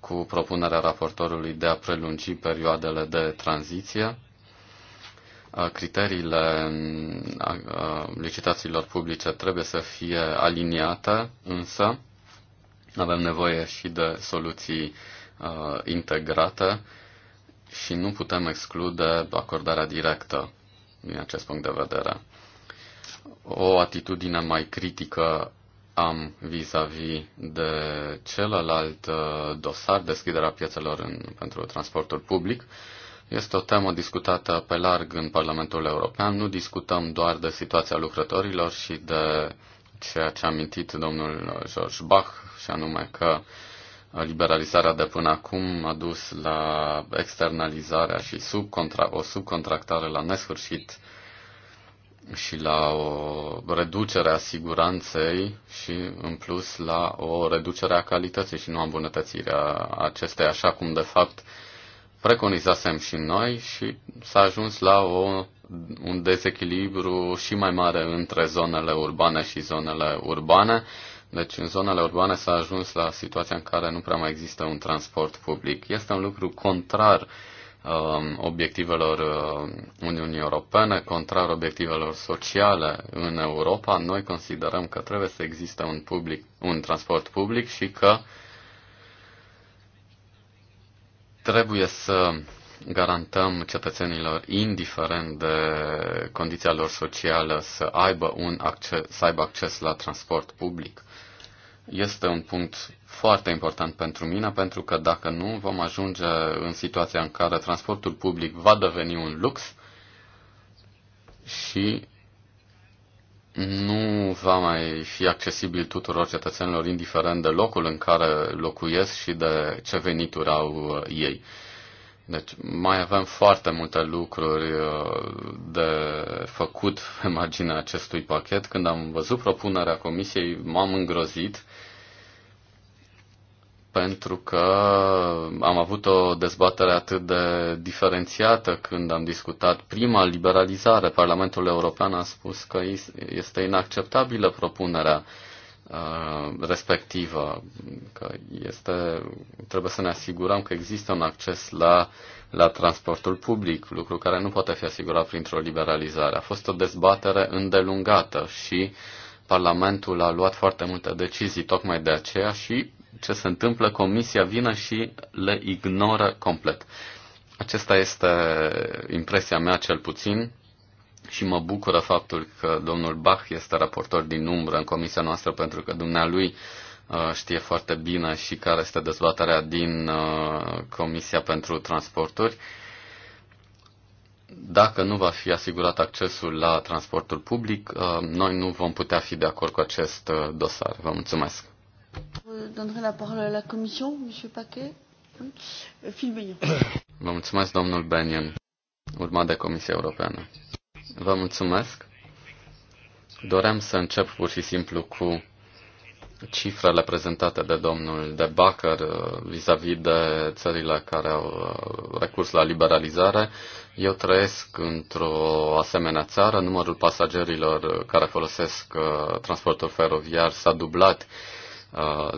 cu propunerea raportorului de a prelungi perioadele de tranziție criteriile licitațiilor publice trebuie să fie aliniate, însă avem nevoie și de soluții integrate și nu putem exclude acordarea directă din acest punct de vedere. O atitudine mai critică am vis-a-vis -vis de celălalt dosar, deschiderea piețelor în, pentru transportul public, uh, este o temă discutată pe larg în Parlamentul European. Nu discutăm doar de situația lucrătorilor și de ceea ce a amintit domnul George Bach, și anume că liberalizarea de până acum a dus la externalizarea și subcontra- o subcontractare la nesfârșit și la o reducere a siguranței și, în plus, la o reducere a calității și nu a îmbunătățirea acestei, așa cum, de fapt, preconizasem și noi și s-a ajuns la o, un dezechilibru și mai mare între zonele urbane și zonele urbane. Deci în zonele urbane s-a ajuns la situația în care nu prea mai există un transport public. Este un lucru contrar um, obiectivelor uh, Uniunii Europene, contrar obiectivelor sociale în Europa. Noi considerăm că trebuie să existe un, public, un transport public și că uh, Trebuie să garantăm cetățenilor, indiferent de condiția lor socială, să aibă, un acces, să aibă acces la transport public. Este un punct foarte important pentru mine, pentru că dacă nu, vom ajunge în situația în care transportul public va deveni un lux și nu va mai fi accesibil tuturor cetățenilor, indiferent de locul în care locuiesc și de ce venituri au uh, ei. Deci mai avem foarte multe lucruri uh, de făcut pe marginea acestui pachet. Când am văzut propunerea comisiei, m-am îngrozit pentru că am avut o dezbatere atât de diferențiată când am discutat prima liberalizare. Parlamentul European a spus că este inacceptabilă propunerea uh, respectivă, că este, trebuie să ne asigurăm că există un acces la, la transportul public, lucru care nu poate fi asigurat printr-o liberalizare. A fost o dezbatere îndelungată și Parlamentul a luat foarte multe decizii tocmai de aceea și ce se întâmplă, comisia vine și le ignoră complet. Acesta este impresia mea cel puțin și mă bucură faptul că domnul Bach este raportor din umbră în comisia noastră pentru că dumnealui uh, știe foarte bine și care este dezbaterea din uh, Comisia pentru Transporturi. Dacă nu va fi asigurat accesul la transportul public, uh, noi nu vom putea fi de acord cu acest dosar. Vă mulțumesc donnerai la parole à la Commission, M. Paquet. Euh, Phil Benyon. Vă mulțumesc, domnul Benyon, urmat de Comisia Europeană. Vă mulțumesc. Doream să încep pur și simplu cu cifrele prezentate de domnul de Bacăr uh, vis-a-vis -vis de țările care au uh, recurs la liberalizare. Eu trăiesc într-o asemenea țară, numărul pasagerilor care folosesc uh, transportul feroviar s-a dublat Uh,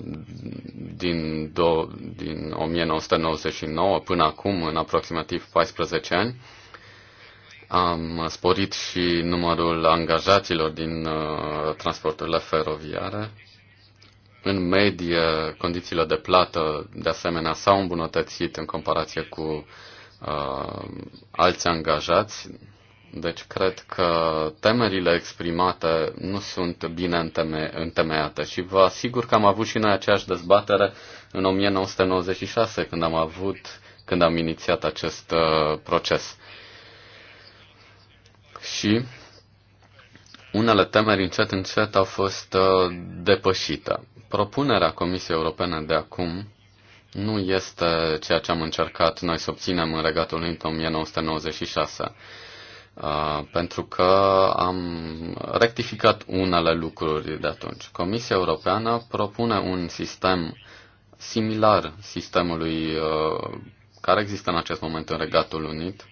din, do- din 1999 până acum, în aproximativ 14 ani. Am sporit și numărul angajaților din uh, transporturile feroviare. În medie, condițiile de plată, de asemenea, s-au îmbunătățit în comparație cu uh, alți angajați, deci cred că temerile exprimate nu sunt bine înteme- întemeiate și vă asigur că am avut și noi aceeași dezbatere în 1996 când am avut, când am inițiat acest uh, proces. Și unele temeri încet încet au fost uh, depășite. Propunerea Comisiei Europene de acum nu este ceea ce am încercat noi să obținem în Regatul Unit 1996 Uh, pentru că am rectificat unele lucruri de atunci. Comisia Europeană propune un sistem similar sistemului uh, care există în acest moment în Regatul Unit,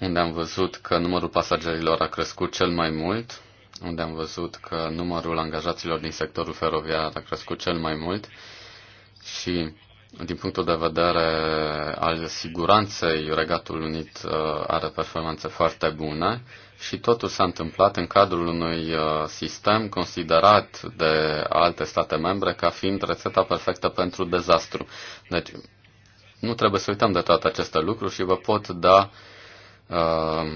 unde am văzut că numărul pasagerilor a crescut cel mai mult, unde am văzut că numărul angajaților din sectorul feroviar a crescut cel mai mult și din punctul de vedere al siguranței, Regatul Unit uh, are performanțe foarte bune și totul s-a întâmplat în cadrul unui uh, sistem considerat de alte state membre ca fiind rețeta perfectă pentru dezastru. Deci nu trebuie să uităm de toate aceste lucruri și vă pot da uh,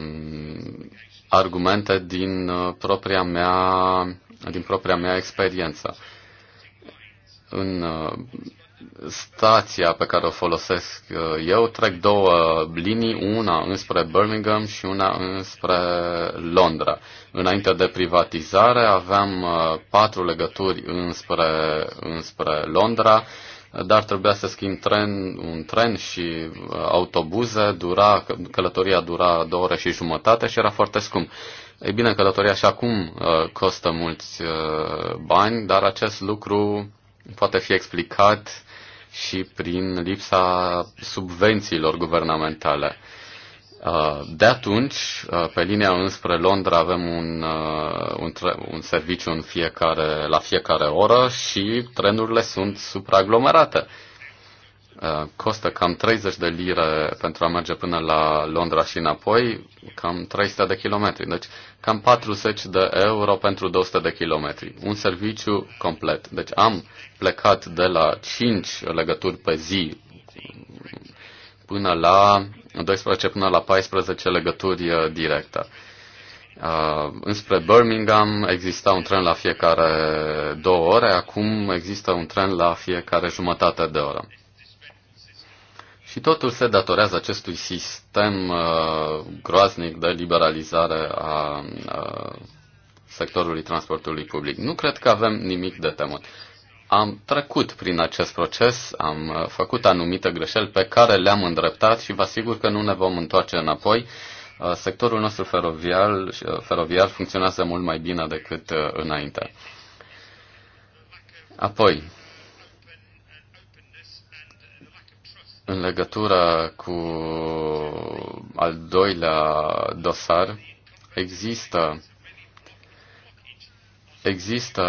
argumente din uh, propria mea, din propria mea experiență. În, uh, stația pe care o folosesc uh, eu, trec două linii, una înspre Birmingham și una înspre Londra. Înainte de privatizare aveam uh, patru legături înspre, înspre Londra, dar trebuia să schimb tren, un tren și uh, autobuze, dura, călătoria dura două ore și jumătate și era foarte scump. Ei bine, călătoria și acum costă mulți bani, dar acest lucru poate fi explicat și prin lipsa subvențiilor guvernamentale. Uh, de atunci, uh, pe linia înspre Londra avem un, uh, un, un serviciu în fiecare, la fiecare oră și trenurile sunt supraaglomerate. Uh, costă cam 30 de lire pentru a merge până la Londra și înapoi, cam 300 de kilometri. Deci cam 40 de euro pentru 200 de kilometri. Un serviciu complet. Deci am plecat de la 5 legături pe zi până la 12 până la 14 legături uh, directe. Uh, înspre Birmingham exista un tren la fiecare două ore, acum există un tren la fiecare jumătate de oră. Și totul se datorează acestui sistem uh, groaznic de liberalizare a uh, sectorului transportului public. Nu cred că avem nimic de temut. Am trecut prin acest proces, am uh, făcut anumite greșeli pe care le-am îndreptat și vă asigur că nu ne vom întoarce înapoi. Uh, sectorul nostru feroviar, uh, feroviar funcționează mult mai bine decât înainte. Apoi, În legătură cu al doilea dosar, există există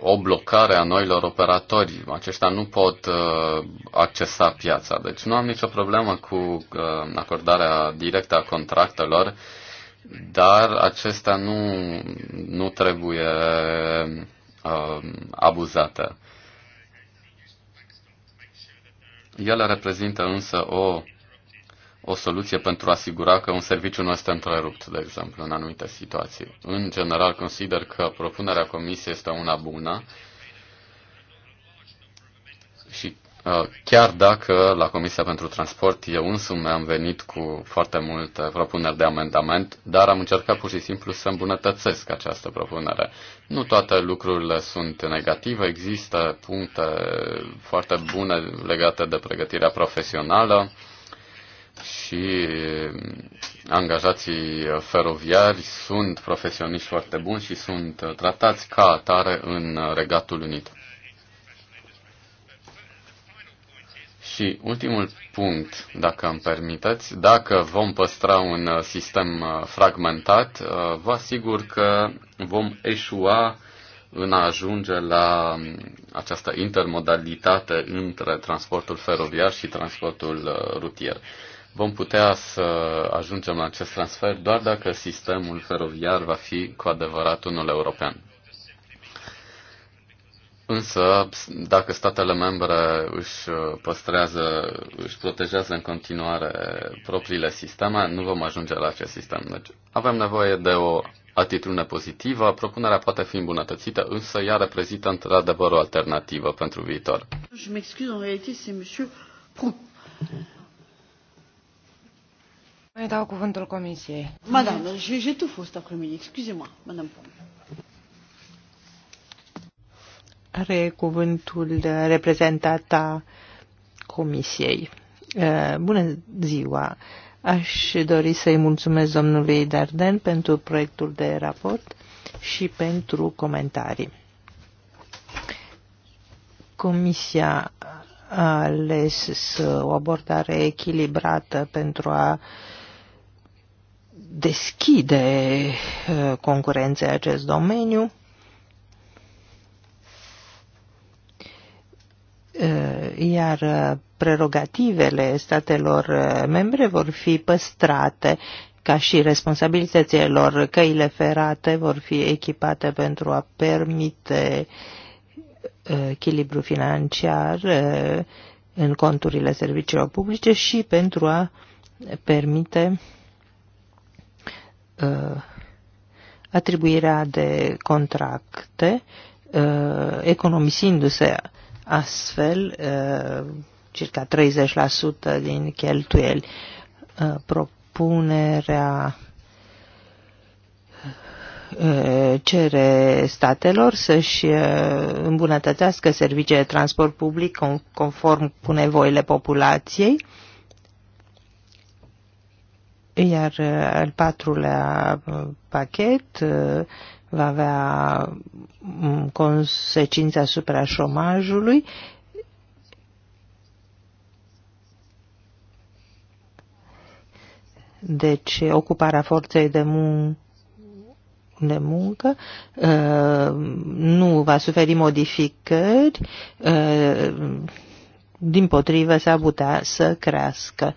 o blocare a noilor operatori. Aceștia nu pot uh, accesa piața. Deci nu am nicio problemă cu uh, acordarea directă a contractelor, dar acestea nu, nu trebuie uh, abuzate. Ele reprezintă însă o, o soluție pentru a asigura că un serviciu nu este întrerupt, de exemplu, în anumite situații. În general, consider că propunerea Comisiei este una bună Uh, chiar dacă la Comisia pentru Transport eu însumi am venit cu foarte multe propuneri de amendament, dar am încercat pur și simplu să îmbunătățesc această propunere. Nu toate lucrurile sunt negative, există puncte foarte bune legate de pregătirea profesională și angajații feroviari sunt profesioniști foarte buni și sunt tratați ca atare în Regatul Unit. Și ultimul punct, dacă îmi permiteți, dacă vom păstra un uh, sistem uh, fragmentat, uh, vă asigur că vom eșua în a ajunge la um, această intermodalitate între transportul feroviar și transportul rutier. Vom putea să ajungem la acest transfer doar dacă sistemul feroviar va fi cu adevărat unul european. Însă, dacă statele membre își uh, păstrează, își protejează în continuare propriile sisteme, nu vom ajunge la acest sistem. Deci, avem nevoie de o atitudine pozitivă, propunerea poate fi îmbunătățită, însă ea reprezintă într-adevăr o alternativă pentru viitor. Je în realitate, dau cuvântul comisiei. Madame, j'ai tout fost après-midi, excusez mă madame Prou. Are cuvântul reprezentata Comisiei. Uh, bună ziua! Aș dori să-i mulțumesc domnului Darden pentru proiectul de raport și pentru comentarii. Comisia a ales o abordare echilibrată pentru a deschide uh, concurenței acest domeniu Eh, iar eh, prerogativele statelor eh, membre vor fi păstrate ca și responsabilitățile lor. Căile ferate vor fi echipate pentru a permite echilibru financiar în conturile serviciilor publice și pentru a permite atribuirea de contracte, economisindu-se Astfel, uh, circa 30% din cheltuieli. Uh, propunerea uh, cere statelor să-și îmbunătățească serviciile de transport public conform cu nevoile populației, iar al patrulea pachet va avea mm, consecințe asupra șomajului. Deci, ocuparea forței de muncă de muncă, uh, nu va suferi modificări, uh, din potrivă s a putea să crească.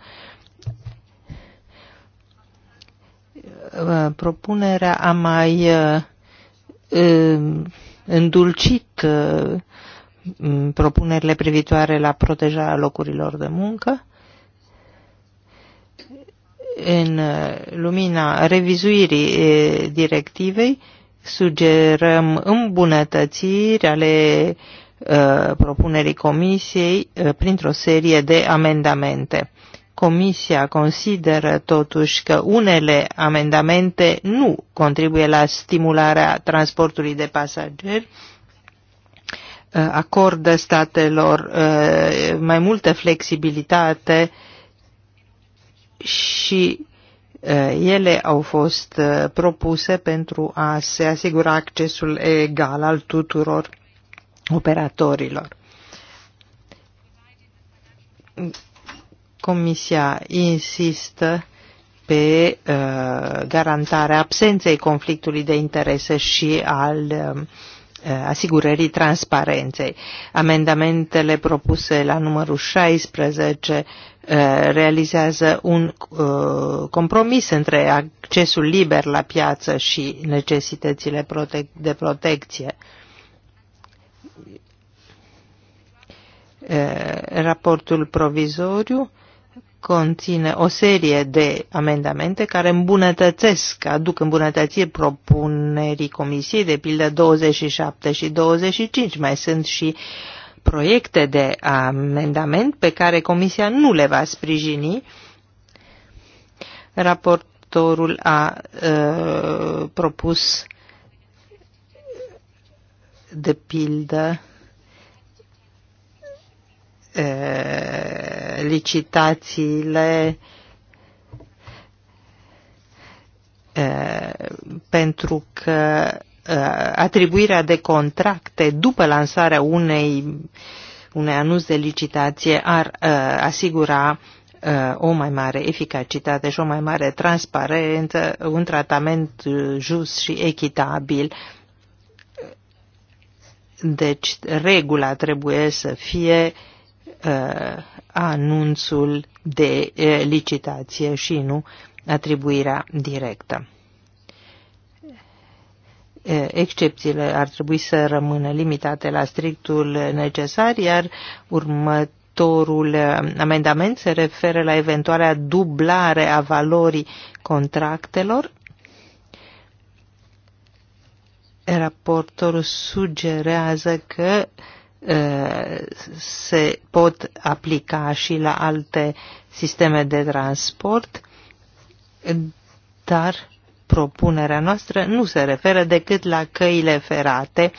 Uh, propunerea a mai Uh, îndulcit uh, propunerile privitoare la protejarea locurilor de muncă în uh, lumina revizuirii directivei sugerăm îmbunătățiri ale propunerii comisiei printr-o serie de amendamente. Comisia consideră totuși că unele amendamente nu contribuie la stimularea transportului de pasageri, uh, acordă statelor uh, mai multă flexibilitate și uh, ele au fost propuse pentru a se asigura accesul egal al tuturor operatorilor Comisia insistă pe uh, garantarea absenței conflictului de interese și al um, uh, asigurării transparenței. Amendamentele propuse la numărul 16 uh, realizează un uh, compromis între accesul liber la piață și necesitățile de protecție. Uh, raportul provizoriu conține o serie de amendamente care îmbunătățesc, aduc îmbunătățiri propunerii Comisiei, de pildă 27 și 25. Mai sunt și proiecte de amendament pe care Comisia nu le va sprijini. Raportorul a uh, propus de pildă licitațiile pentru că atribuirea de contracte după lansarea unei, unei anunț de licitație ar asigura o mai mare eficacitate și o mai mare transparență, un tratament just și echitabil. Deci regula trebuie să fie uh, Uh, anunțul de uh, licitație și nu atribuirea directă. Uh, excepțiile ar trebui să rămână limitate la strictul necesar, iar Următorul amendament se referă la eventuarea dublare a valorii contractelor. Raportorul sugerează că uh, se pot aplica și la alte sisteme de transport, dar propunerea noastră nu se referă decât la căile ferate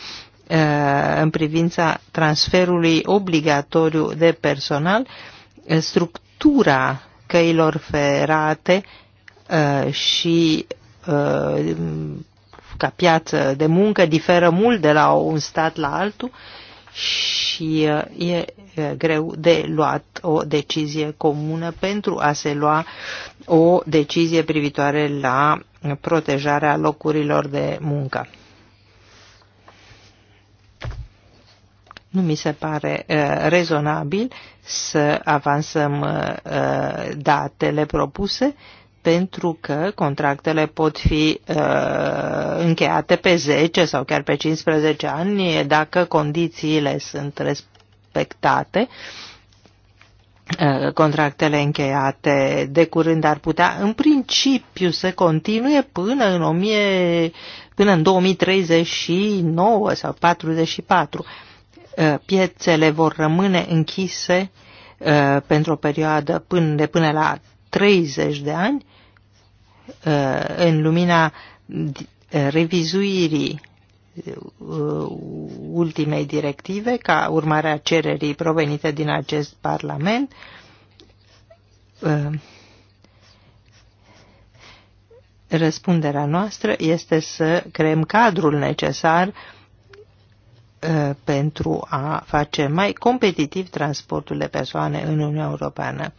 în privința transferului obligatoriu de personal. Structura căilor ferate și ca piață de muncă diferă mult de la un stat la altul și uh, e greu de luat o decizie comună pentru a se lua o decizie privitoare la protejarea locurilor de muncă. Nu mi se pare uh, rezonabil să avansăm uh, uh datele propuse uh, pentru că contractele pot fi uh, încheiate pe 10 sau chiar pe 15 ani dacă condițiile sunt respectate. Uh, contractele încheiate de curând ar putea în principiu să continue până în, 1000, până în 2039 sau 44. Uh, piețele vor rămâne închise uh, pentru o perioadă până, de până la 30 de ani Uh, în lumina revizuirii uh, ultimei directive ca urmare a cererii provenite din acest Parlament uh, răspunderea noastră este să creăm cadrul necesar pentru a face mai competitiv transportul de persoane în Uniunea Europeană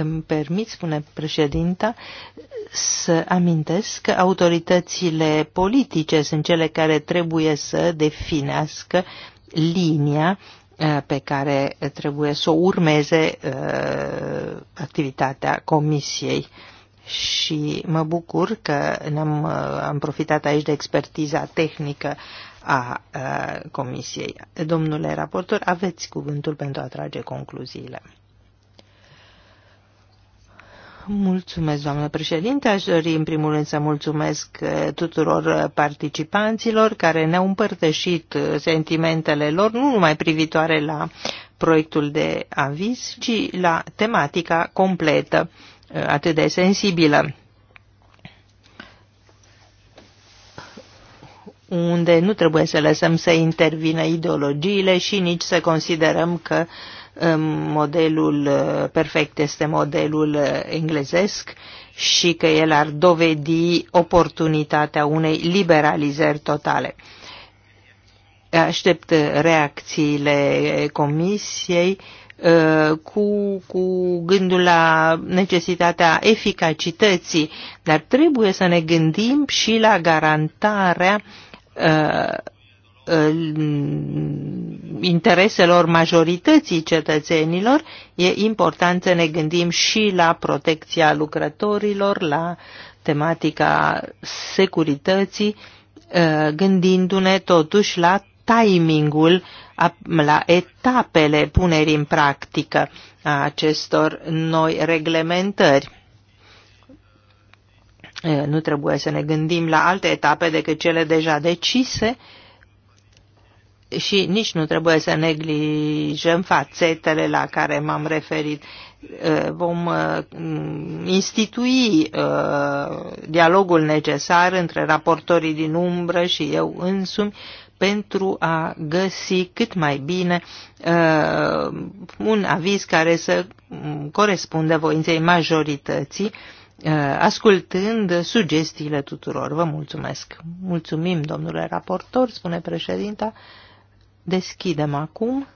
îmi permit, spune președinta, să amintesc că autoritățile politice sunt cele care trebuie să definească linia uh, pe care trebuie să o urmeze uh, activitatea comisiei. Și mă bucur că am uh, am profitat aici de expertiza tehnică a, uh, comisiei. Domnule raportor, aveți cuvântul pentru a trage concluziile. Mulțumesc, doamnă președinte. Aș dori, în primul rând, să mulțumesc eh, tuturor participanților care ne-au împărtășit eh, sentimentele lor, nu numai privitoare la proiectul de aviz, ci la tematica completă, eh, atât de sensibilă. unde nu trebuie să lăsăm să intervină ideologiile și nici să considerăm că uh, modelul uh, perfect este modelul uh, englezesc și că el ar dovedi oportunitatea unei liberalizări totale. Aștept uh, reacțiile comisiei cu, cu gândul la necesitatea eficacității, dar trebuie să ne gândim și la garantarea uh, Uh, intereselor majorității cetățenilor, e important să ne gândim și la protecția lucrătorilor, la tematica securității, uh, gândindu-ne totuși la timingul, la etapele punerii în practică a acestor noi reglementări. Uh, nu trebuie să ne gândim la alte etape decât cele deja decise, și nici nu trebuie să neglijăm fațetele la care m-am referit. Uh, vom uh, mm, institui uh, dialogul necesar între raportorii din umbră și eu însumi pentru a găsi cât mai bine un aviz care să mm, corespundă voinței majorității, ascultând sugestiile tuturor. Vă mulțumesc. Mulțumim, domnule raportor, spune președinta. Deschidem acum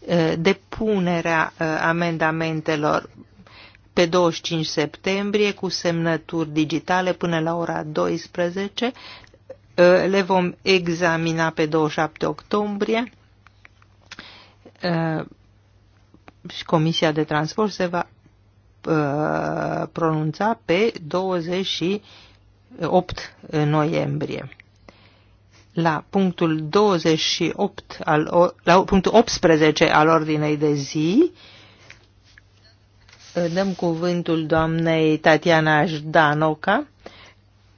uh, depunerea uh, amendamentelor pe 25 septembrie cu semnături digitale până la ora 12. Uh, le vom examina pe 27 octombrie și Comisia de Transport se va pronunța pe 28 noiembrie la punctul 28 al, la punctul 18 al ordinei de zi. Dăm cuvântul doamnei Tatiana Jdanoca,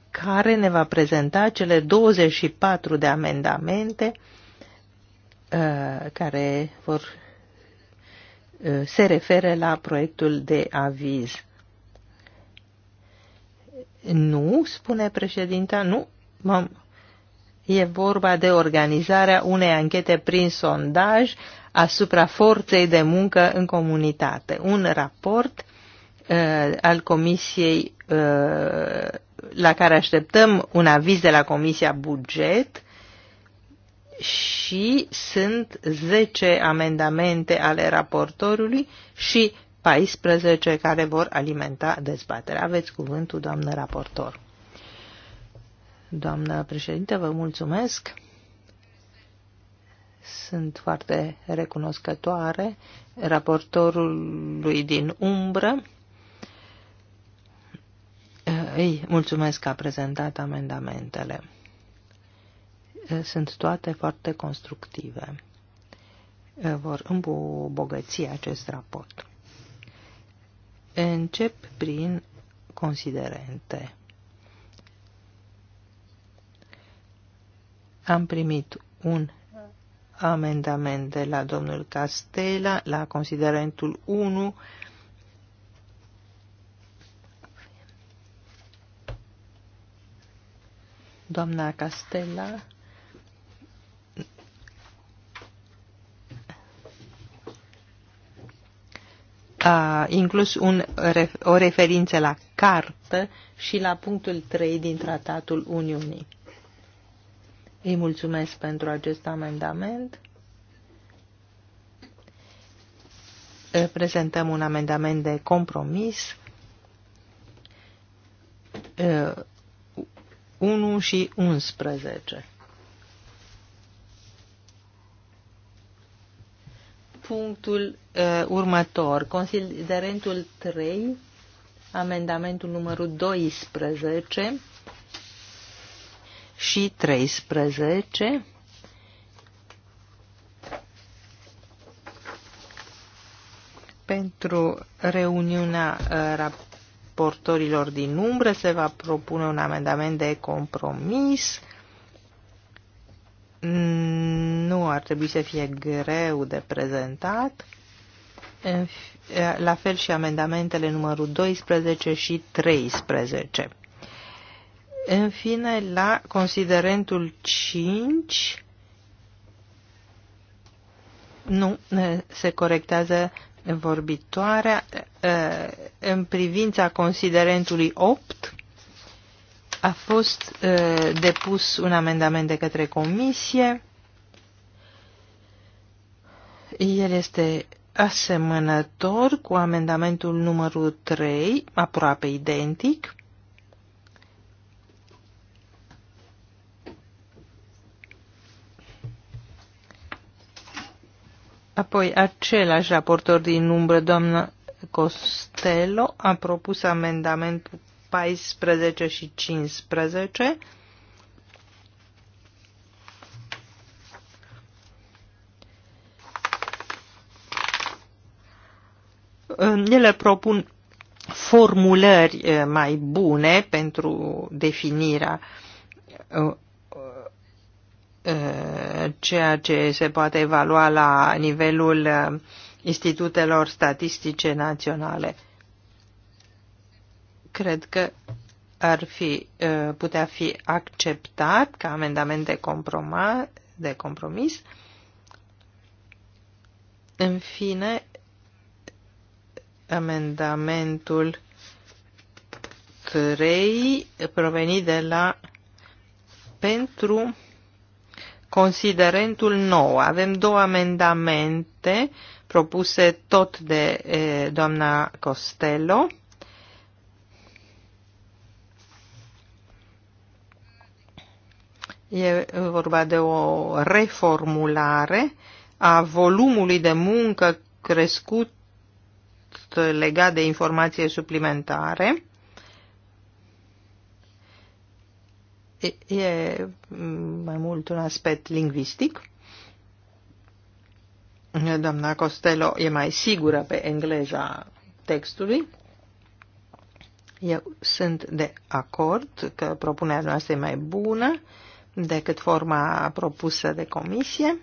care ne va prezenta cele 24 de amendamente uh, care vor uh, se referă la proiectul de aviz. Nu, spune președinta, nu, m-am E vorba de organizarea unei anchete prin sondaj asupra forței de muncă în comunitate. Un raport uh, al Comisiei uh, la care așteptăm un aviz de la Comisia Buget și sunt 10 amendamente ale raportorului și 14 care vor alimenta dezbaterea. Aveți cuvântul, doamnă raportor. Doamnă președinte, vă mulțumesc. Sunt foarte recunoscătoare raportorului din umbră. Îi mulțumesc că a prezentat amendamentele. Sunt toate foarte constructive. Vor îmbogăți acest raport. Încep prin considerente. Am primit un amendament de la domnul Castela la considerentul 1 doamna Castela a inclus un, o referință la cartă și la punctul 3 din Tratatul Uniunii. Îi mulțumesc pentru acest amendament. Prezentăm un amendament de compromis 1 și 11. Punctul uh, următor, considerentul 3, amendamentul numărul 12, și 13. Pentru reuniunea uh, raportorilor din umbră se va propune un amendament de compromis. Nu ar trebui să fie greu de prezentat. Uh, la fel și amendamentele numărul 12 și 13. În fine, la considerentul 5, nu, se corectează vorbitoarea ă, în privința considerentului 8 a fost ă, depus un amendament de către comisie. El este asemănător cu amendamentul numărul 3, aproape identic. Apoi, același raportor din umbră, doamnă Costello, a propus amendamentul 14 și 15. Ele propun formulări eh, mai bune pentru definirea eh, Uh, ceea ce se poate evalua la nivelul uh, institutelor statistice naționale. Cred că ar fi, uh, putea fi acceptat ca amendament de, comproma, de compromis. În fine, amendamentul 3 provenit de la pentru Considerentul nou Avem două amendamente propuse tot de e, doamna Costello. E vorba de o reformulare a volumului de muncă crescut legat de informație suplimentare. e mm, mai mult un aspect lingvistic. Doamna Costello e mai sigură pe engleza textului. Eu sunt de acord că propunerea noastră e mai bună decât forma propusă de comisie.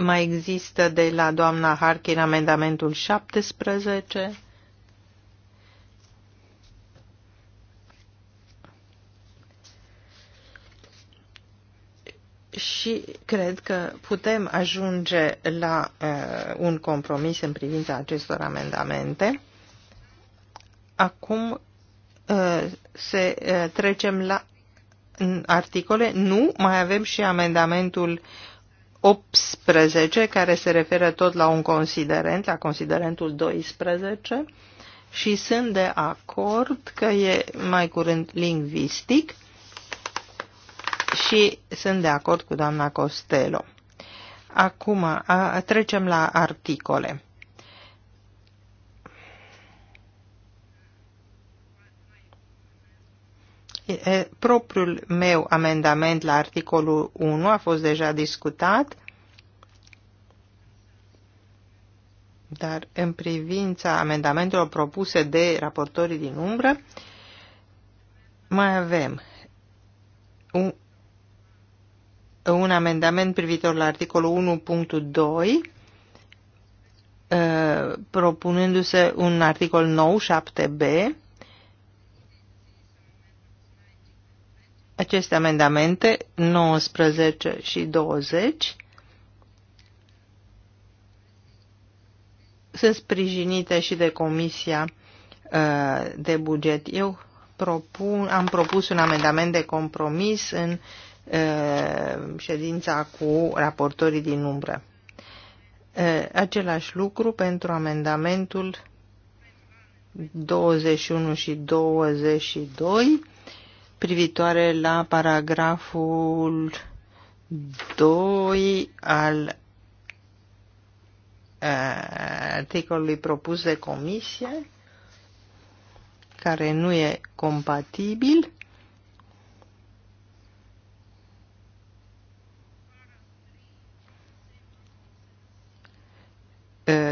Mai există de la doamna Harkin amendamentul 17 și cred că putem ajunge la uh, un compromis în privința acestor amendamente. Acum uh, se uh, trecem la articole. Nu, mai avem și amendamentul 18 care se referă tot la un considerent, la considerentul 12 și sunt de acord că e mai curând lingvistic și sunt de acord cu doamna Costello. Acum a, trecem la articole. Propriul meu amendament la articolul 1 a fost deja discutat, dar în privința amendamentelor propuse de raportorii din umbră, mai avem un, un amendament privitor la articolul 1.2 uh, propunându-se un articol nou, 7b. Aceste amendamente, 19 și 20, sunt sprijinite și de Comisia uh, de Buget. Eu propun, am propus un amendament de compromis în uh, ședința cu raportorii din umbră. Același lucru pentru amendamentul 21 și 22 privitoare la paragraful 2 al articolului propus de comisie, care nu e compatibil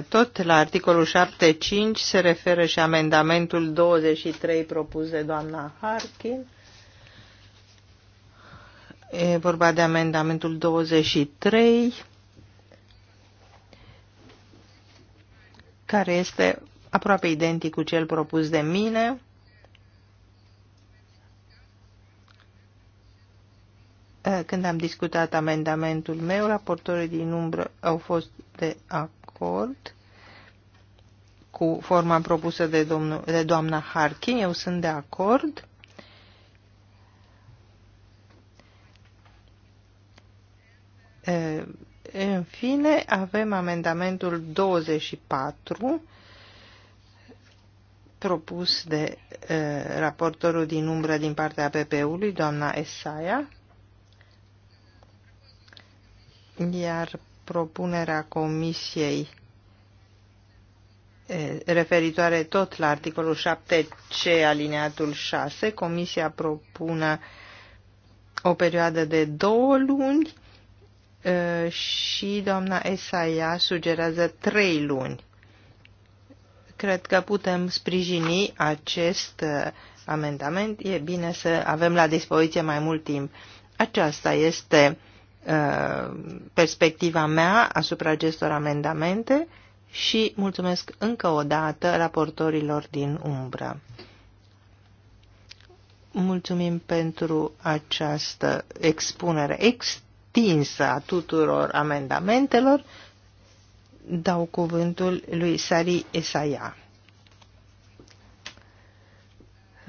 Tot la articolul 7.5 se referă și amendamentul 23 propus de doamna Harkin. E vorba de amendamentul 23, care este aproape identic cu cel propus de mine. Când am discutat amendamentul meu, raportorii din umbră au fost de acord acord cu forma propusă de, domnul, de doamna Harkin. Eu sunt de acord. În fine, avem amendamentul 24 propus de uh, raportorul din umbră din partea PP-ului, doamna Esaia, iar propunerea Comisiei referitoare tot la articolul 7C alineatul 6. Comisia propune o perioadă de două luni și doamna Esaia sugerează trei luni. Cred că putem sprijini acest amendament. E bine să avem la dispoziție mai mult timp. Aceasta este uh, Uh, perspectiva mea asupra acestor amendamente și mulțumesc încă o dată raportorilor din umbră. Mulțumim pentru această expunere extinsă a tuturor amendamentelor. Dau cuvântul lui Sari Esaia.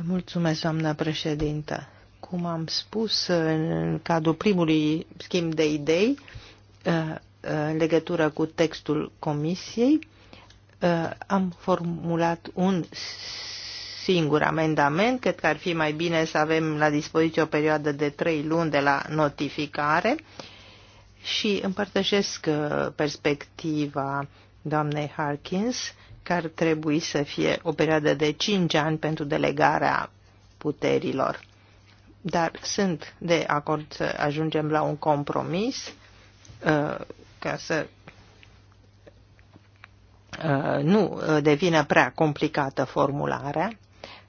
Mulțumesc, doamnă președintă cum am spus în cadrul primului schimb de idei uh, uh, în legătură cu textul comisiei, uh, am formulat un singur amendament, cred că ar fi mai bine să avem la dispoziție o perioadă de trei luni de la notificare și împărtășesc perspectiva doamnei Harkins că ar trebui să fie o perioadă de cinci ani pentru delegarea puterilor dar sunt de acord să ajungem la un compromis uh, ca să uh, nu devină prea complicată formularea.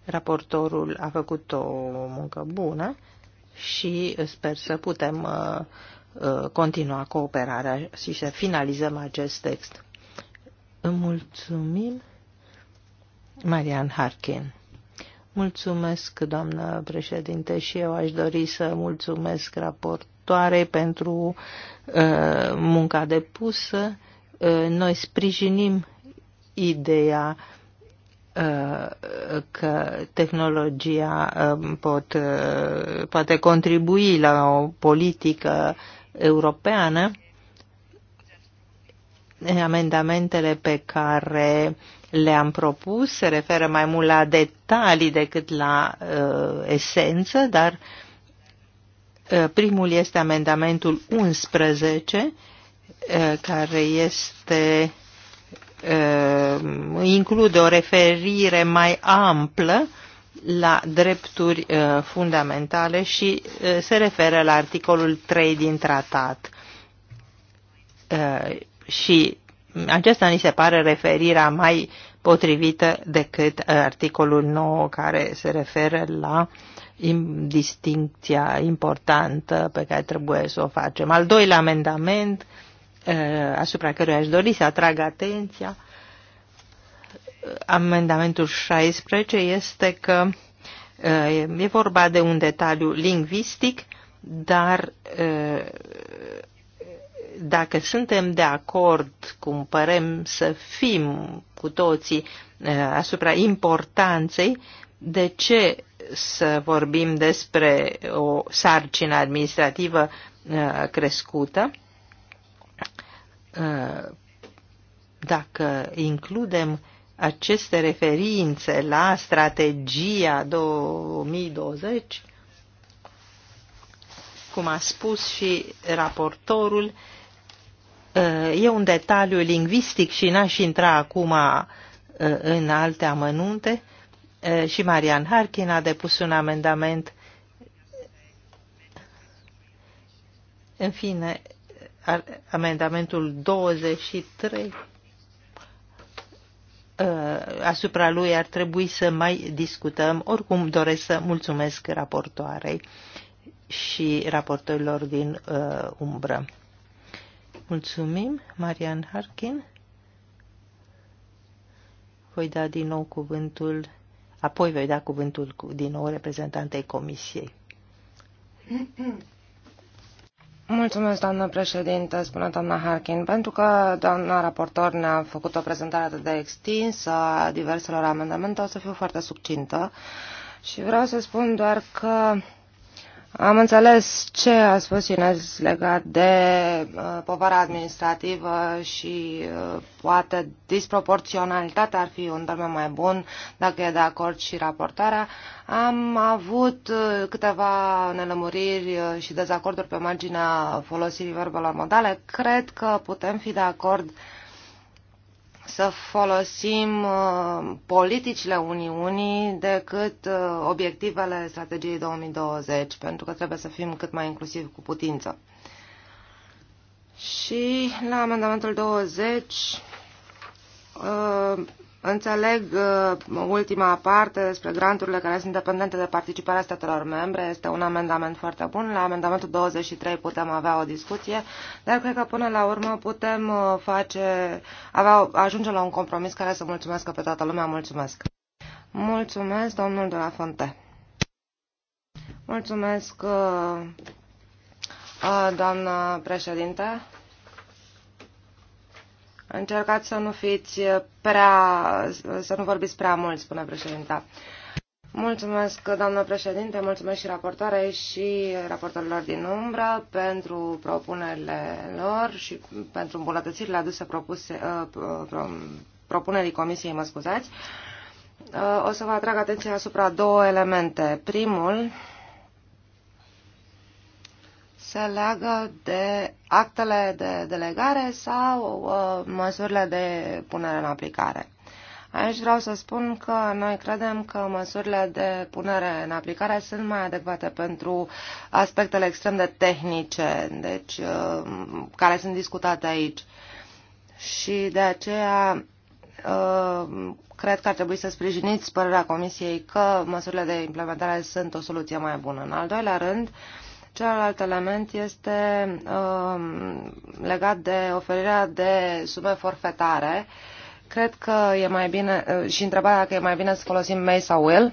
Raportorul a făcut o muncă bună și sper să putem uh, continua cooperarea și să finalizăm acest text. Mulțumim, Marian Harkin. Mulțumesc, doamnă președinte, și eu aș dori să mulțumesc raportoarei pentru uh, munca depusă. Uh, noi sprijinim ideea uh, că tehnologia uh, pot, uh, poate contribui la o politică europeană. Amendamentele pe care uh, le-am propus se referă mai mult la detalii decât la uh, esență, dar uh, primul este amendamentul 11, uh, care este uh, include o referire mai amplă la drepturi uh, fundamentale și uh, se referă la articolul 3 din tratat. Uh, și acesta ni se pare referirea mai potrivită decât uh, articolul 9 care se referă la distinția importantă pe care trebuie să o facem. Al doilea amendament uh, asupra căruia aș dori să atrag atenția, amendamentul 16, este că uh, e vorba de un detaliu lingvistic, dar dacă suntem de acord, cum părem să fim cu toții eh, asupra importanței, de ce să vorbim despre o sarcină administrativă eh, crescută? Eh, dacă includem aceste referințe la strategia 2020, cum a spus și raportorul, uh, E un detaliu lingvistic și n-aș intra acum uh, în alte amănunte. Uh, și Marian Harkin a depus un amendament. În fine, amendamentul 23 uh, asupra lui ar trebui să mai discutăm. Oricum doresc să mulțumesc raportoarei și raportorilor din uh, umbră. Mulțumim, Marian Harkin. Voi da din nou cuvântul, apoi voi da cuvântul cu, din nou reprezentantei Comisiei. Mulțumesc, doamnă președinte, spune doamna Harkin, pentru că doamna raportor ne-a făcut o prezentare atât de extinsă a diverselor amendamente, o să fiu foarte succintă și vreau să spun doar că am înțeles ce a spus Ines legat de uh, povara administrativă și uh, poate disproporționalitatea ar fi un termen mai bun dacă e de acord și raportarea. Am avut uh, câteva nelămuriri uh, și dezacorduri pe marginea folosirii verbelor modale. Cred că putem fi de acord uh, să folosim uh, politicile Uniunii decât uh, obiectivele strategiei 2020, pentru că trebuie să fim cât mai inclusivi cu putință. Și la amendamentul 20 Înțeleg uh, ultima parte despre granturile care sunt dependente de participarea statelor membre. Este un amendament foarte bun. La amendamentul 23 putem avea o discuție, dar cred că până la urmă putem uh, face, avea, ajunge la un compromis care să mulțumesc pe toată lumea. Mulțumesc! Mulțumesc, domnul de la Fonte. Mulțumesc, uh, uh, doamna președinte. Încercați să nu fiți prea, să nu vorbiți prea mult, spune președinta. Mulțumesc, doamnă președinte, mulțumesc și raportoare și raportorilor din umbră pentru propunerile lor și pentru îmbunătățirile aduse propuse, uh, propunerii comisiei, mă scuzați. Uh, o să vă atrag atenția asupra două elemente. Primul, se leagă de actele de delegare sau uh, măsurile de punere în aplicare. Aici vreau să spun că noi credem că măsurile de punere în aplicare sunt mai adecvate pentru aspectele extrem de tehnice, deci uh, care sunt discutate aici. Și de aceea uh, cred că ar trebui să sprijiniți părerea Comisiei că măsurile de implementare sunt o soluție mai bună. În al doilea rând, uh, Celălalt element este um, legat de oferirea de sume forfetare. Cred că e mai bine, uh, și întrebarea dacă e mai bine să folosim May sau Will.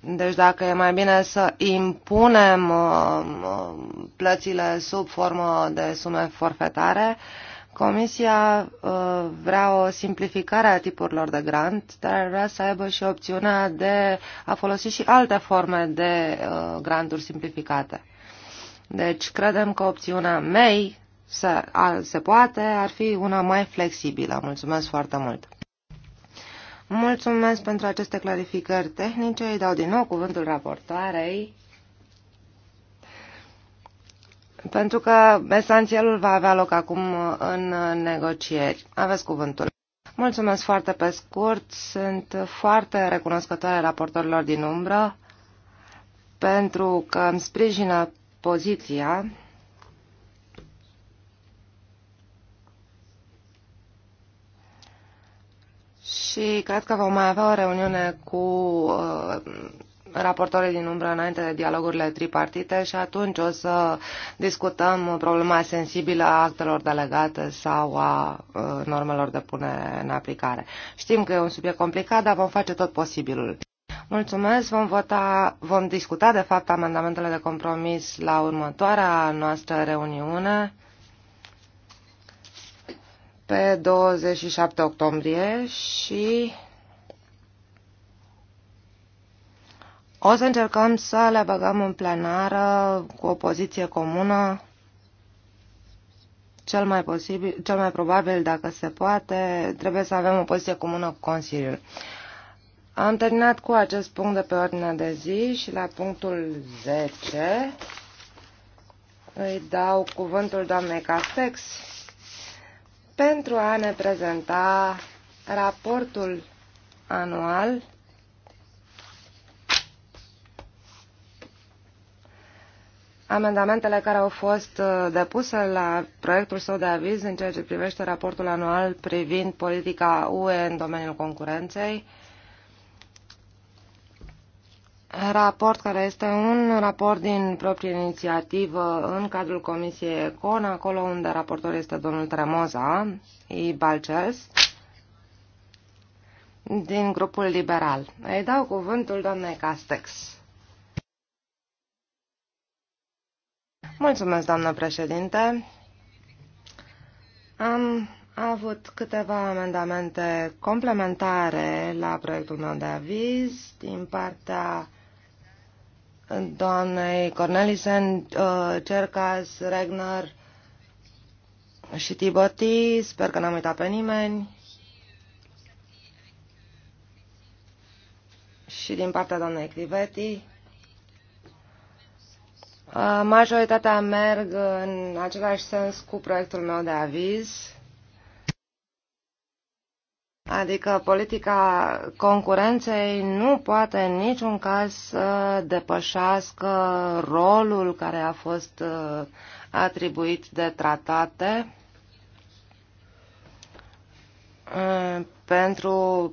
Deci dacă e mai bine să impunem uh, plățile sub formă de sume forfetare, uh, Comisia uh, vrea o simplificare a tipurilor de grant, dar vrea să aibă și opțiunea de a folosi și alte forme de uh, granturi simplificate. Deci credem că opțiunea MEI se, a, se poate, ar fi una mai flexibilă. Mulțumesc foarte mult! Mulțumesc pentru aceste clarificări tehnice. Îi dau din nou cuvântul raportoarei pentru că esențialul va avea loc acum în negocieri. Aveți cuvântul. Mulțumesc foarte pe scurt. Sunt foarte recunoscătoare raportorilor din umbră pentru că îmi sprijină poziția și cred că vom mai avea o reuniune cu uh, raportorii din umbră înainte de dialogurile tripartite și atunci o să discutăm problema sensibilă a actelor delegate sau a uh, normelor de punere în aplicare. Știm că e un subiect complicat, dar vom face tot posibilul. Mulțumesc, vom vota, vom discuta de fapt amendamentele de compromis la următoarea noastră reuniune pe 27 octombrie și O să încercăm să le băgăm în plenară cu o poziție comună, cel mai, posibil, cel mai probabil, dacă se poate, trebuie să avem o poziție comună cu Consiliul. Am terminat cu acest punct de pe ordinea de zi și la punctul 10 îi dau cuvântul doamnei Castex pentru a ne prezenta raportul anual amendamentele care au fost uh, depuse la proiectul său de aviz în ceea ce privește raportul anual privind politica UE în domeniul concurenței. Raport care este un raport din proprie inițiativă în cadrul Comisiei Econ, acolo unde raportor este domnul Tremoza, I. Balces, din grupul liberal. Îi dau cuvântul doamnei Castex. Mulțumesc, doamnă președinte. Am avut câteva amendamente complementare la proiectul meu de aviz din partea doamnei Cornelisen, uh, Cercas, Regner și Tiboti. Sper că n-am uitat pe nimeni. Și din partea doamnei Crivetti. Uh, majoritatea merg în același sens cu proiectul meu de aviz, adică politica concurenței nu poate în niciun caz să depășească rolul care a fost uh, atribuit de tratate uh, pentru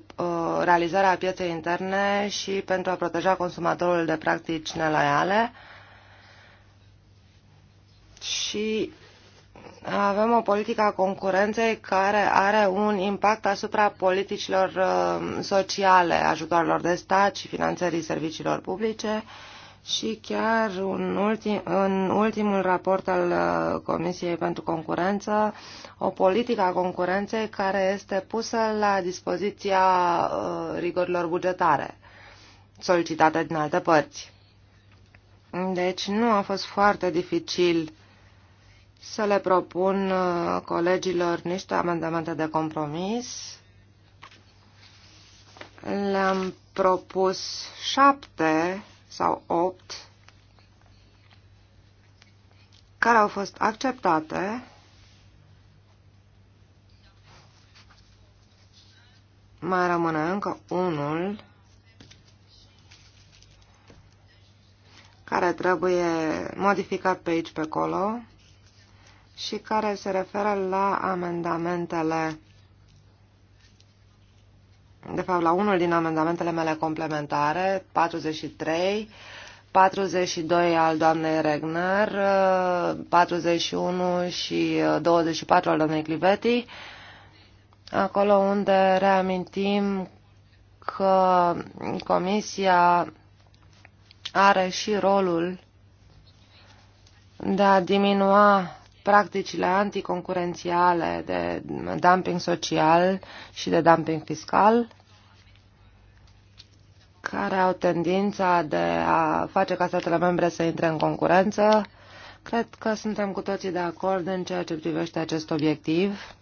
realizarea pieței interne și pentru a proteja consumatorul de practici neloiale și avem o politică a concurenței care are un impact asupra politicilor uh, sociale, ajutoarelor de stat și finanțării serviciilor publice și chiar în, ultim, în ultimul raport al uh, Comisiei pentru Concurență, o politică a concurenței care este pusă la dispoziția uh, rigorilor bugetare solicitate din alte părți. Deci nu a fost foarte dificil să le propun uh, colegilor niște amendamente de compromis. Le-am propus șapte sau opt care au fost acceptate. Mai rămâne încă unul care trebuie modificat pe aici, pe acolo și care se referă la amendamentele, de fapt la unul din amendamentele mele complementare, 43, 42 al doamnei Regner, 41 și 24 al doamnei Cliveti, acolo unde reamintim că Comisia are și rolul de a diminua practicile anticoncurențiale de dumping social și de dumping fiscal, care au tendința de a face ca statele membre să intre în concurență. Cred că suntem cu toții de acord în ceea ce privește acest obiectiv.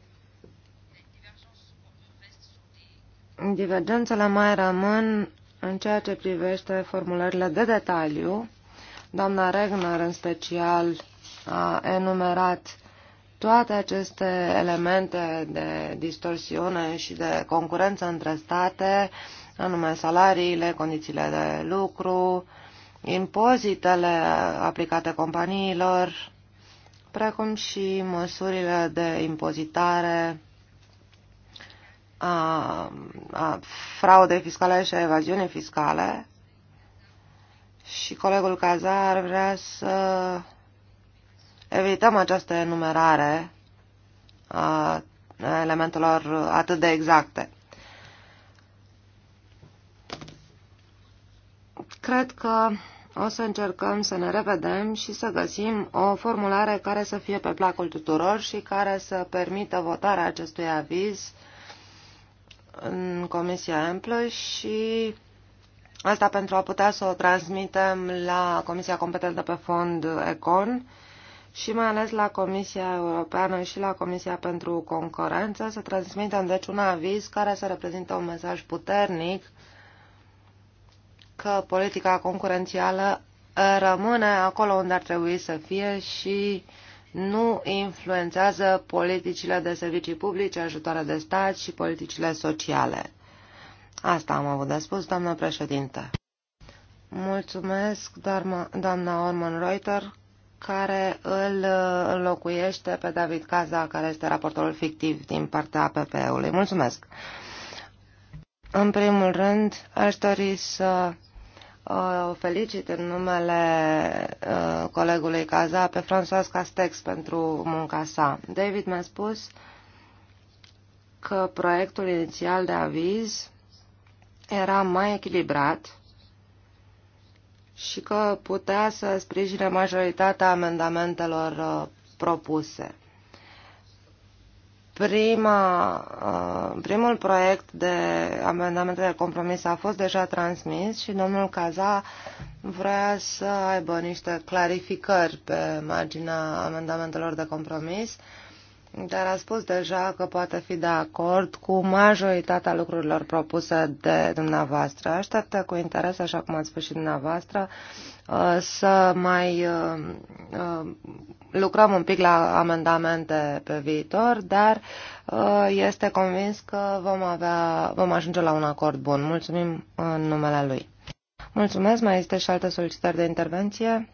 Divergențele mai rămân în ceea ce privește formulările de detaliu. Doamna Regner, în special, a enumerat toate aceste elemente de distorsiune și de concurență între state, anume salariile, condițiile de lucru, impozitele aplicate companiilor, precum și măsurile de impozitare a, a fraudei fiscale și a evaziunii fiscale. Și colegul Cazar vrea să evităm această enumerare a elementelor atât de exacte. Cred că o să încercăm să ne revedem și să găsim o formulare care să fie pe placul tuturor și care să permită votarea acestui aviz în Comisia Amplă și asta pentru a putea să o transmitem la Comisia Competentă pe Fond Econ și mai ales la Comisia Europeană și la Comisia pentru Concurență să transmitem deci un aviz care să reprezintă un mesaj puternic că politica concurențială rămâne acolo unde ar trebui să fie și nu influențează politicile de servicii publice, ajutoare de stat și politicile sociale. Asta am avut de spus, doamnă președinte. Mulțumesc, doamna Orman Reuter care îl înlocuiește pe David Caza, care este raportorul fictiv din partea APP-ului. Mulțumesc! În primul rând, aș dori să uh, o felicit în numele uh, colegului Caza pe François Castex pentru munca sa. David mi-a spus că proiectul inițial de aviz era mai echilibrat și că putea să sprijine majoritatea amendamentelor uh, propuse. Prima, uh, primul proiect de amendamente de compromis a fost deja transmis și domnul Caza vrea să aibă niște clarificări pe marginea amendamentelor de compromis dar a spus deja că poate fi de acord cu majoritatea lucrurilor propuse de dumneavoastră. Așteaptă cu interes, așa cum ați spus și dumneavoastră, uh, să mai uh, uh, lucrăm un pic la amendamente pe viitor, dar este convins că vom, avea, vom ajunge la un acord bun. Mulțumim în numele lui. Mulțumesc. Mai este și alte solicitări de intervenție?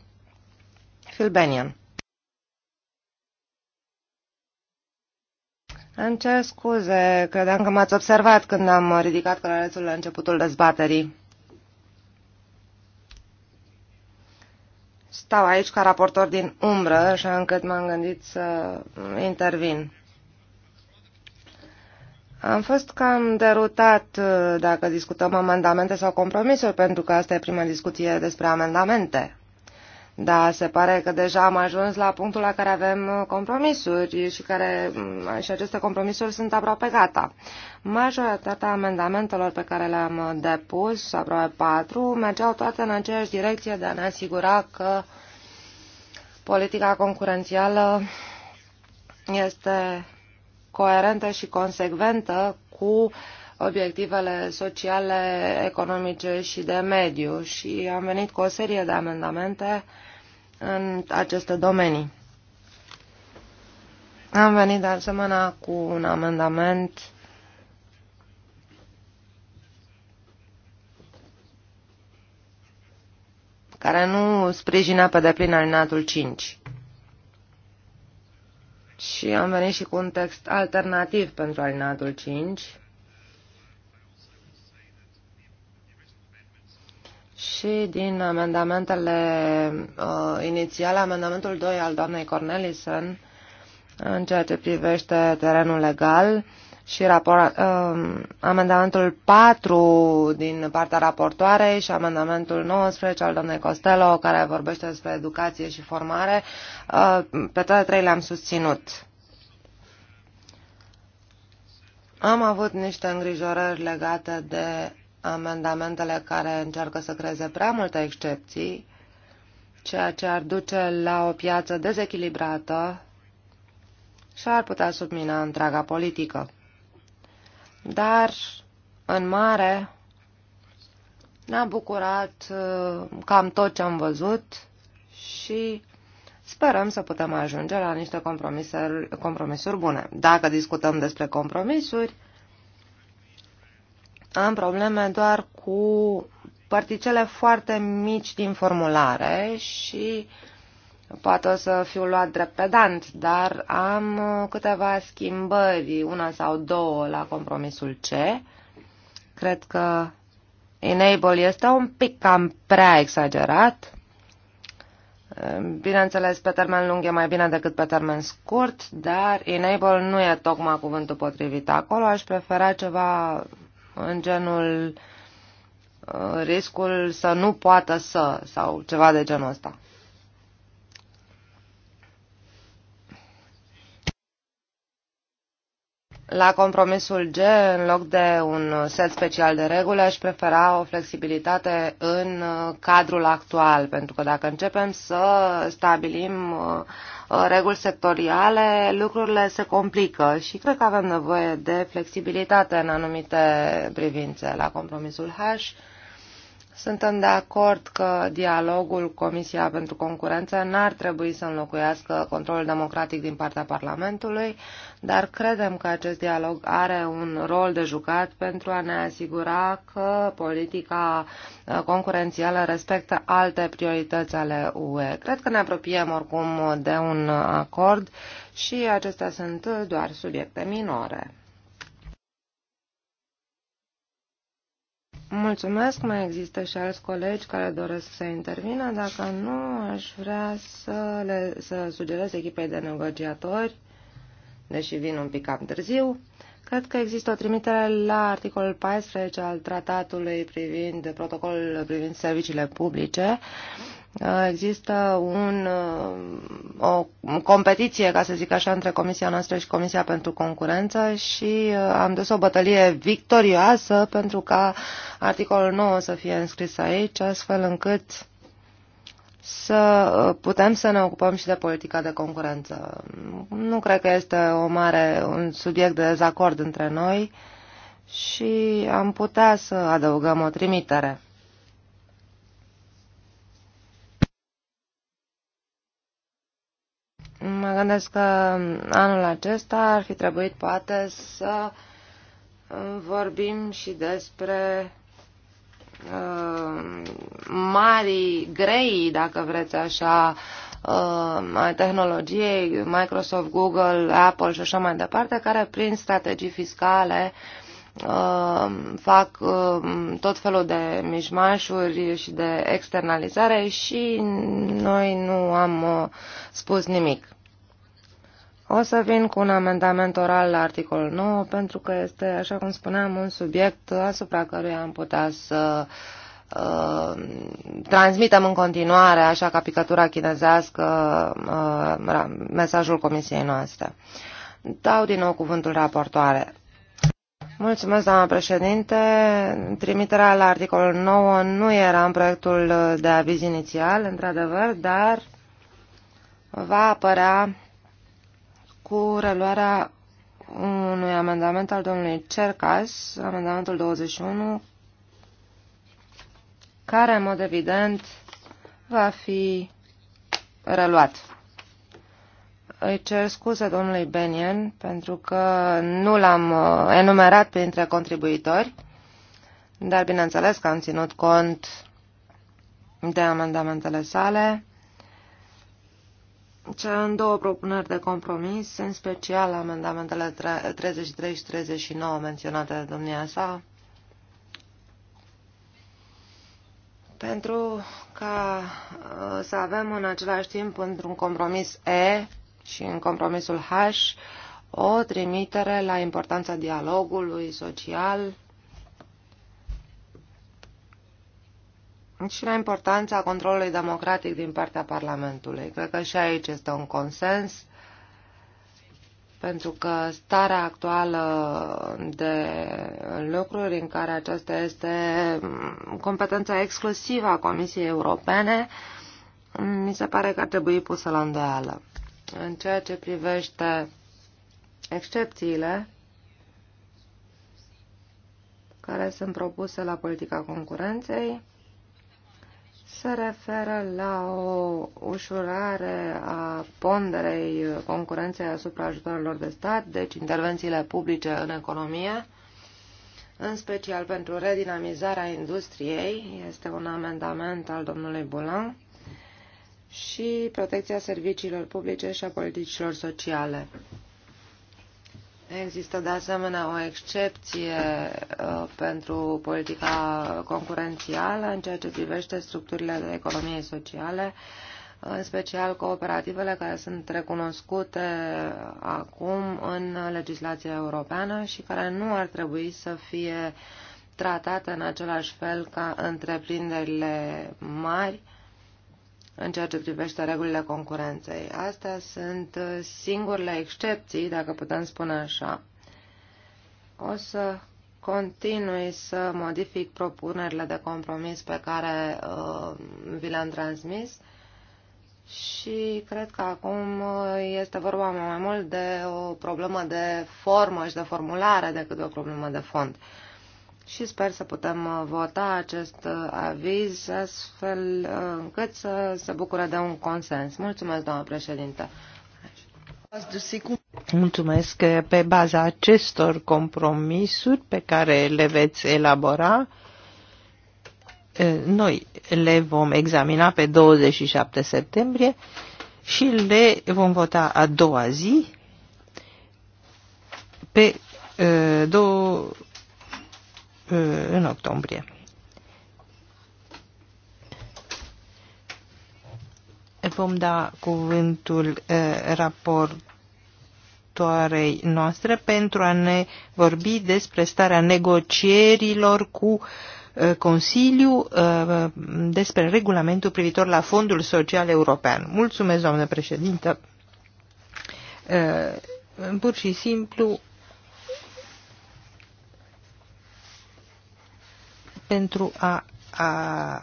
Phil Bennion. Îmi cer scuze, credeam că m-ați observat când am ridicat călărețul la începutul dezbaterii. Stau aici ca raportor din umbră, așa încât m-am gândit să intervin. Am fost cam derutat uh, dacă discutăm amendamente sau compromisuri, pentru că asta e prima discuție despre amendamente. Da, se pare că deja am ajuns la punctul la care avem uh, compromisuri și, care, mm, și aceste compromisuri sunt aproape gata. Majoritatea amendamentelor pe care le-am uh, depus, aproape patru, mergeau toate în aceeași direcție de a ne asigura că politica concurențială este coerentă și consecventă cu obiectivele sociale, economice și de mediu și am venit cu o serie de amendamente în aceste domenii. Am venit de asemenea cu un amendament care nu sprijină pe deplin alinatul 5. Și am venit și cu un text alternativ pentru alinatul 5, Și din amendamentele uh, inițiale, amendamentul 2 al doamnei Cornelison în ceea ce privește terenul legal și rapor, uh, amendamentul 4 din partea raportoarei și amendamentul 19 al doamnei Costello care vorbește despre educație și formare, uh, pe toate trei le-am susținut. Am avut niște îngrijorări legate de amendamentele care încearcă să creeze prea multe excepții, ceea ce ar duce la o piață dezechilibrată și ar putea submina întreaga politică. Dar, în mare, ne-a bucurat uh, cam tot ce am văzut și sperăm să putem ajunge la niște compromisuri bune. Dacă discutăm despre compromisuri, am probleme doar cu particele foarte mici din formulare și poate o să fiu luat drept pedant, dar am câteva schimbări, una sau două la compromisul C. Cred că enable este un pic cam prea exagerat. Bineînțeles, pe termen lung e mai bine decât pe termen scurt, dar enable nu e tocmai cuvântul potrivit acolo. Aș prefera ceva în genul uh, riscul să nu poată să sau ceva de genul ăsta. La compromisul G, în loc de un set special de reguli, aș prefera o flexibilitate în uh, cadrul actual, pentru că dacă începem să stabilim uh, Uh, reguli sectoriale, lucrurile se complică și cred că avem nevoie de flexibilitate în anumite privințe. La compromisul H suntem de acord că dialogul Comisia pentru Concurență n-ar trebui să înlocuiască controlul democratic din partea Parlamentului, dar credem că acest dialog are un rol de jucat pentru a ne asigura că politica uh, concurențială respectă alte priorități ale UE. Cred că ne apropiem oricum de un acord și acestea sunt doar subiecte minore. Mulțumesc, mai există și alți colegi care doresc să intervină. Dacă nu, aș vrea să, le, să sugerez echipei de negociatori deși vin un pic cam târziu. Cred că există o trimitere la articolul 14 al tratatului privind protocolul privind serviciile publice. Există un, o competiție, ca să zic așa, între Comisia noastră și Comisia pentru Concurență și am dus o bătălie victorioasă pentru ca articolul 9 să fie înscris aici, astfel încât să uh, putem să ne ocupăm și de politica de concurență. Nu cred că este o mare, un subiect de dezacord între noi și am putea să adăugăm o trimitere. Mă gândesc că anul acesta ar fi trebuit poate să vorbim și despre Uh, mari grei, dacă vreți așa, uh, a tehnologiei, Microsoft, Google, Apple și așa mai departe, care prin strategii fiscale uh, fac tot felul de mișmașuri și de externalizare și noi nu am spus nimic. O să vin cu un amendament oral la articolul 9, pentru că este, așa cum spuneam, un subiect asupra căruia am putea să uh, transmitem în continuare, așa ca picatura chinezească, uh, mesajul comisiei noastre. Dau din nou cuvântul raportoare. Mulțumesc, doamna președinte. Trimiterea la articolul 9 nu era în proiectul de aviz inițial, într-adevăr, dar va apărea cu reluarea unui amendament al domnului Cercas, amendamentul 21, care, în mod evident, va fi reluat. Îi cer scuze domnului Benien pentru că nu l-am uh, enumerat printre contribuitori, dar bineînțeles că am ținut cont de amendamentele sale în două propuneri de compromis, în special amendamentele 33 și 39 menționate de domnia sa, pentru ca uh, să avem în același timp într-un compromis E și în compromisul H o trimitere la importanța dialogului social și la importanța controlului democratic din partea Parlamentului. Cred că și aici este un consens, pentru că starea actuală de lucruri în care aceasta este competența exclusivă a Comisiei Europene, mi se pare că ar trebui pusă la îndoială. În ceea ce privește excepțiile care sunt propuse la politica concurenței, se referă la o ușurare a ponderei concurenței asupra ajutorilor de stat, deci intervențiile publice în economie, în special pentru redinamizarea industriei, este un amendament al domnului Bulan, și protecția serviciilor publice și a politicilor sociale. Există de asemenea o excepție uh, pentru politica concurențială în ceea ce privește structurile de economie sociale, în special cooperativele care sunt recunoscute acum în legislația europeană și care nu ar trebui să fie tratate în același fel ca întreprinderile mari, în ceea ce privește regulile concurenței. Astea sunt singurele excepții, dacă putem spune așa. O să continui să modific propunerile de compromis pe care uh, vi le-am transmis și cred că acum este vorba mai mult de o problemă de formă și de formulare decât de o problemă de fond. Uh, și sper să putem uh, vota acest uh, aviz astfel uh, încât să se bucure de un consens. Mulțumesc, doamnă președinte. Mulțumesc că pe baza acestor compromisuri pe care le veți elabora. Noi le vom examina pe 27 septembrie și le vom vota a doua zi pe două Uh, în octombrie. Vom da cuvântul uh, raportoarei noastre pentru a ne vorbi despre starea negocierilor cu uh, Consiliu despre regulamentul privitor la Fondul Social European. Mulțumesc, doamnă președintă! pur și simplu pentru a, a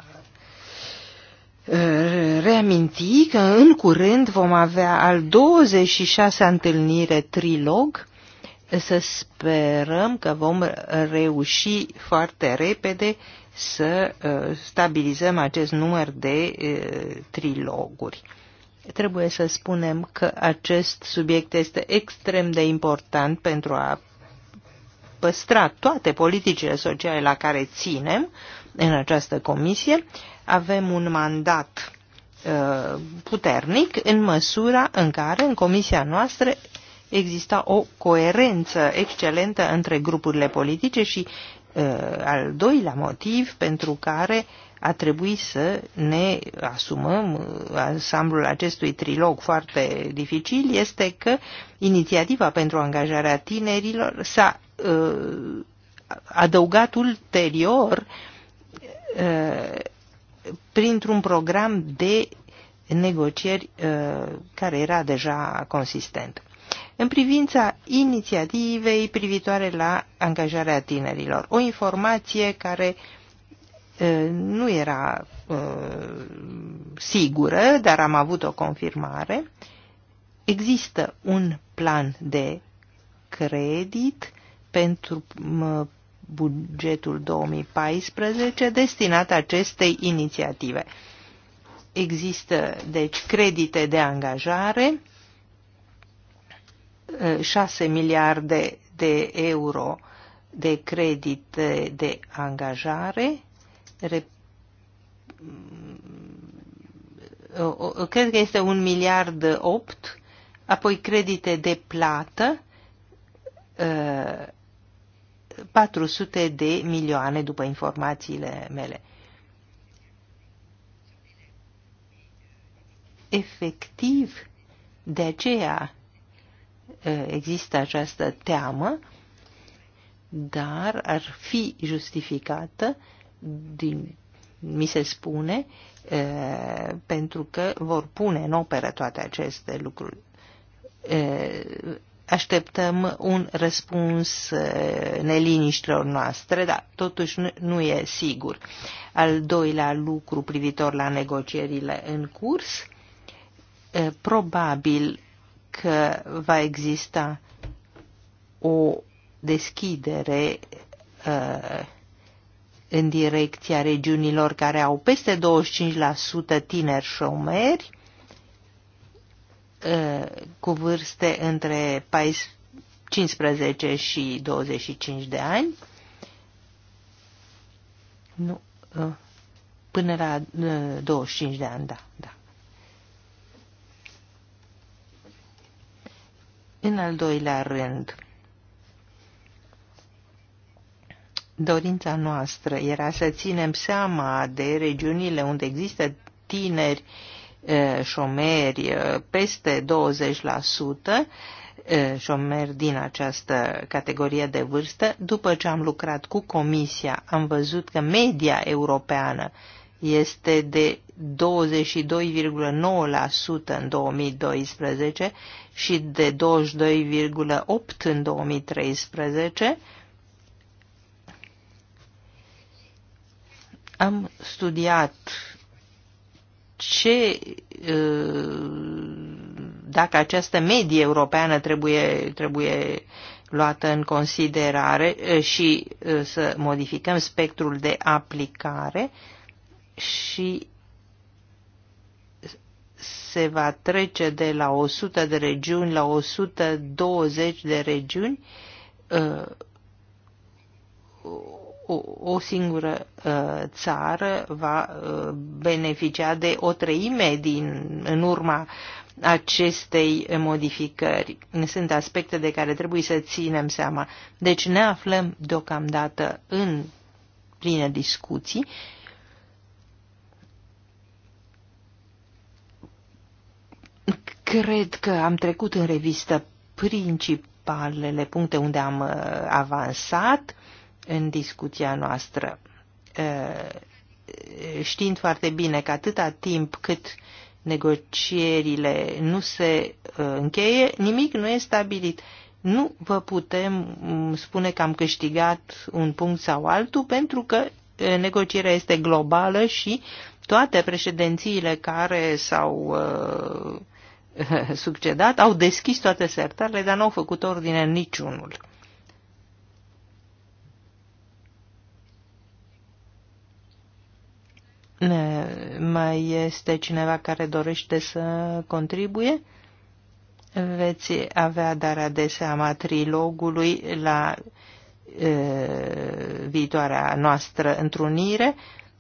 reaminti că în curând vom avea al 26-a întâlnire trilog. Să sperăm că vom reuși foarte repede să stabilizăm acest număr de triloguri. Trebuie să spunem că acest subiect este extrem de important pentru a păstra toate politicile sociale la care ținem în această comisie. Avem un mandat uh, puternic în măsura în care în comisia noastră exista o coerență excelentă între grupurile politice și uh, al doilea motiv pentru care a trebuit să ne asumăm uh, ansamblul acestui trilog foarte dificil este că inițiativa pentru angajarea tinerilor s-a Uh, adăugat ulterior uh, printr-un program de negocieri uh, care era deja consistent. În privința inițiativei privitoare la angajarea tinerilor, o informație care nu era sigură, dar am avut o confirmare, există un plan de credit pentru bugetul 2014 destinat acestei inițiative. Există, deci, credite de angajare, 6 miliarde de euro de credite de angajare, cred că este 1 miliard 8, apoi credite de plată, uh, 400 de milioane, după informațiile mele. Efectiv, de aceea există această teamă, dar ar fi justificată, din, mi se spune, pentru că vor pune în operă toate aceste lucruri așteptăm un răspuns eh, neliniștilor noastre, dar totuși nu e sigur. Al doilea lucru privitor la negocierile în curs, eh, probabil că va exista o deschidere eh, în direcția regiunilor care au peste 25% tineri șomeri, Uh, cu vârste între 15 și 25 de ani, nu, uh, până la 25 uh, de ani, da, da. În al doilea rând, dorința noastră era să ținem seama de regiunile unde există tineri uh, șomeri peste 20%, șomeri din această categorie de vârstă. După ce am lucrat cu comisia, am văzut că media europeană este de 22,9% în 2012 și de 22,8% în 2013. Am studiat ce, ă, dacă această medie europeană trebuie, trebuie luată în considerare ă, și ă, să modificăm spectrul de aplicare și se va trece de la 100 de regiuni la 120 de regiuni o, o singură uh, țară va uh, beneficia de o treime din, în urma acestei modificări. Sunt aspecte de care trebuie să ținem seama. Deci ne aflăm deocamdată în pline discuții. Cred că am trecut în revistă principalele puncte unde am uh, avansat în discuția noastră, știind foarte bine că atâta timp cât negocierile nu se încheie, nimic nu e stabilit. Nu vă putem spune că am câștigat un punct sau altul, pentru că negocierea este globală și toate președințiile care s-au uh, succedat au deschis toate sertarele, dar nu au făcut ordine niciunul. Mai este cineva care dorește să contribuie? Veți avea dar de seama trilogului la e, viitoarea noastră întrunire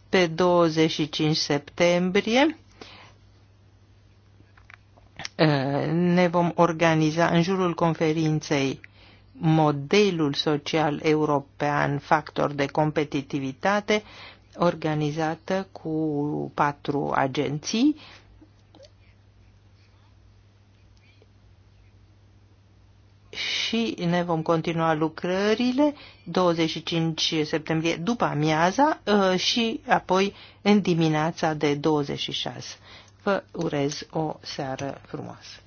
pe 25 septembrie ne vom organiza în jurul conferinței modelul social european factor de competitivitate organizată cu patru agenții și ne vom continua lucrările 25 septembrie după amiaza uh, și apoi în dimineața de 26. Vă urez o seară frumoasă.